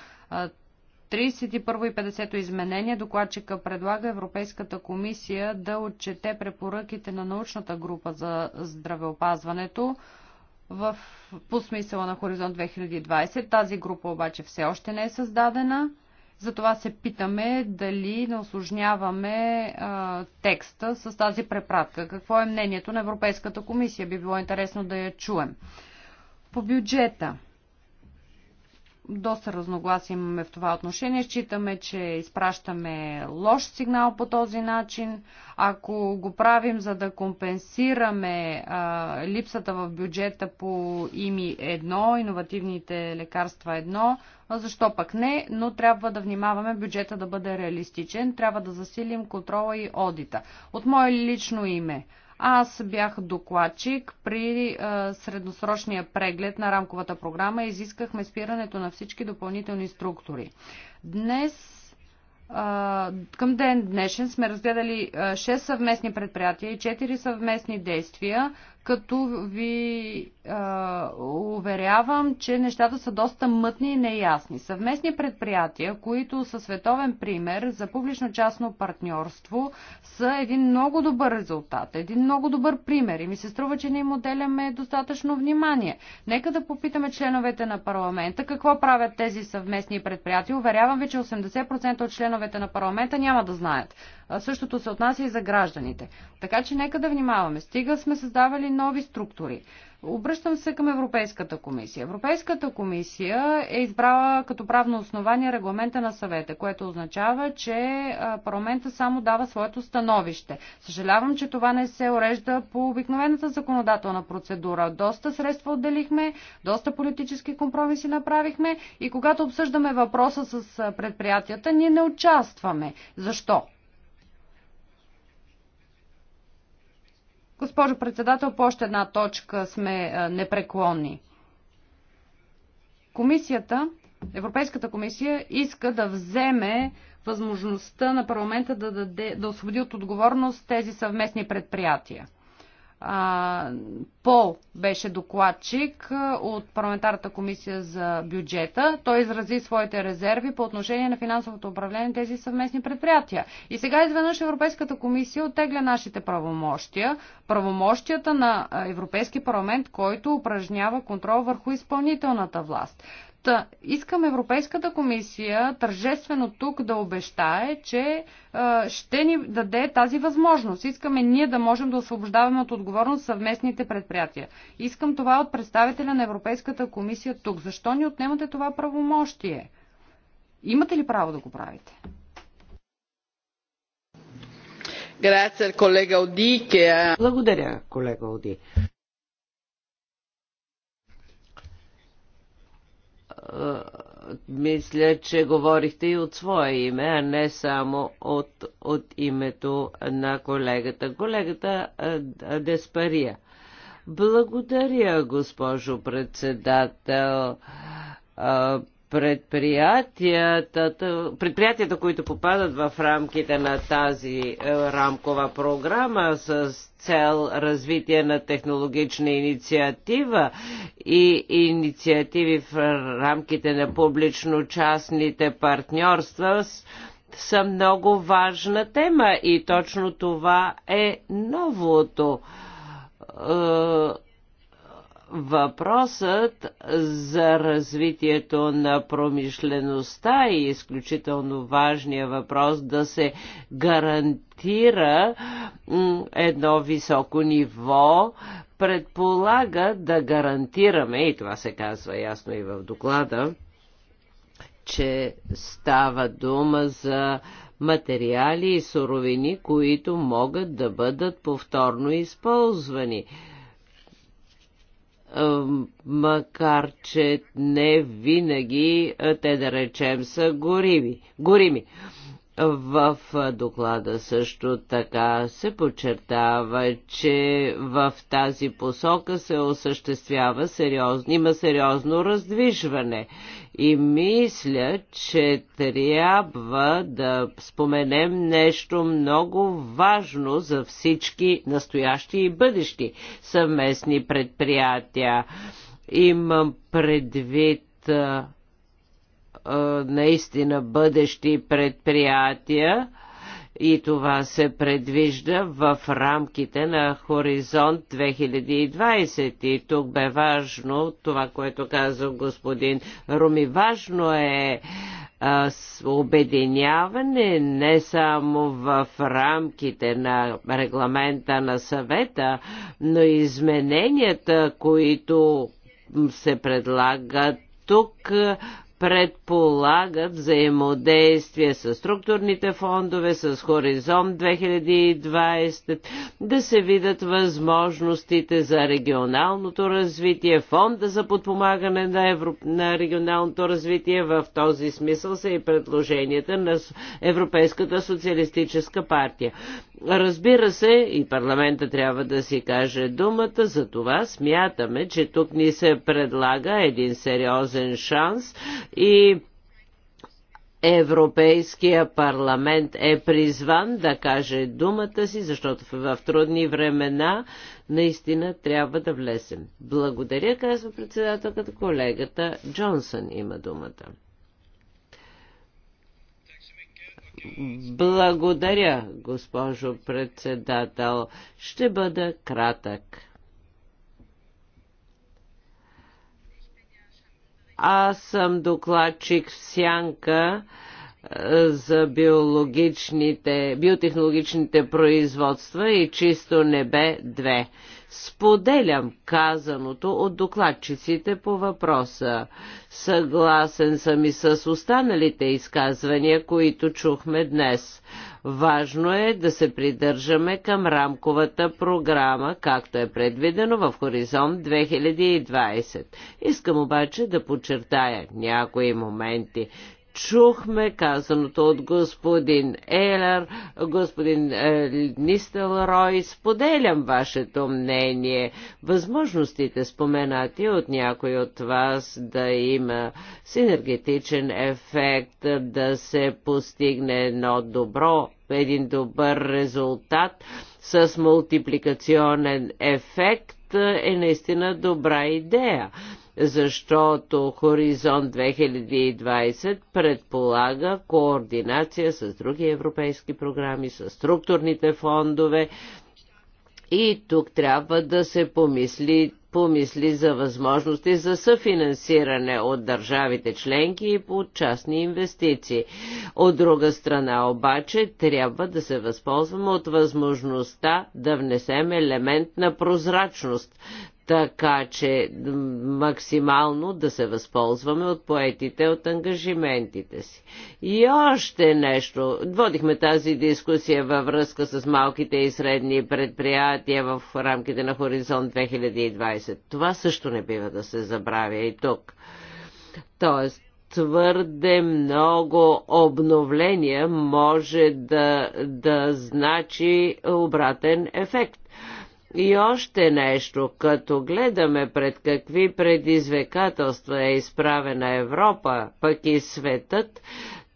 31 и 50 изменение докладчика предлага Европейската комисия да отчете препоръките на научната група за здравеопазването в, по смисъла на Хоризонт 2020. Тази група обаче все още не е създадена. Затова се питаме дали не осложняваме а, текста с тази препратка. Какво е мнението на Европейската комисия? Би било интересно да я чуем. По бюджета доста разногласи имаме в това отношение. Считаме, че изпращаме лош сигнал по този начин. Ако го правим за да компенсираме а, липсата в бюджета по ими едно, иновативните лекарства едно, защо пък не, но трябва да внимаваме бюджета да бъде реалистичен, трябва да засилим контрола и одита. От мое лично име аз бях докладчик при а, средносрочния преглед на рамковата програма и изискахме спирането на всички допълнителни структури. Днес към ден днешен сме разгледали 6 съвместни предприятия и 4 съвместни действия, като ви а, уверявам, че нещата са доста мътни и неясни. Съвместни предприятия, които са световен пример за публично-частно партньорство, са един много добър резултат, един много добър пример и ми се струва, че не им отделяме достатъчно внимание. Нека да попитаме членовете на парламента какво правят тези съвместни предприятия. Уверявам ви, че 80% от членовете на парламента няма да знаят. Същото се отнася и за гражданите. Така че нека да внимаваме. Стига сме създавали нови структури. Обръщам се към Европейската комисия. Европейската комисия е избрала като правно основание регламента на съвета, което означава, че парламента само дава своето становище. Съжалявам, че това не се урежда по обикновената законодателна процедура. Доста средства отделихме, доста политически компромиси направихме и когато обсъждаме въпроса с предприятията, ние не участваме. Защо? Госпожо председател, по още една точка сме непреклонни. Комисията, Европейската комисия иска да вземе възможността на парламента да, даде, да освободи от отговорност тези съвместни предприятия. Пол беше докладчик от парламентарната комисия за бюджета. Той изрази своите резерви по отношение на финансовото управление на тези съвместни предприятия. И сега изведнъж Европейската комисия оттегля нашите правомощия, правомощията на Европейски парламент, който упражнява контрол върху изпълнителната власт. Та, искам Европейската комисия тържествено тук да обещае, че а, ще ни даде тази възможност. Искаме ние да можем да освобождаваме от отговорност съвместните предприятия. Искам това от представителя на Европейската комисия тук. Защо ни отнемате това правомощие? Имате ли право да го правите? Благодаря, колега Оди. Е, мисля, че говорихте и от свое име, а не само от, от името на колегата. Колегата е, е, Деспария. Благодаря, госпожо председател предприятията, предприятията, които попадат в рамките на тази е, рамкова програма с цел развитие на технологична инициатива и инициативи в рамките на публично-частните партньорства са много важна тема и точно това е новото е, Въпросът за развитието на промишлеността и е изключително важния въпрос да се гарантира едно високо ниво предполага да гарантираме, и това се казва ясно и в доклада, че става дума за материали и суровини, които могат да бъдат повторно използвани макар че не винаги те, да речем, са гориви, горими. В доклада също така се подчертава, че в тази посока се осъществява сериозно, има сериозно раздвижване. И мисля, че трябва да споменем нещо много важно за всички настоящи и бъдещи съвместни предприятия. Имам предвид наистина бъдещи предприятия и това се предвижда в рамките на Хоризонт 2020. И тук бе важно това, което каза господин Руми. Важно е обединяване не само в рамките на регламента на съвета, но и измененията, които се предлагат тук предполагат взаимодействие с структурните фондове, с Хоризонт 2020, да се видят възможностите за регионалното развитие, фонда за подпомагане на, евро... на регионалното развитие. В този смисъл са и предложенията на Европейската социалистическа партия. Разбира се, и парламента трябва да си каже думата, за това смятаме, че тук ни се предлага един сериозен шанс и Европейския парламент е призван да каже думата си, защото в трудни времена наистина трябва да влезем. Благодаря, казва председателката, колегата Джонсън има думата. Благодаря, госпожо председател. Ще бъда кратък. Аз съм докладчик в Сянка е, за биологичните, биотехнологичните производства и чисто небе две. Споделям казаното от докладчиците по въпроса. Съгласен съм и с останалите изказвания, които чухме днес. Важно е да се придържаме към рамковата програма, както е предвидено в Хоризонт 2020. Искам обаче да подчертая някои моменти чухме казаното от господин Елер, господин е, Рой, Споделям вашето мнение. Възможностите споменати от някой от вас да има синергетичен ефект, да се постигне едно добро, един добър резултат с мултипликационен ефект е наистина добра идея защото Хоризонт 2020 предполага координация с други европейски програми, с структурните фондове и тук трябва да се помисли помисли за възможности за съфинансиране от държавите членки и по частни инвестиции. От друга страна обаче трябва да се възползваме от възможността да внесем елемент на прозрачност, така че максимално да се възползваме от поетите, от ангажиментите си. И още нещо. Водихме тази дискусия във връзка с малките и средни предприятия в рамките на Хоризонт 2020. Това също не бива да се забравя и тук. Тоест, твърде много обновления може да, да значи обратен ефект и още нещо, като гледаме пред какви предизвикателства е изправена Европа, пък и светът,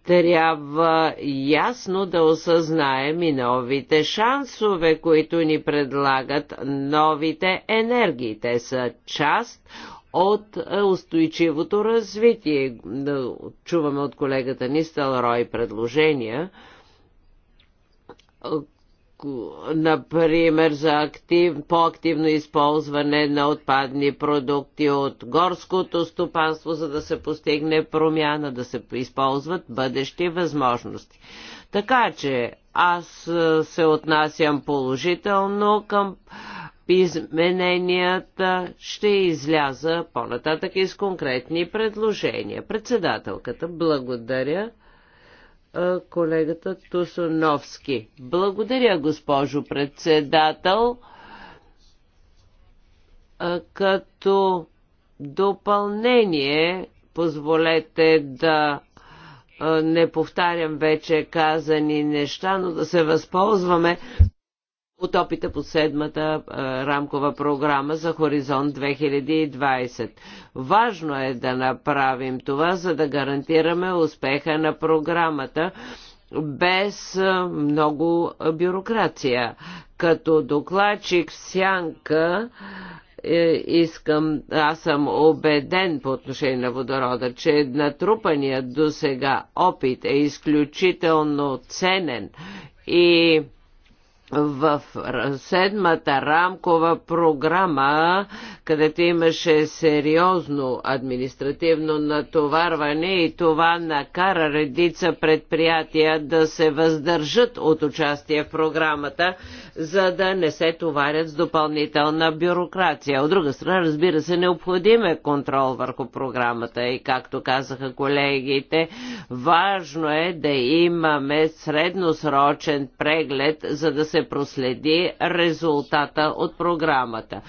трябва ясно да осъзнаем и новите шансове, които ни предлагат новите енергии. Те са част от е, устойчивото развитие. Чуваме от колегата Нистел Рой предложения, например, за актив, по-активно използване на отпадни продукти от горското стопанство, за да се постигне промяна, да се използват бъдещи възможности. Така че аз се отнасям положително към измененията. Ще изляза по-нататък и с конкретни предложения. Председателката, благодаря колегата Тусоновски. Благодаря, госпожо председател. Като допълнение, позволете да не повтарям вече казани неща, но да се възползваме от опита по седмата а, рамкова програма за Хоризонт 2020. Важно е да направим това, за да гарантираме успеха на програмата без много бюрокрация. Като докладчик в сянка е, искам, аз съм убеден по отношение на водорода, че натрупаният до сега опит е изключително ценен и в седмата рамкова програма, където имаше сериозно административно натоварване и това накара редица предприятия да се въздържат от участие в програмата, за да не се товарят с допълнителна бюрокрация. От друга страна, разбира се, необходим е контрол върху програмата и както казаха колегите, важно е да имаме средносрочен преглед, за да се проследи резултата от програмата.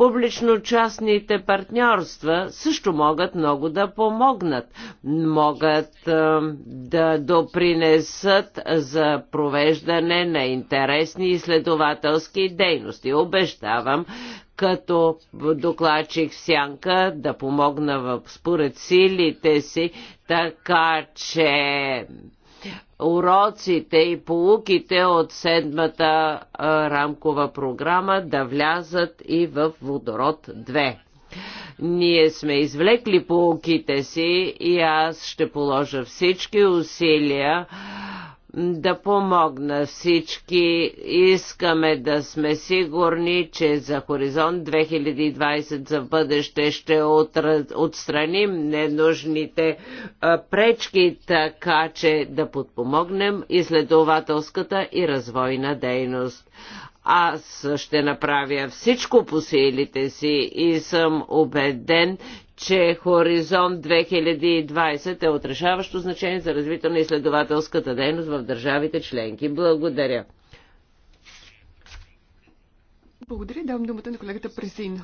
Публично-частните партньорства също могат много да помогнат. Могат е, да допринесат за провеждане на интересни изследователски дейности. Обещавам, като докладчик Сянка да помогна в, според силите си, така че уроците и полуките от седмата рамкова програма да влязат и в водород 2. Ние сме извлекли полуките си и аз ще положа всички усилия да помогна. Всички искаме да сме сигурни, че за Хоризонт 2020 за бъдеще ще отстраним ненужните пречки, така че да подпомогнем изследователската и развойна дейност. Аз ще направя всичко по силите си и съм убеден, че Хоризонт 2020 е отрешаващо значение за развитие на изследователската дейност в държавите членки. Благодаря. Благодаря. Давам думата на колегата Пресин.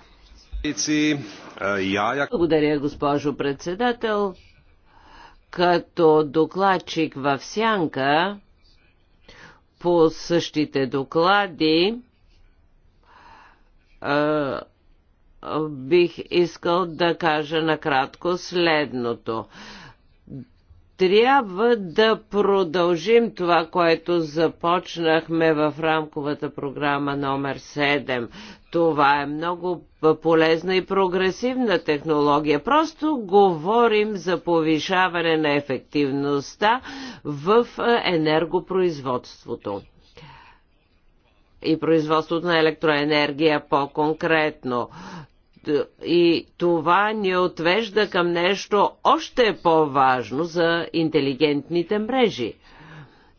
Благодаря, госпожо председател. Като докладчик в Сянка по същите доклади, бих искал да кажа накратко следното трябва да продължим това, което започнахме в рамковата програма номер 7. Това е много полезна и прогресивна технология. Просто говорим за повишаване на ефективността в енергопроизводството и производството на електроенергия по-конкретно. И това ни отвежда към нещо още по-важно за интелигентните мрежи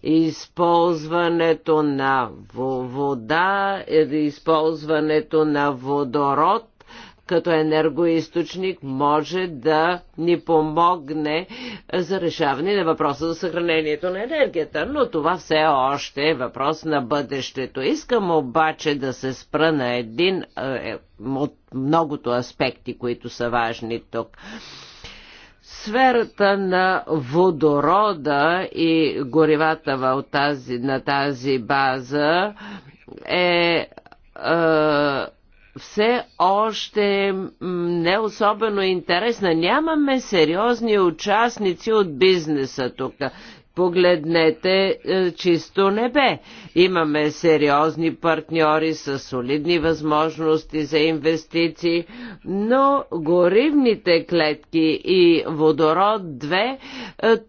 използването на вода, е, използването на водород като енергоисточник може да ни помогне за решаване на въпроса за съхранението на енергията, но това все още е въпрос на бъдещето. Искам обаче да се спра на един е, от многото аспекти, които са важни тук сферата на водорода и горивата в тази, на тази база е, е все още не особено интересна. Нямаме сериозни участници от бизнеса тук. Погледнете е, чисто небе. Имаме сериозни партньори с солидни възможности за инвестиции, но горивните клетки и водород 2 е,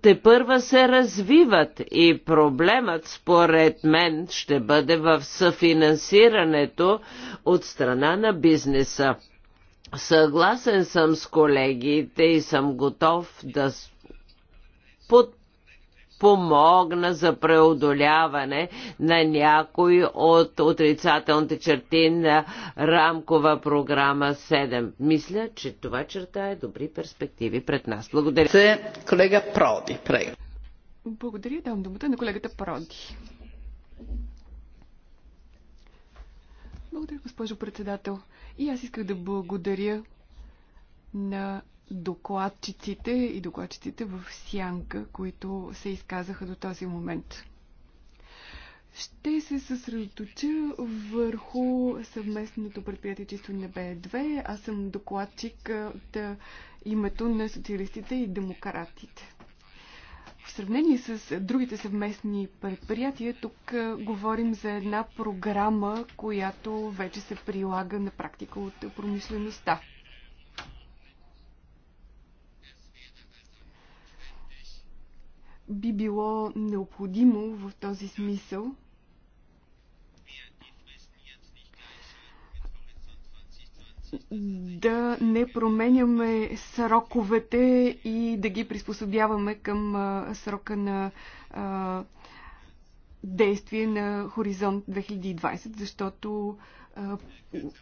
те първа се развиват и проблемът според мен ще бъде в съфинансирането от страна на бизнеса. Съгласен съм с колегите и съм готов да под помогна за преодоляване на някои от отрицателните черти на рамкова програма 7. Мисля, че това черта е добри перспективи пред нас. Благодаря. Се колега Проди, прега. Благодаря, дам думата на колегата Проди. Благодаря, госпожо председател. И аз исках да благодаря на докладчиците и докладчиците в сянка, които се изказаха до този момент. Ще се съсредоточа върху съвместното предприятие Чисто небе 2. Аз съм докладчик от името на социалистите и демократите. В сравнение с другите съвместни предприятия, тук говорим за една програма, която вече се прилага на практика от промишлеността. би било необходимо в този смисъл. да не променяме сроковете и да ги приспособяваме към срока на а, действие на Хоризонт 2020, защото а,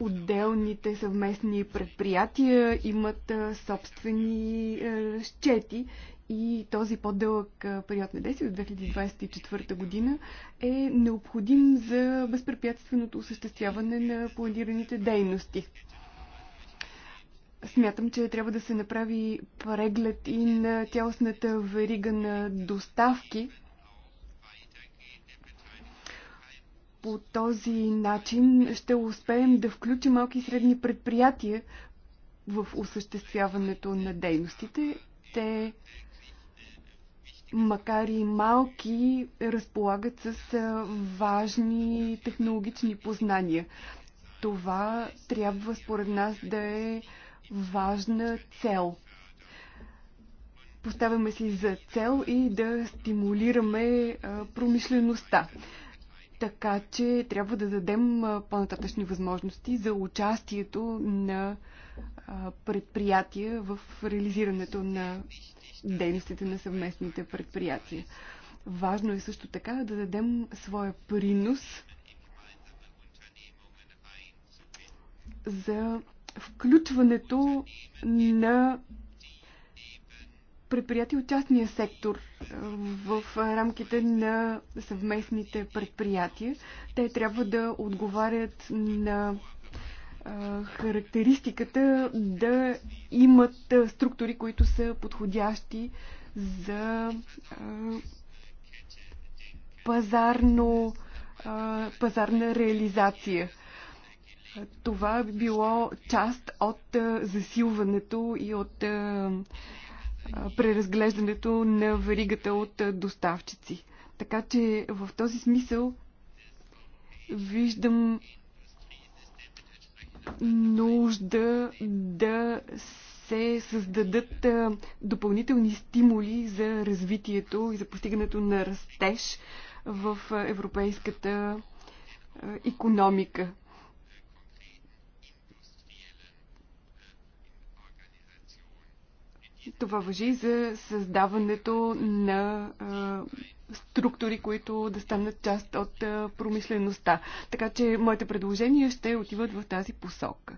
отделните съвместни предприятия имат а, собствени щети и този по-дълъг период на действие от 2024 година е необходим за безпрепятственото осъществяване на планираните дейности. Смятам, че трябва да се направи преглед и на тялостната верига на доставки. По този начин ще успеем да включим малки и средни предприятия в осъществяването на дейностите. Те макар и малки, разполагат с важни технологични познания. Това трябва според нас да е важна цел. Поставяме си за цел и да стимулираме промишлеността. Така че трябва да дадем по-нататъчни възможности за участието на предприятия в реализирането на дейностите на съвместните предприятия. Важно е също така да дадем своя принос за включването на предприятия от частния сектор в рамките на съвместните предприятия. Те трябва да отговарят на характеристиката да имат структури, които са подходящи за пазарно, пазарна реализация. Това би било част от засилването и от преразглеждането на варигата от доставчици. Така че в този смисъл виждам нужда да се създадат допълнителни стимули за развитието и за постигането на растеж в европейската економика. Това въжи за създаването на структури, които да станат част от промишлеността. Така че моите предложения ще отиват в тази посока.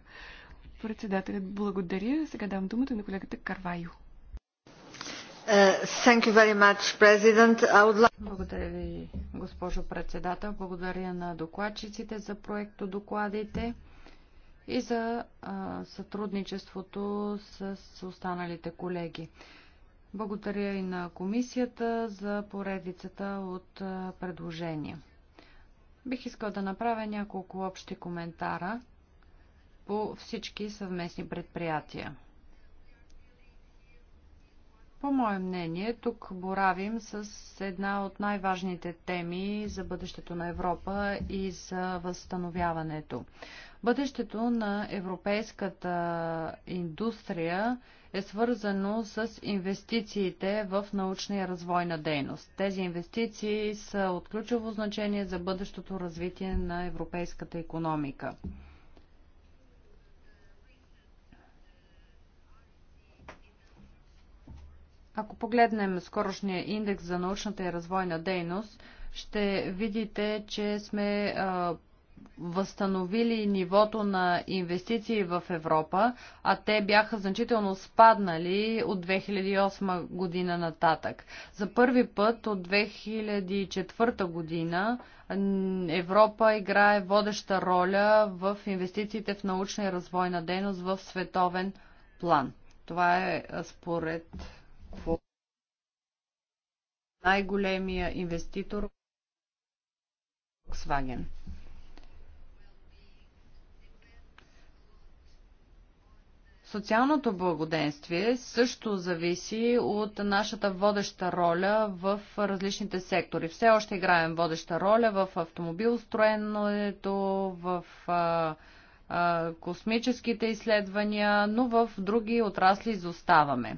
Председателят благодаря. Сега давам думата на колегата Карвайо. Е, благодаря ви, госпожо председател. Благодаря на докладчиците за проекто докладите и за сътрудничеството с останалите колеги. Благодаря и на комисията за поредицата от предложения. Бих искал да направя няколко общи коментара по всички съвместни предприятия. По мое мнение, тук боравим с една от най-важните теми за бъдещето на Европа и за възстановяването. Бъдещето на европейската индустрия е е свързано с инвестициите в научна и развойна дейност. Тези инвестиции са от ключово значение за бъдещото развитие на европейската економика. Ако погледнем скорошния индекс за научната и развойна дейност, ще видите, че сме възстановили нивото на инвестиции в Европа, а те бяха значително спаднали от 2008 година нататък. За първи път от 2004 година Европа играе водеща роля в инвестициите в научна и развойна дейност в световен план. Това е според най-големия инвеститор Volkswagen. Социалното благоденствие също зависи от нашата водеща роля в различните сектори. Все още играем водеща роля в автомобилстроенето, в а, а, космическите изследвания, но в други отрасли изоставаме.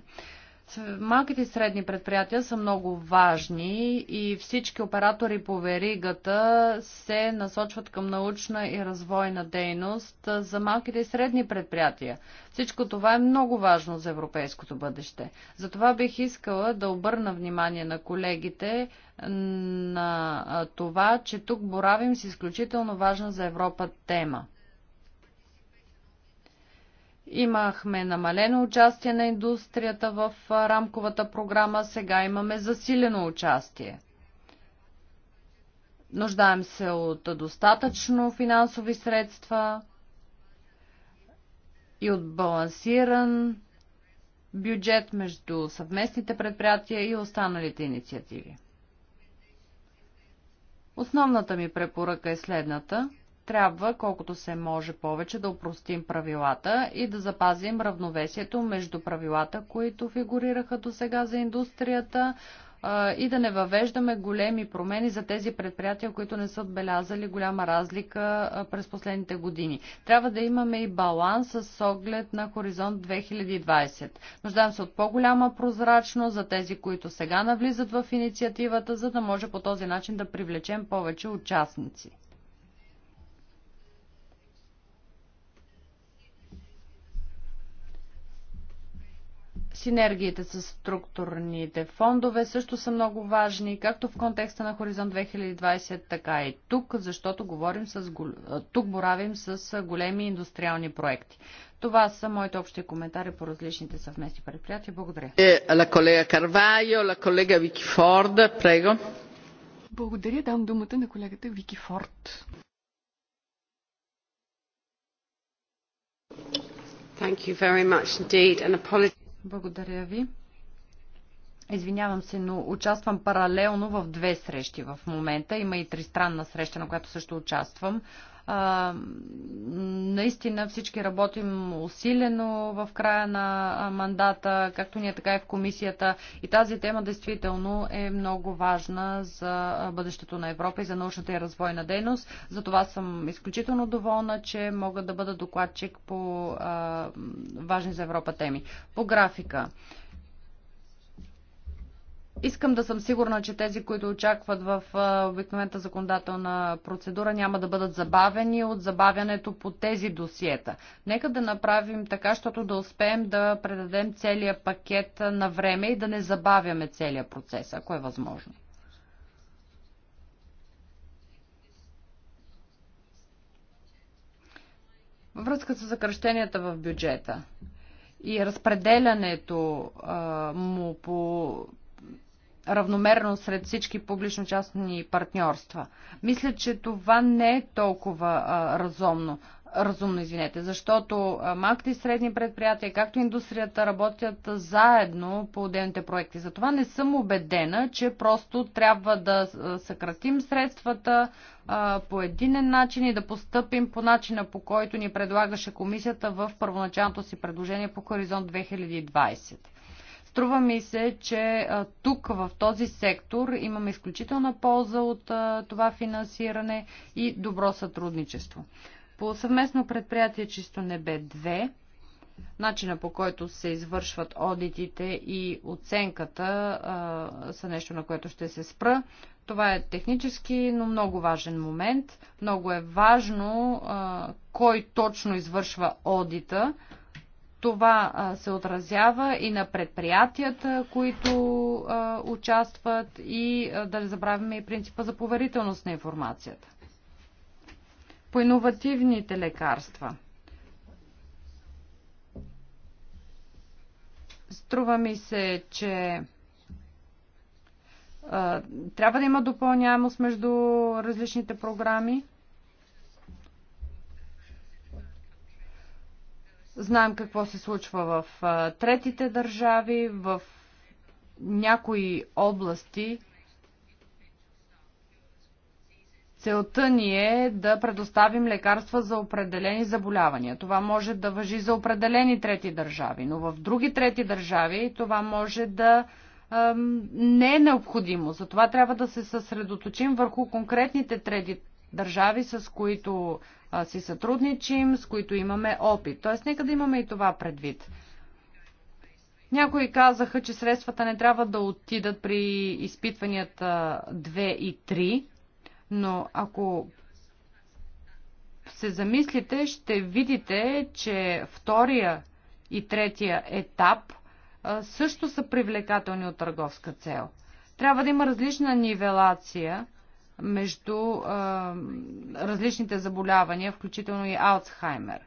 Малките и средни предприятия са много важни и всички оператори по веригата се насочват към научна и развойна дейност за малките и средни предприятия. Всичко това е много важно за европейското бъдеще. Затова бих искала да обърна внимание на колегите на това, че тук боравим с изключително важна за Европа тема. Имахме намалено участие на индустрията в рамковата програма, сега имаме засилено участие. Нуждаем се от достатъчно финансови средства и от балансиран бюджет между съвместните предприятия и останалите инициативи. Основната ми препоръка е следната трябва колкото се може повече да упростим правилата и да запазим равновесието между правилата, които фигурираха до сега за индустрията и да не въвеждаме големи промени за тези предприятия, които не са отбелязали голяма разлика през последните години. Трябва да имаме и баланс с оглед на хоризонт 2020. Нуждаем се от по-голяма прозрачност за тези, които сега навлизат в инициативата, за да може по този начин да привлечем повече участници. Синергиите с структурните фондове също са много важни, както в контекста на Хоризонт 2020, така и тук, защото говорим с, тук боравим с големи индустриални проекти. Това са моите общи коментари по различните съвместни предприятия. Благодаря. Е, ла колега Карвайо, ла колега Вики Форд, прего. Благодаря, дам думата на колегата Вики Форд. Thank you very much indeed and apologies. Благодаря ви. Извинявам се, но участвам паралелно в две срещи в момента. Има и тристранна среща, на която също участвам. А, наистина всички работим усилено в края на мандата, както ние така и в комисията. И тази тема действително е много важна за бъдещето на Европа и за научната и развойна дейност. Затова съм изключително доволна, че мога да бъда докладчик по а, важни за Европа теми. По графика. Искам да съм сигурна, че тези, които очакват в обикновената законодателна процедура, няма да бъдат забавени от забавянето по тези досиета. Нека да направим така, защото да успеем да предадем целият пакет на време и да не забавяме целият процес, ако е възможно. Във връзка с съкръщенията в бюджета и разпределянето а, му по равномерно сред всички публично-частни партньорства. Мисля, че това не е толкова а, разумно. Разумно, извинете, защото малките и средни предприятия, както индустрията, работят заедно по отделните проекти. Затова не съм убедена, че просто трябва да съкратим средствата а, по единен начин и да постъпим по начина, по който ни предлагаше комисията в първоначалното си предложение по Хоризонт 2020. Струва ми се, че тук в този сектор имаме изключителна полза от това финансиране и добро сътрудничество. По съвместно предприятие Чисто небе 2, начина по който се извършват одитите и оценката а, са нещо, на което ще се спра. Това е технически, но много важен момент. Много е важно а, кой точно извършва одита, това се отразява и на предприятията, които участват и да не забравяме и принципа за поверителност на информацията. По иновативните лекарства. Струва ми се, че трябва да има допълняемост между различните програми. Знаем какво се случва в третите държави, в някои области. Целта ни е да предоставим лекарства за определени заболявания. Това може да въжи за определени трети държави, но в други трети държави това може да не е необходимо. Затова трябва да се съсредоточим върху конкретните трети държави, с които а, си сътрудничим, с които имаме опит. Тоест, нека да имаме и това предвид. Някои казаха, че средствата не трябва да отидат при изпитванията 2 и 3, но ако се замислите, ще видите, че втория и третия етап също са привлекателни от търговска цел. Трябва да има различна нивелация – между а, различните заболявания, включително и Алцхаймер.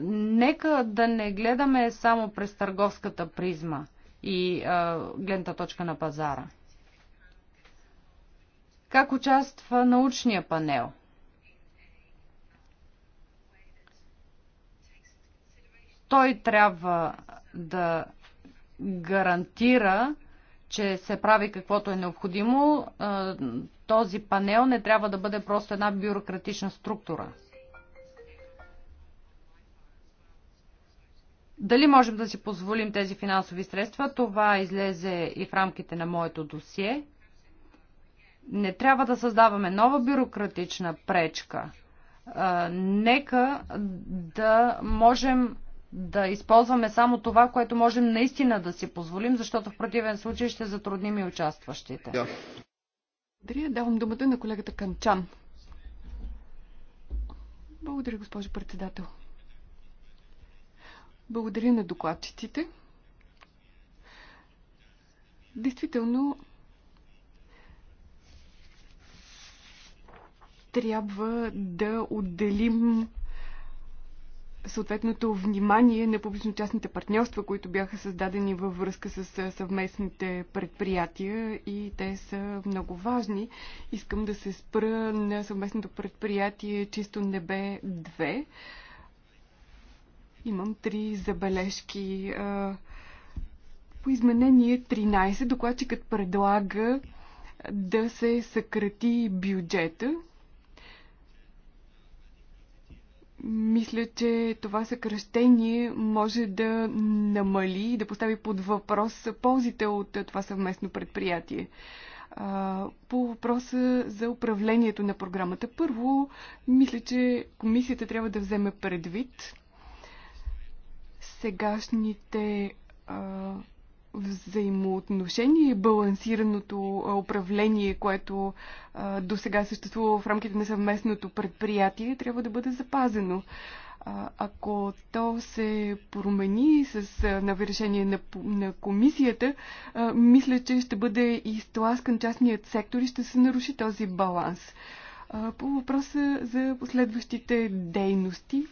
Нека да не гледаме само през търговската призма и а, гледната точка на пазара. Как участва научния панел? Той трябва да гарантира, че се прави каквото е необходимо този панел не трябва да бъде просто една бюрократична структура. Дали можем да си позволим тези финансови средства, това излезе и в рамките на моето досие. Не трябва да създаваме нова бюрократична пречка. Нека да можем да използваме само това, което можем наистина да си позволим, защото в противен случай ще затрудним и участващите. Благодаря. Давам думата на колегата Канчан. Благодаря, госпожо председател. Благодаря на докладчиците. Действително, трябва да отделим съответното внимание на публично-частните партньорства, които бяха създадени във връзка с съвместните предприятия и те са много важни. Искам да се спра на съвместното предприятие Чисто небе 2. Имам три забележки. По изменение 13 докладчикът предлага да се съкрати бюджета Мисля, че това съкръщение може да намали и да постави под въпрос ползите от това съвместно предприятие. По въпроса за управлението на програмата. Първо, мисля, че комисията трябва да вземе предвид сегашните взаимоотношение и балансираното управление, което до сега съществува в рамките на съвместното предприятие, трябва да бъде запазено. Ако то се промени с навършение решение на, на комисията, мисля, че ще бъде изтласкан частният сектор и ще се наруши този баланс. По въпроса за последващите дейности,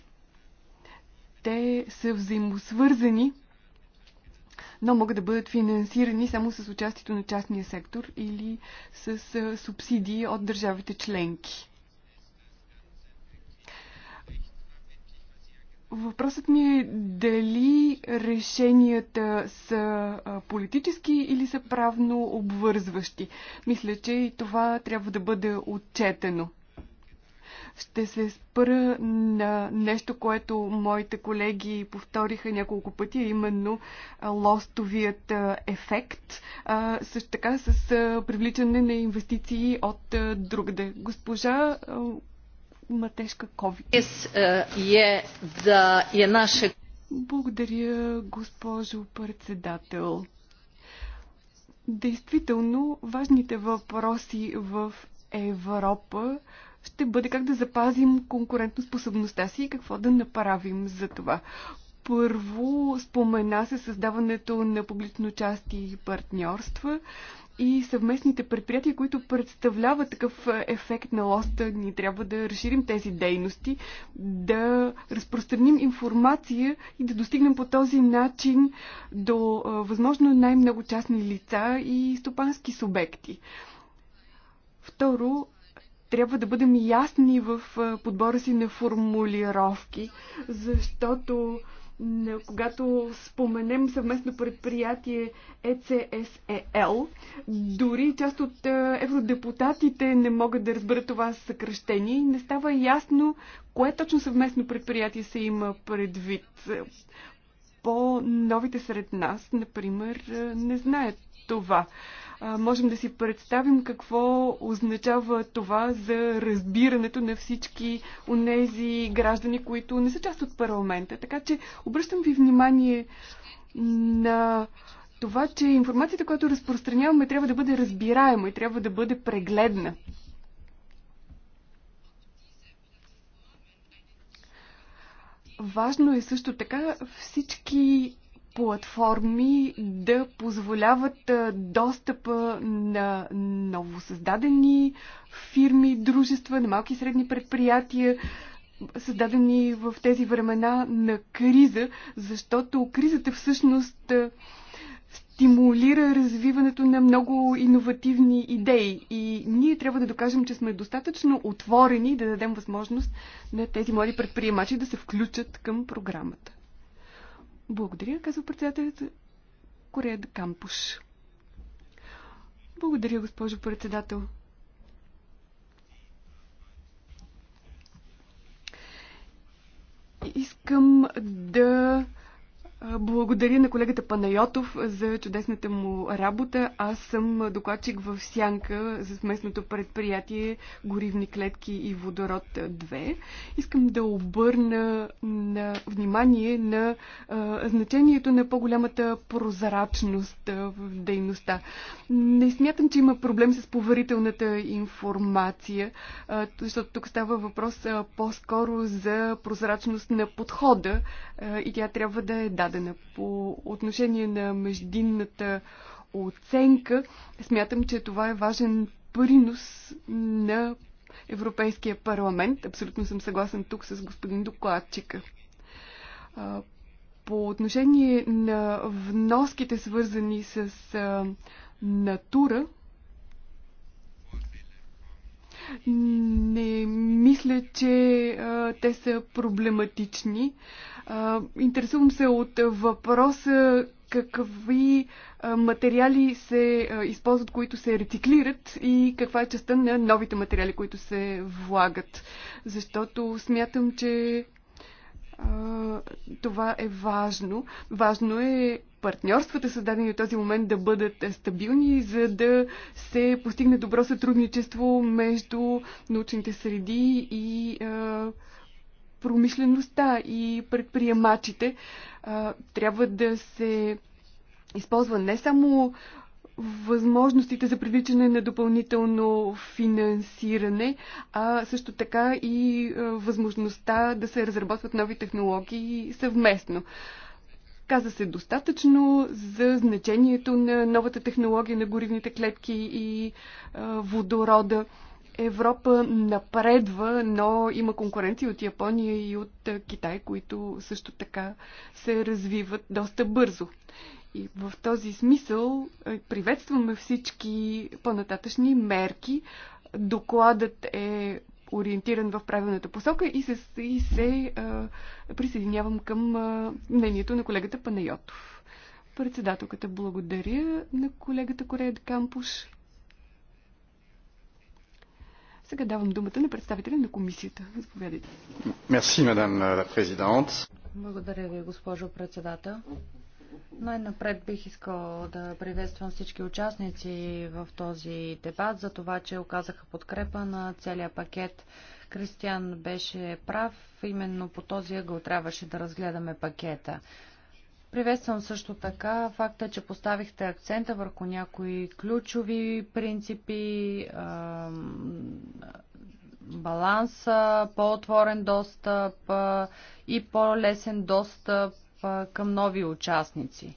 те са взаимосвързани но могат да бъдат финансирани само с участието на частния сектор или с субсидии от държавите членки. Въпросът ми е дали решенията са политически или са правно обвързващи. Мисля, че и това трябва да бъде отчетено. Ще се спра на нещо, което моите колеги повториха няколко пъти, именно лостовият ефект, също така с привличане на инвестиции от другаде. Госпожа Матешка Кови. Е, да е наше. Благодаря, госпожо председател. Действително, важните въпроси в Европа ще бъде как да запазим конкурентоспособността си и какво да направим за това. Първо спомена се създаването на публично-части партньорства и съвместните предприятия, които представляват такъв ефект на лоста, ни трябва да разширим тези дейности, да разпространим информация и да достигнем по този начин до възможно най-много частни лица и стопански субекти. Второ, трябва да бъдем ясни в подбора си на формулировки, защото когато споменем съвместно предприятие ЕЦСЕЛ, е дори част от евродепутатите не могат да разберат това съкръщение и не става ясно кое точно съвместно предприятие се има предвид. По-новите сред нас, например, не знаят това можем да си представим какво означава това за разбирането на всички онези граждани, които не са част от парламента. Така че обръщам ви внимание на това, че информацията, която разпространяваме, трябва да бъде разбираема и трябва да бъде прегледна. Важно е също така всички платформи да позволяват достъпа на новосъздадени фирми, дружества, на малки и средни предприятия, създадени в тези времена на криза, защото кризата всъщност стимулира развиването на много иновативни идеи. И ние трябва да докажем, че сме достатъчно отворени да дадем възможност на тези млади предприемачи да се включат към програмата. Благодаря, казва председателят Корея Кампуш. Благодаря, госпожо председател. Искам да благодаря на колегата Панайотов за чудесната му работа. Аз съм докладчик в Сянка за местното предприятие Горивни клетки и водород 2. Искам да обърна на внимание на а, значението на по-голямата прозрачност в дейността. Не смятам, че има проблем с поверителната информация, а, защото тук става въпрос по-скоро за прозрачност на подхода а, и тя трябва да е да дадена. По отношение на междинната оценка, смятам, че това е важен принос на Европейския парламент. Абсолютно съм съгласен тук с господин докладчика. По отношение на вноските, свързани с натура, не мисля, че а, те са проблематични. А, интересувам се от въпроса какви а, материали се а, използват, които се рециклират и каква е частта на новите материали, които се влагат. Защото смятам, че а, това е важно. Важно е партньорствата, създадени от този момент, да бъдат стабилни, за да се постигне добро сътрудничество между научните среди и промишлеността и предприемачите. Трябва да се използва не само възможностите за привличане на допълнително финансиране, а също така и възможността да се разработват нови технологии съвместно. Каза се достатъчно за значението на новата технология на горивните клетки и водорода. Европа напредва, но има конкуренция от Япония и от Китай, които също така се развиват доста бързо. И в този смисъл приветстваме всички по-нататъчни мерки. Докладът е ориентиран в правилната посока и се, и се а, присъединявам към а, мнението на колегата Панайотов. Председателката благодаря на колегата Корея Кампуш. Сега давам думата на представителя на комисията. Заповядайте. Мерси, мадам президент. Благодаря ви, госпожо председател. Най-напред бих искал да приветствам всички участници в този дебат за това, че оказаха подкрепа на целия пакет. Кристиан беше прав, именно по този ъгъл трябваше да разгледаме пакета. Приветствам също така факта, че поставихте акцента върху някои ключови принципи, баланса, по-отворен достъп и по-лесен достъп към нови участници.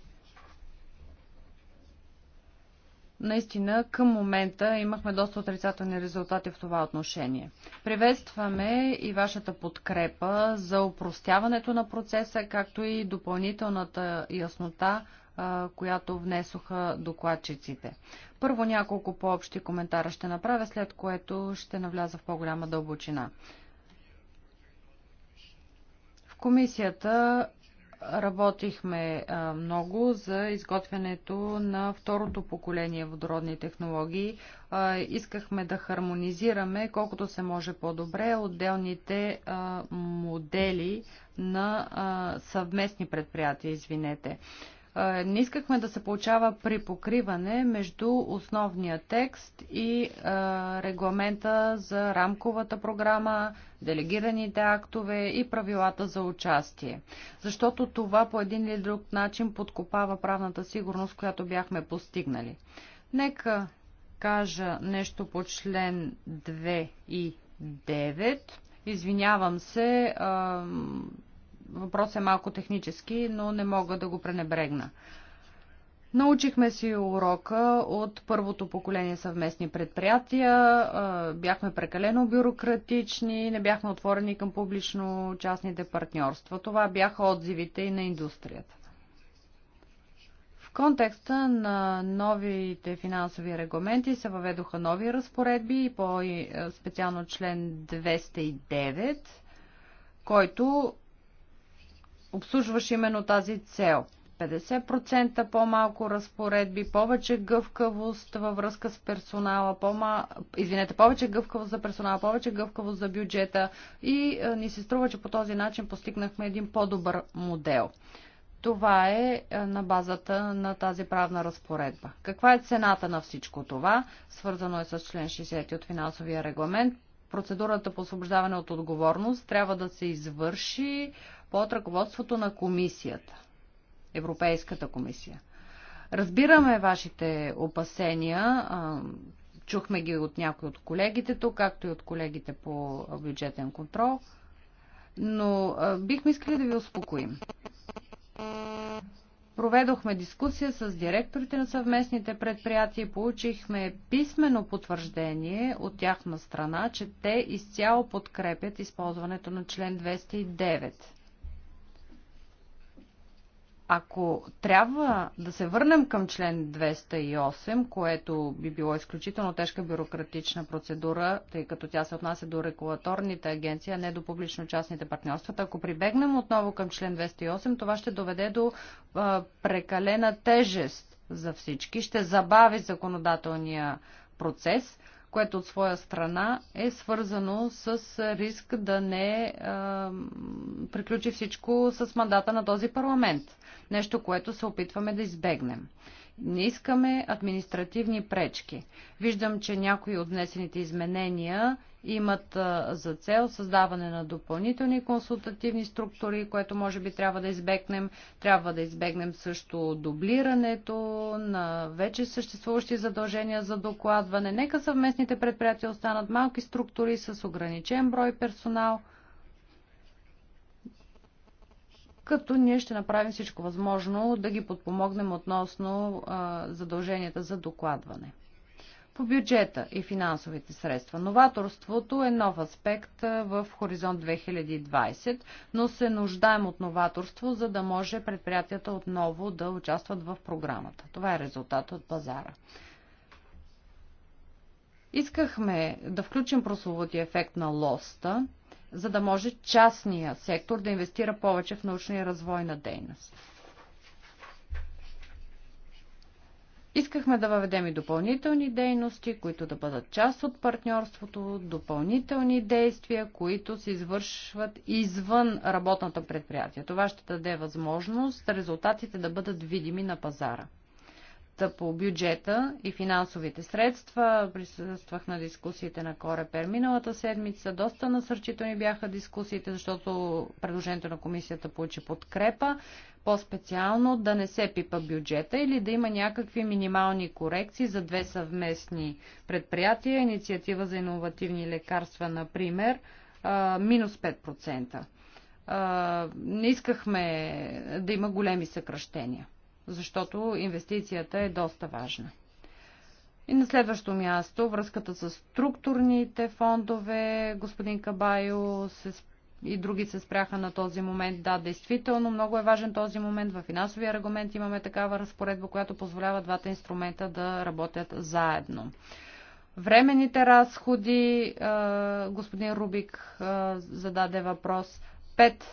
Наистина, към момента имахме доста отрицателни резултати в това отношение. Приветстваме и вашата подкрепа за упростяването на процеса, както и допълнителната яснота, която внесоха докладчиците. Първо няколко по-общи коментара ще направя, след което ще навляза в по-голяма дълбочина. В комисията Работихме много за изготвянето на второто поколение водородни технологии. Искахме да хармонизираме колкото се може по-добре отделните модели на съвместни предприятия, извинете. Е, не искахме да се получава припокриване между основния текст и е, регламента за рамковата програма, делегираните актове и правилата за участие. Защото това по един или друг начин подкопава правната сигурност, която бяхме постигнали. Нека кажа нещо по член 2 и 9. Извинявам се, Въпрос е малко технически, но не мога да го пренебрегна. Научихме си урока от първото поколение съвместни предприятия, бяхме прекалено бюрократични, не бяхме отворени към публично-частните партньорства. Това бяха отзивите и на индустрията. В контекста на новите финансови регламенти се въведоха нови разпоредби и по-специално член 209, който обслужваш именно тази цел. 50% по-малко разпоредби, повече гъвкавост във връзка с персонала, по-ма... извинете, повече гъвкавост за персонала, повече гъвкавост за бюджета и е, ни се струва, че по този начин постигнахме един по-добър модел. Това е, е на базата на тази правна разпоредба. Каква е цената на всичко това? Свързано е с член 60 от финансовия регламент. Процедурата по освобождаване от отговорност трябва да се извърши под ръководството на комисията, Европейската комисия. Разбираме вашите опасения, чухме ги от някои от колегите тук, както и от колегите по бюджетен контрол, но бихме искали да ви успокоим. Проведохме дискусия с директорите на съвместните предприятия и получихме писмено потвърждение от тяхна страна, че те изцяло подкрепят използването на член 209. Ако трябва да се върнем към член 208, което би било изключително тежка бюрократична процедура, тъй като тя се отнася до регулаторните агенции, а не до публично-частните партньорства, ако прибегнем отново към член 208, това ще доведе до а, прекалена тежест за всички, ще забави законодателния процес, което от своя страна е свързано с риск да не е, приключи всичко с мандата на този парламент. Нещо, което се опитваме да избегнем. Не искаме административни пречки. Виждам, че някои от внесените изменения имат за цел създаване на допълнителни консултативни структури, което може би трябва да избегнем. Трябва да избегнем също дублирането на вече съществуващи задължения за докладване. Нека съвместните предприятия останат малки структури с ограничен брой персонал – като ние ще направим всичко възможно да ги подпомогнем относно задълженията за докладване. По бюджета и финансовите средства. Новаторството е нов аспект в Хоризонт 2020, но се нуждаем от новаторство, за да може предприятията отново да участват в програмата. Това е резултат от пазара. Искахме да включим прословотия ефект на лоста – за да може частния сектор да инвестира повече в научна и развойна дейност. Искахме да въведем и допълнителни дейности, които да бъдат част от партньорството, допълнителни действия, които се извършват извън работната предприятие. Това ще даде възможност резултатите да бъдат видими на пазара по бюджета и финансовите средства. Присъствах на дискусиите на Корепер миналата седмица. Доста насърчителни бяха дискусиите, защото предложението на комисията получи подкрепа. По-специално да не се пипа бюджета или да има някакви минимални корекции за две съвместни предприятия. Инициатива за иновативни лекарства, например, минус 5%. Не искахме да има големи съкръщения защото инвестицията е доста важна. И на следващо място, връзката с структурните фондове, господин Кабайо се и други се спряха на този момент. Да, действително, много е важен този момент. В финансовия регламент имаме такава разпоредба, която позволява двата инструмента да работят заедно. Времените разходи, господин Рубик зададе въпрос. 5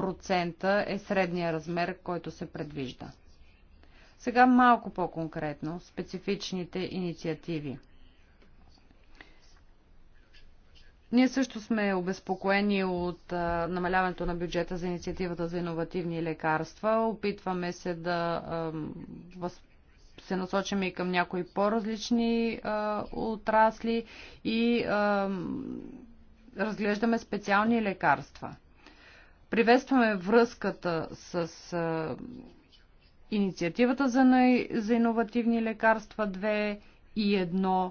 2% е средния размер, който се предвижда. Сега малко по-конкретно специфичните инициативи. Ние също сме обезпокоени от а, намаляването на бюджета за инициативата за иновативни лекарства. Опитваме се да а, се насочим и към някои по-различни отрасли и а, разглеждаме специални лекарства. Приветстваме връзката с а, инициативата за, за иновативни лекарства 2 и 1.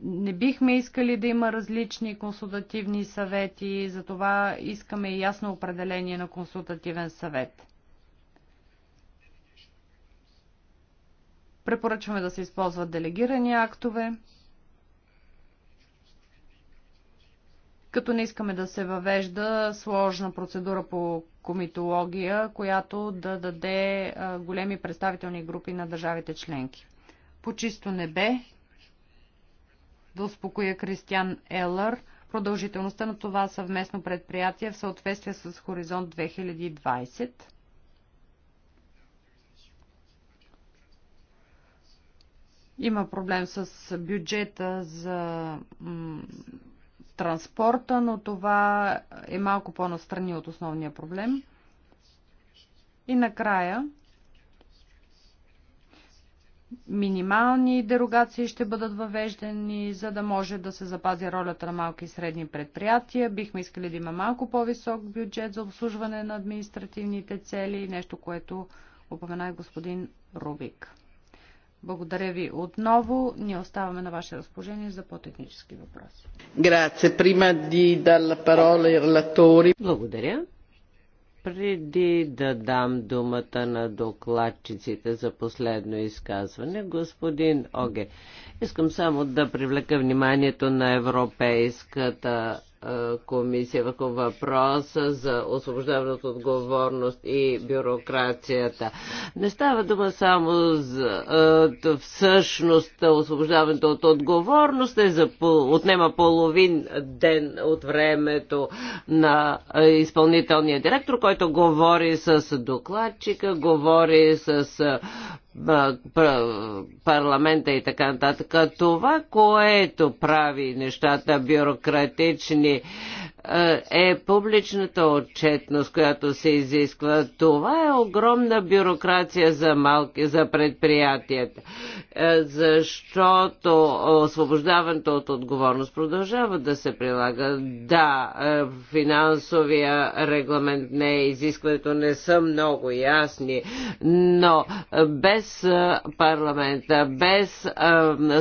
Не бихме искали да има различни консултативни съвети, затова искаме и ясно определение на консултативен съвет. Препоръчваме да се използват делегирани актове. като не искаме да се въвежда сложна процедура по комитология, която да даде големи представителни групи на държавите членки. По чисто небе, да успокоя Кристиан Елър, продължителността на това съвместно предприятие в съответствие с Хоризонт 2020. Има проблем с бюджета за транспорта, но това е малко по-настрани от основния проблем. И накрая, минимални дерогации ще бъдат въвеждани, за да може да се запази ролята на малки и средни предприятия. Бихме искали да има малко по-висок бюджет за обслужване на административните цели, нещо, което упомена господин Рубик. Благодаря ви отново. Ние оставаме на ваше разположение за по-технически въпроси. Грация. Прима ди дала парола и релатори. Благодаря. Преди да дам думата на докладчиците за последно изказване, господин Оге, искам само да привлека вниманието на Европейската комисия върху въпроса за освобождаване от отговорност и бюрокрацията. Не става дума само за всъщност освобождаването от отговорност е за, отнема половин ден от времето на изпълнителния директор, който говори с докладчика, говори с парламента и така нататък. Това, което прави нещата бюрократични членки е публичната отчетност, която се изисква. Това е огромна бюрокрация за малки, за предприятията, е, защото освобождаването от отговорност продължава да се прилага. Да, е, финансовия регламент не е, изискването не са много ясни, но без е, парламента, без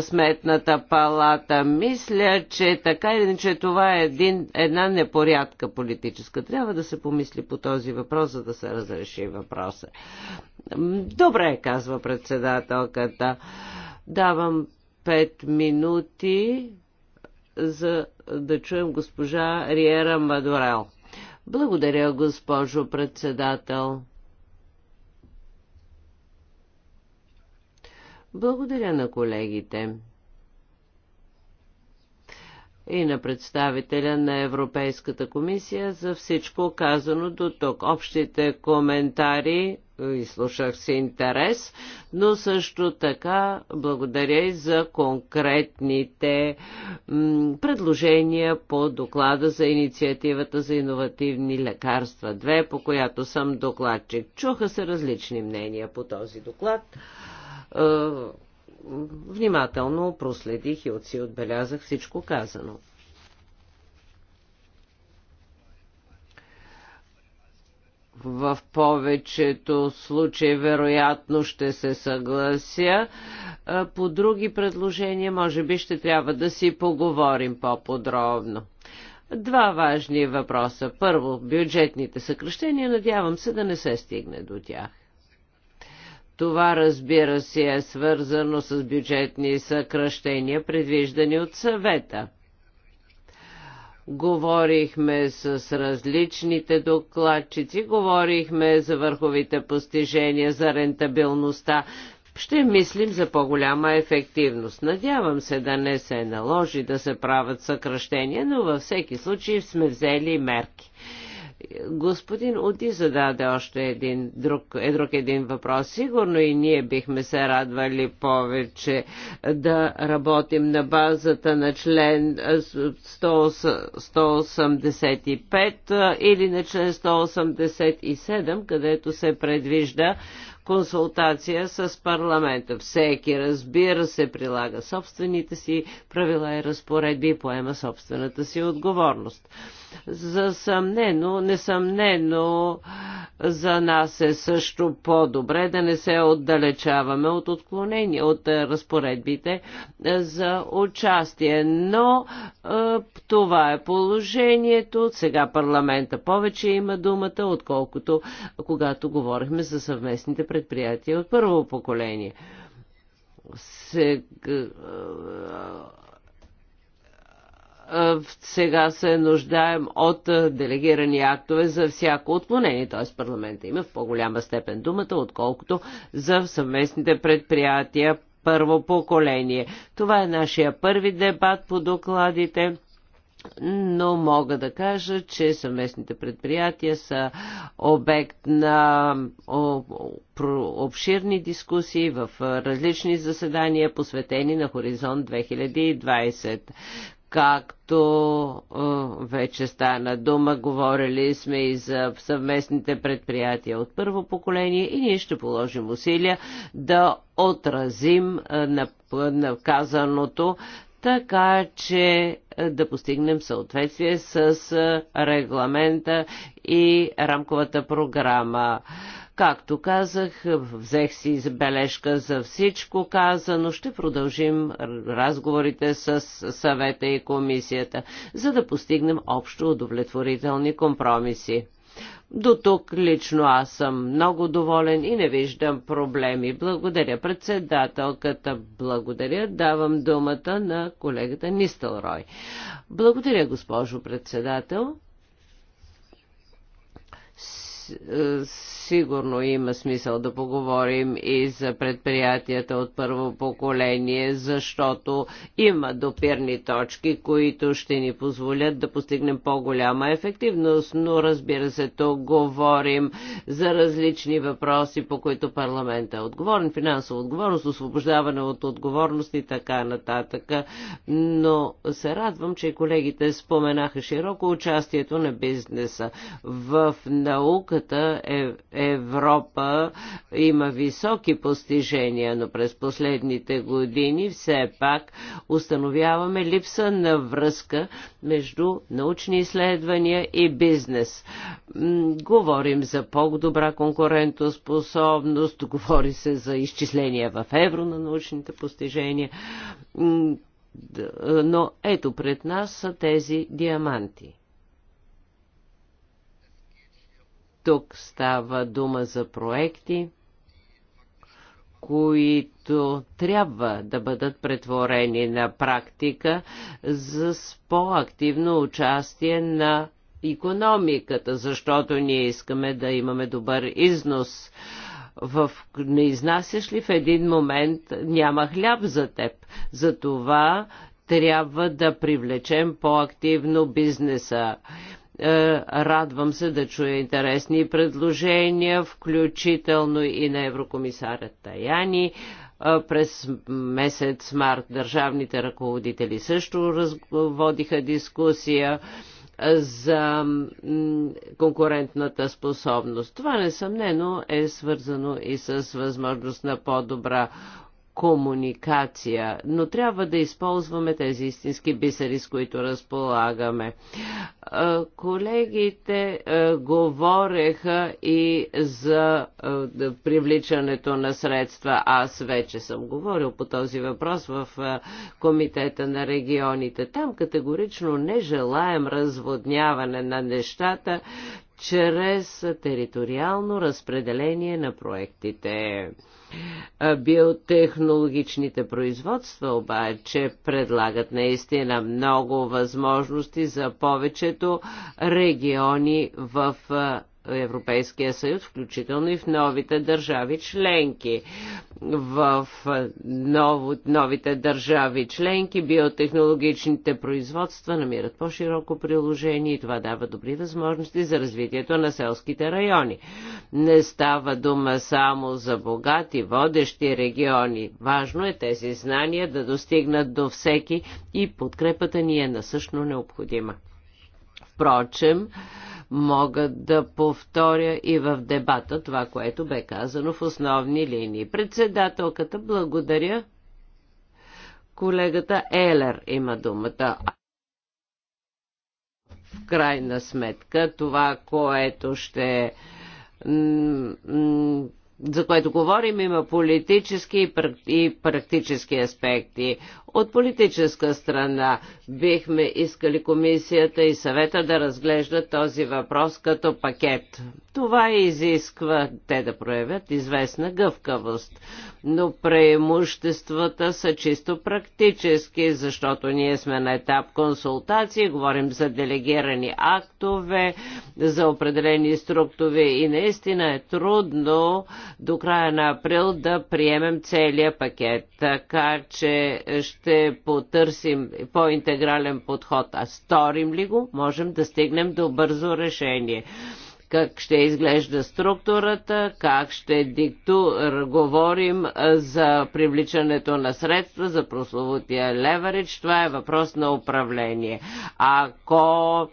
сметната палата, мисля, че така или че това е един, една непорядка политическа. Трябва да се помисли по този въпрос, за да се разреши въпроса. Добре, казва председателката. Давам пет минути за да чуем госпожа Риера Мадорел. Благодаря, госпожо председател. Благодаря на колегите и на представителя на Европейската комисия за всичко казано до тук. Общите коментари е, и слушах си интерес, но също така благодаря и за конкретните предложения по доклада за инициативата за иновативни лекарства 2, по която съм докладчик. Чуха се различни мнения по този доклад е, внимателно проследих и от си отбелязах всичко казано. в повечето случаи вероятно ще се съглася. По други предложения може би ще трябва да си поговорим по-подробно. Два важни въпроса. Първо, бюджетните съкръщения, надявам се да не се стигне до тях. Това, разбира се, е свързано с бюджетни съкръщения, предвиждани от съвета. Говорихме с различните докладчици, говорихме за върховите постижения, за рентабилността. Ще мислим за по-голяма ефективност. Надявам се да не се наложи да се правят съкръщения, но във всеки случай сме взели мерки. Господин Оди зададе още един друг, е друг един въпрос. Сигурно и ние бихме се радвали повече да работим на базата на член 185 или на член 187, където се предвижда консултация с парламента. Всеки, разбира се, прилага собствените си правила и разпоредби и поема собствената си отговорност. Засъмнено, несъмнено, за нас е също по-добре да не се отдалечаваме от отклонения, от е, разпоредбите е, за участие. Но е, това е положението. Сега парламента повече има думата, отколкото когато говорихме за съвместните предприятия от първо поколение. Сега, сега се нуждаем от делегирани актове за всяко отклонение, т.е. парламента има в по-голяма степен думата, отколкото за съвместните предприятия първо поколение. Това е нашия първи дебат по докладите но мога да кажа, че съвместните предприятия са обект на обширни дискусии в различни заседания, посветени на Хоризонт 2020 както вече стана дума, говорили сме и за съвместните предприятия от първо поколение и ние ще положим усилия да отразим наказаното, така че да постигнем съответствие с регламента и рамковата програма. Както казах, взех си забележка за всичко казано. Ще продължим разговорите с съвета и комисията, за да постигнем общо удовлетворителни компромиси. До тук лично аз съм много доволен и не виждам проблеми. Благодаря председателката, благодаря. Давам думата на колегата Нистелрой. Благодаря, госпожо председател Сигурно има смисъл да поговорим и за предприятията от първо поколение, защото има допирни точки, които ще ни позволят да постигнем по-голяма ефективност, но разбира се, тук говорим за различни въпроси, по които парламента е отговорен, финансова отговорност, освобождаване от отговорност и така нататък. Но се радвам, че колегите споменаха широко участието на бизнеса. В науката е, Европа има високи постижения, но през последните години все пак установяваме липса на връзка между научни изследвания и бизнес. Говорим за по-добра конкурентоспособност, говори се за изчисления в евро на научните постижения, но ето пред нас са тези диаманти. Тук става дума за проекти, които трябва да бъдат претворени на практика за по-активно участие на економиката, защото ние искаме да имаме добър износ. В... Не изнасяш ли в един момент няма хляб за теб? Затова трябва да привлечем по-активно бизнеса. Е, радвам се да чуя интересни предложения, включително и на еврокомисарят Таяни. Е, през месец март държавните ръководители също разводиха дискусия е, за конкурентната способност. Това несъмнено е свързано и с възможност на по-добра комуникация, но трябва да използваме тези истински бисери, с които разполагаме. Колегите говореха и за привличането на средства. Аз вече съм говорил по този въпрос в Комитета на регионите. Там категорично не желаем разводняване на нещата, чрез териториално разпределение на проектите. Биотехнологичните производства обаче предлагат наистина много възможности за повечето региони в Европейския съюз, включително и в новите държави членки. В ново, новите държави членки биотехнологичните производства намират по-широко приложение и това дава добри възможности за развитието на селските райони. Не става дума само за богати, водещи региони. Важно е тези знания да достигнат до всеки и подкрепата ни е насъщно необходима. Впрочем, Мога да повторя и в дебата това, което бе казано в основни линии. Председателката, благодаря. Колегата Елер има думата в крайна сметка това, което ще за което говорим, има политически и практически аспекти. От политическа страна бихме искали комисията и съвета да разглеждат този въпрос като пакет. Това изисква те да проявят известна гъвкавост. Но преимуществата са чисто практически, защото ние сме на етап консултации, говорим за делегирани актове, за определени структури и наистина е трудно до края на април да приемем целият пакет. Така че ще ще потърсим по-интегрален подход. А сторим ли го, можем да стигнем до бързо решение как ще изглежда структурата, как ще дикту, говорим за привличането на средства, за прословутия леверидж. Това е въпрос на управление. Ако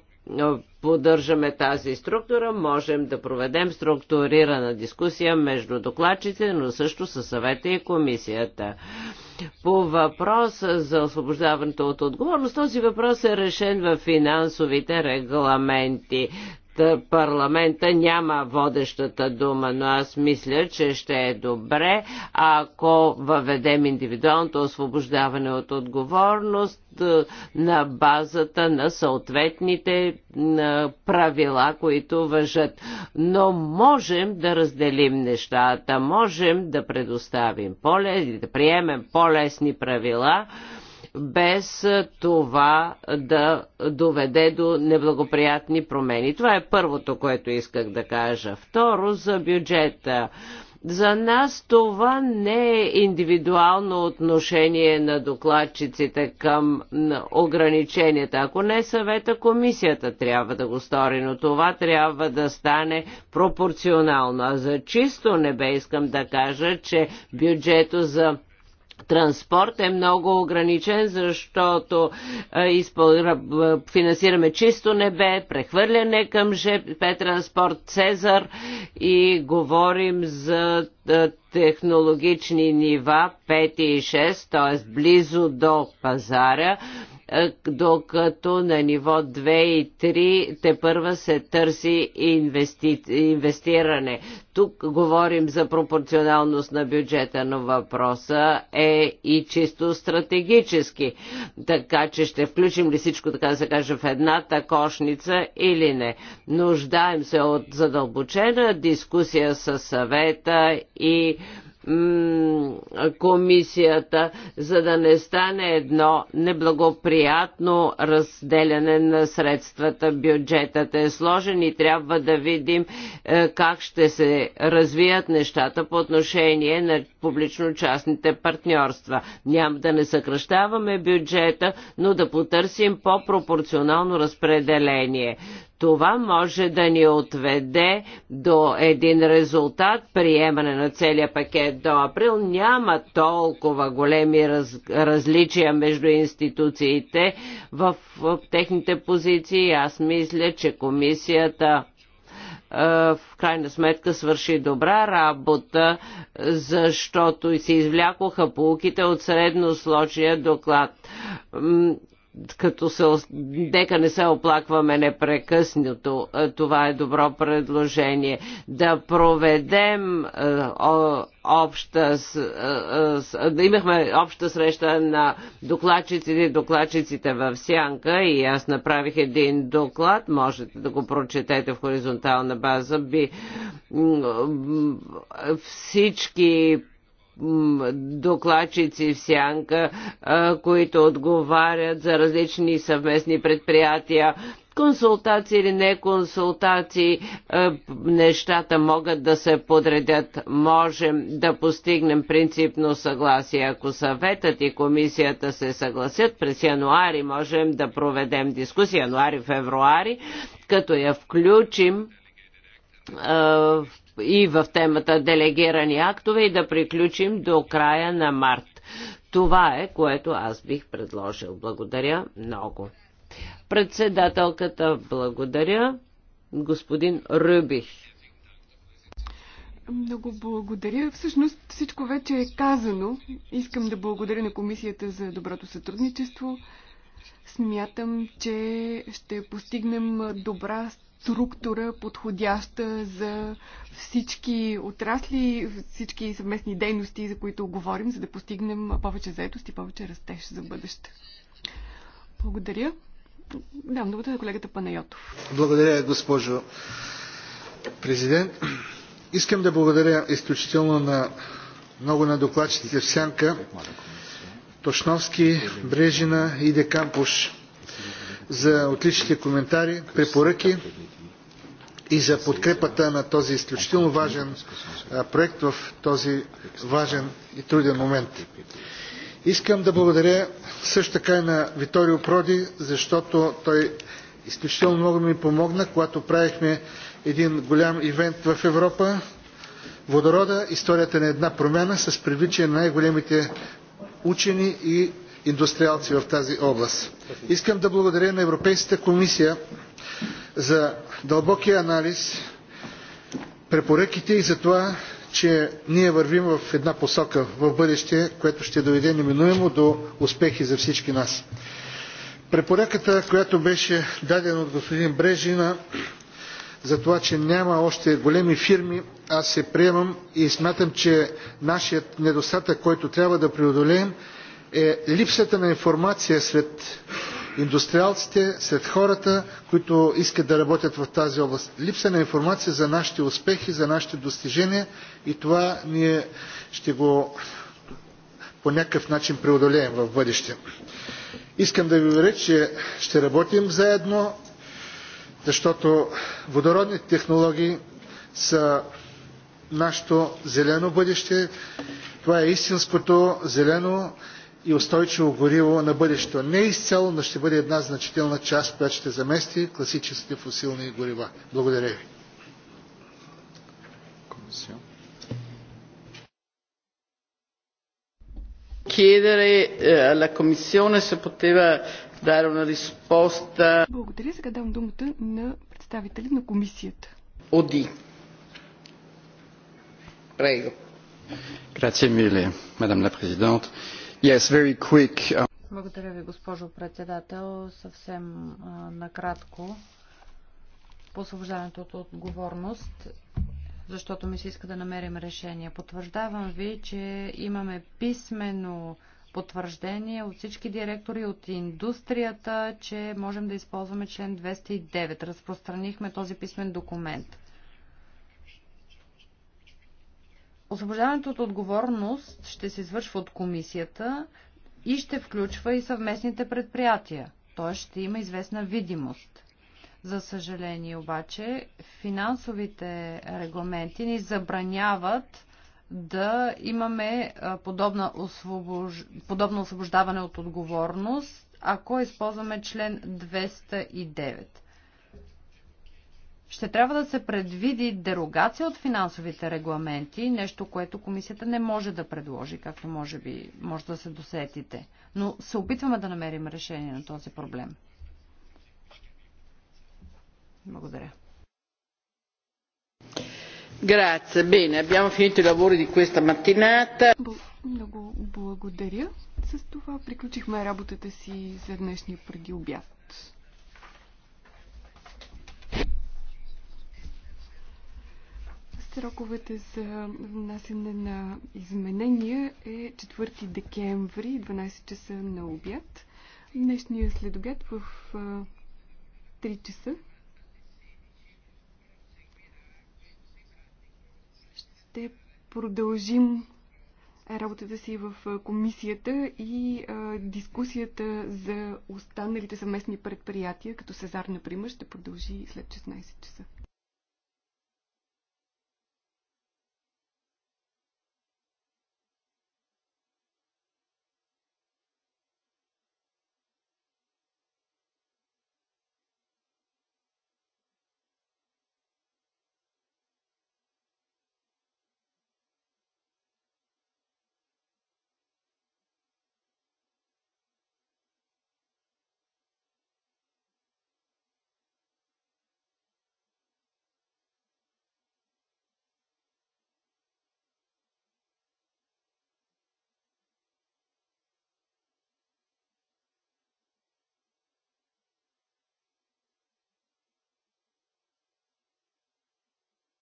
поддържаме тази структура, можем да проведем структурирана дискусия между докладчите, но също със съвета и комисията. По въпроса за освобождаването от отговорност, този въпрос е решен в финансовите регламенти. Е, парламента няма водещата дума, но аз мисля, че ще е добре, ако въведем индивидуалното освобождаване от отговорност е, на базата на съответните е, правила, които въжат. Но можем да разделим нещата, можем да предоставим по да приемем по-лесни правила, без това да доведе до неблагоприятни промени. Това е първото, което исках да кажа. Второ, за бюджета. За нас това не е индивидуално отношение на докладчиците към ограниченията. Ако не съвета, комисията трябва да го стори, но това трябва да стане пропорционално. А за чисто небе искам да кажа, че бюджето за транспорт е много ограничен, защото е, е, финансираме чисто небе, прехвърляне към ЖП транспорт Цезар и говорим за е, технологични нива 5 и 6, т.е. близо до пазара, е, докато на ниво 2 и 3 те първа се търси инвести... инвестиране. Тук говорим за пропорционалност на бюджета, но въпроса е и чисто стратегически. Така че ще включим ли всичко, така да се каже, в едната кошница или не. Нуждаем се от задълбочена дискусия с съвета и комисията, за да не стане едно неблагоприятно разделяне на средствата. Бюджетът е сложен и трябва да видим е, как ще се развият нещата по отношение на публично-частните партньорства. Няма да не съкръщаваме бюджета, но да потърсим по-пропорционално разпределение. Това може да ни отведе до един резултат, приемане на целия пакет до април. Няма толкова големи раз, различия между институциите в, в техните позиции. Аз мисля, че комисията е, в крайна сметка свърши добра работа, защото се извлякоха полуките от средносрочния доклад като се, нека не се оплакваме непрекъснато, е, това е добро предложение, да проведем е, обща, е, да имахме обща среща на докладчиците и докладчиците в Сянка и аз направих един доклад, можете да го прочетете в хоризонтална база, би всички докладчици в сянка, които отговарят за различни съвместни предприятия, консултации или не консултации, нещата могат да се подредят. Можем да постигнем принципно съгласие. Ако съветът и комисията се съгласят, през януари можем да проведем дискусия, януари-февруари, като я включим в и в темата делегирани актове и да приключим до края на март. Това е, което аз бих предложил. Благодаря много. Председателката, благодаря. Господин Рубих. Много благодаря. Всъщност всичко вече е казано. Искам да благодаря на комисията за доброто сътрудничество. Смятам, че ще постигнем добра структура, подходяща за всички отрасли, всички съвместни дейности, за които говорим, за да постигнем повече заетост и повече растеж за бъдеще. Благодаря. Дам думата на колегата Панайотов. Благодаря, госпожо президент. Искам да благодаря изключително на много на докладчиците в Сянка, Тошновски, Брежина и Декампуш за отличните коментари, препоръки и за подкрепата на този изключително важен проект в този важен и труден момент. Искам да благодаря също така и на Виторио Проди, защото той изключително много ми помогна, когато правихме един голям ивент в Европа. Водорода, историята на една промяна с привличане на най-големите учени и индустриалци в тази област. Искам да благодаря на Европейската комисия за дълбокия анализ, препоръките и за това, че ние вървим в една посока в бъдеще, което ще доведе неминуемо до успехи за всички нас. Препоръката, която беше дадена от господин Брежина за това, че няма още големи фирми, аз се приемам и смятам, че нашият недостатък, който трябва да преодолеем, е липсата на информация сред индустриалците, сред хората, които искат да работят в тази област. Липса на информация за нашите успехи, за нашите достижения и това ние ще го по някакъв начин преодолеем в бъдеще. Искам да ви уверя, че ще работим заедно, защото водородните технологии са нашето зелено бъдеще. Това е истинското зелено и устойчиво гориво на бъдещето. Не изцяло, но ще бъде една значителна част, която ще замести класическите фусилни горива. Благодаря ви. Eh, Благодаря. Сега давам думата на представители на комисията. Оди. Prego. Grazie mille, Madame la Présidente. Uh, Благодаря ви, госпожо председател. Съвсем а, накратко по освобождането от отговорност, защото ми се иска да намерим решение. Потвърждавам ви, че имаме писмено потвърждение от всички директори от индустрията, че можем да използваме член 209. Разпространихме този писмен документ. Освобождаването от отговорност ще се извършва от комисията и ще включва и съвместните предприятия, т.е. ще има известна видимост. За съжаление обаче, финансовите регламенти ни забраняват да имаме подобна освобож... подобно освобождаване от отговорност, ако използваме член 209 ще трябва да се предвиди дерогация от финансовите регламенти, нещо, което комисията не може да предложи, както може би може да се досетите. Но се опитваме да намерим решение на този проблем. Благодаря. Grazie, bene, abbiamo finito i lavori di questa mattinata. Много благодаря. С това приключихме работата си за днешния преди обяд. Сроковете за внасяне на изменения е 4 декември, 12 часа на обяд. Днешния следобед в 3 часа ще продължим работата си в комисията и а, дискусията за останалите съместни предприятия, като Сезар, например, ще продължи след 16 часа.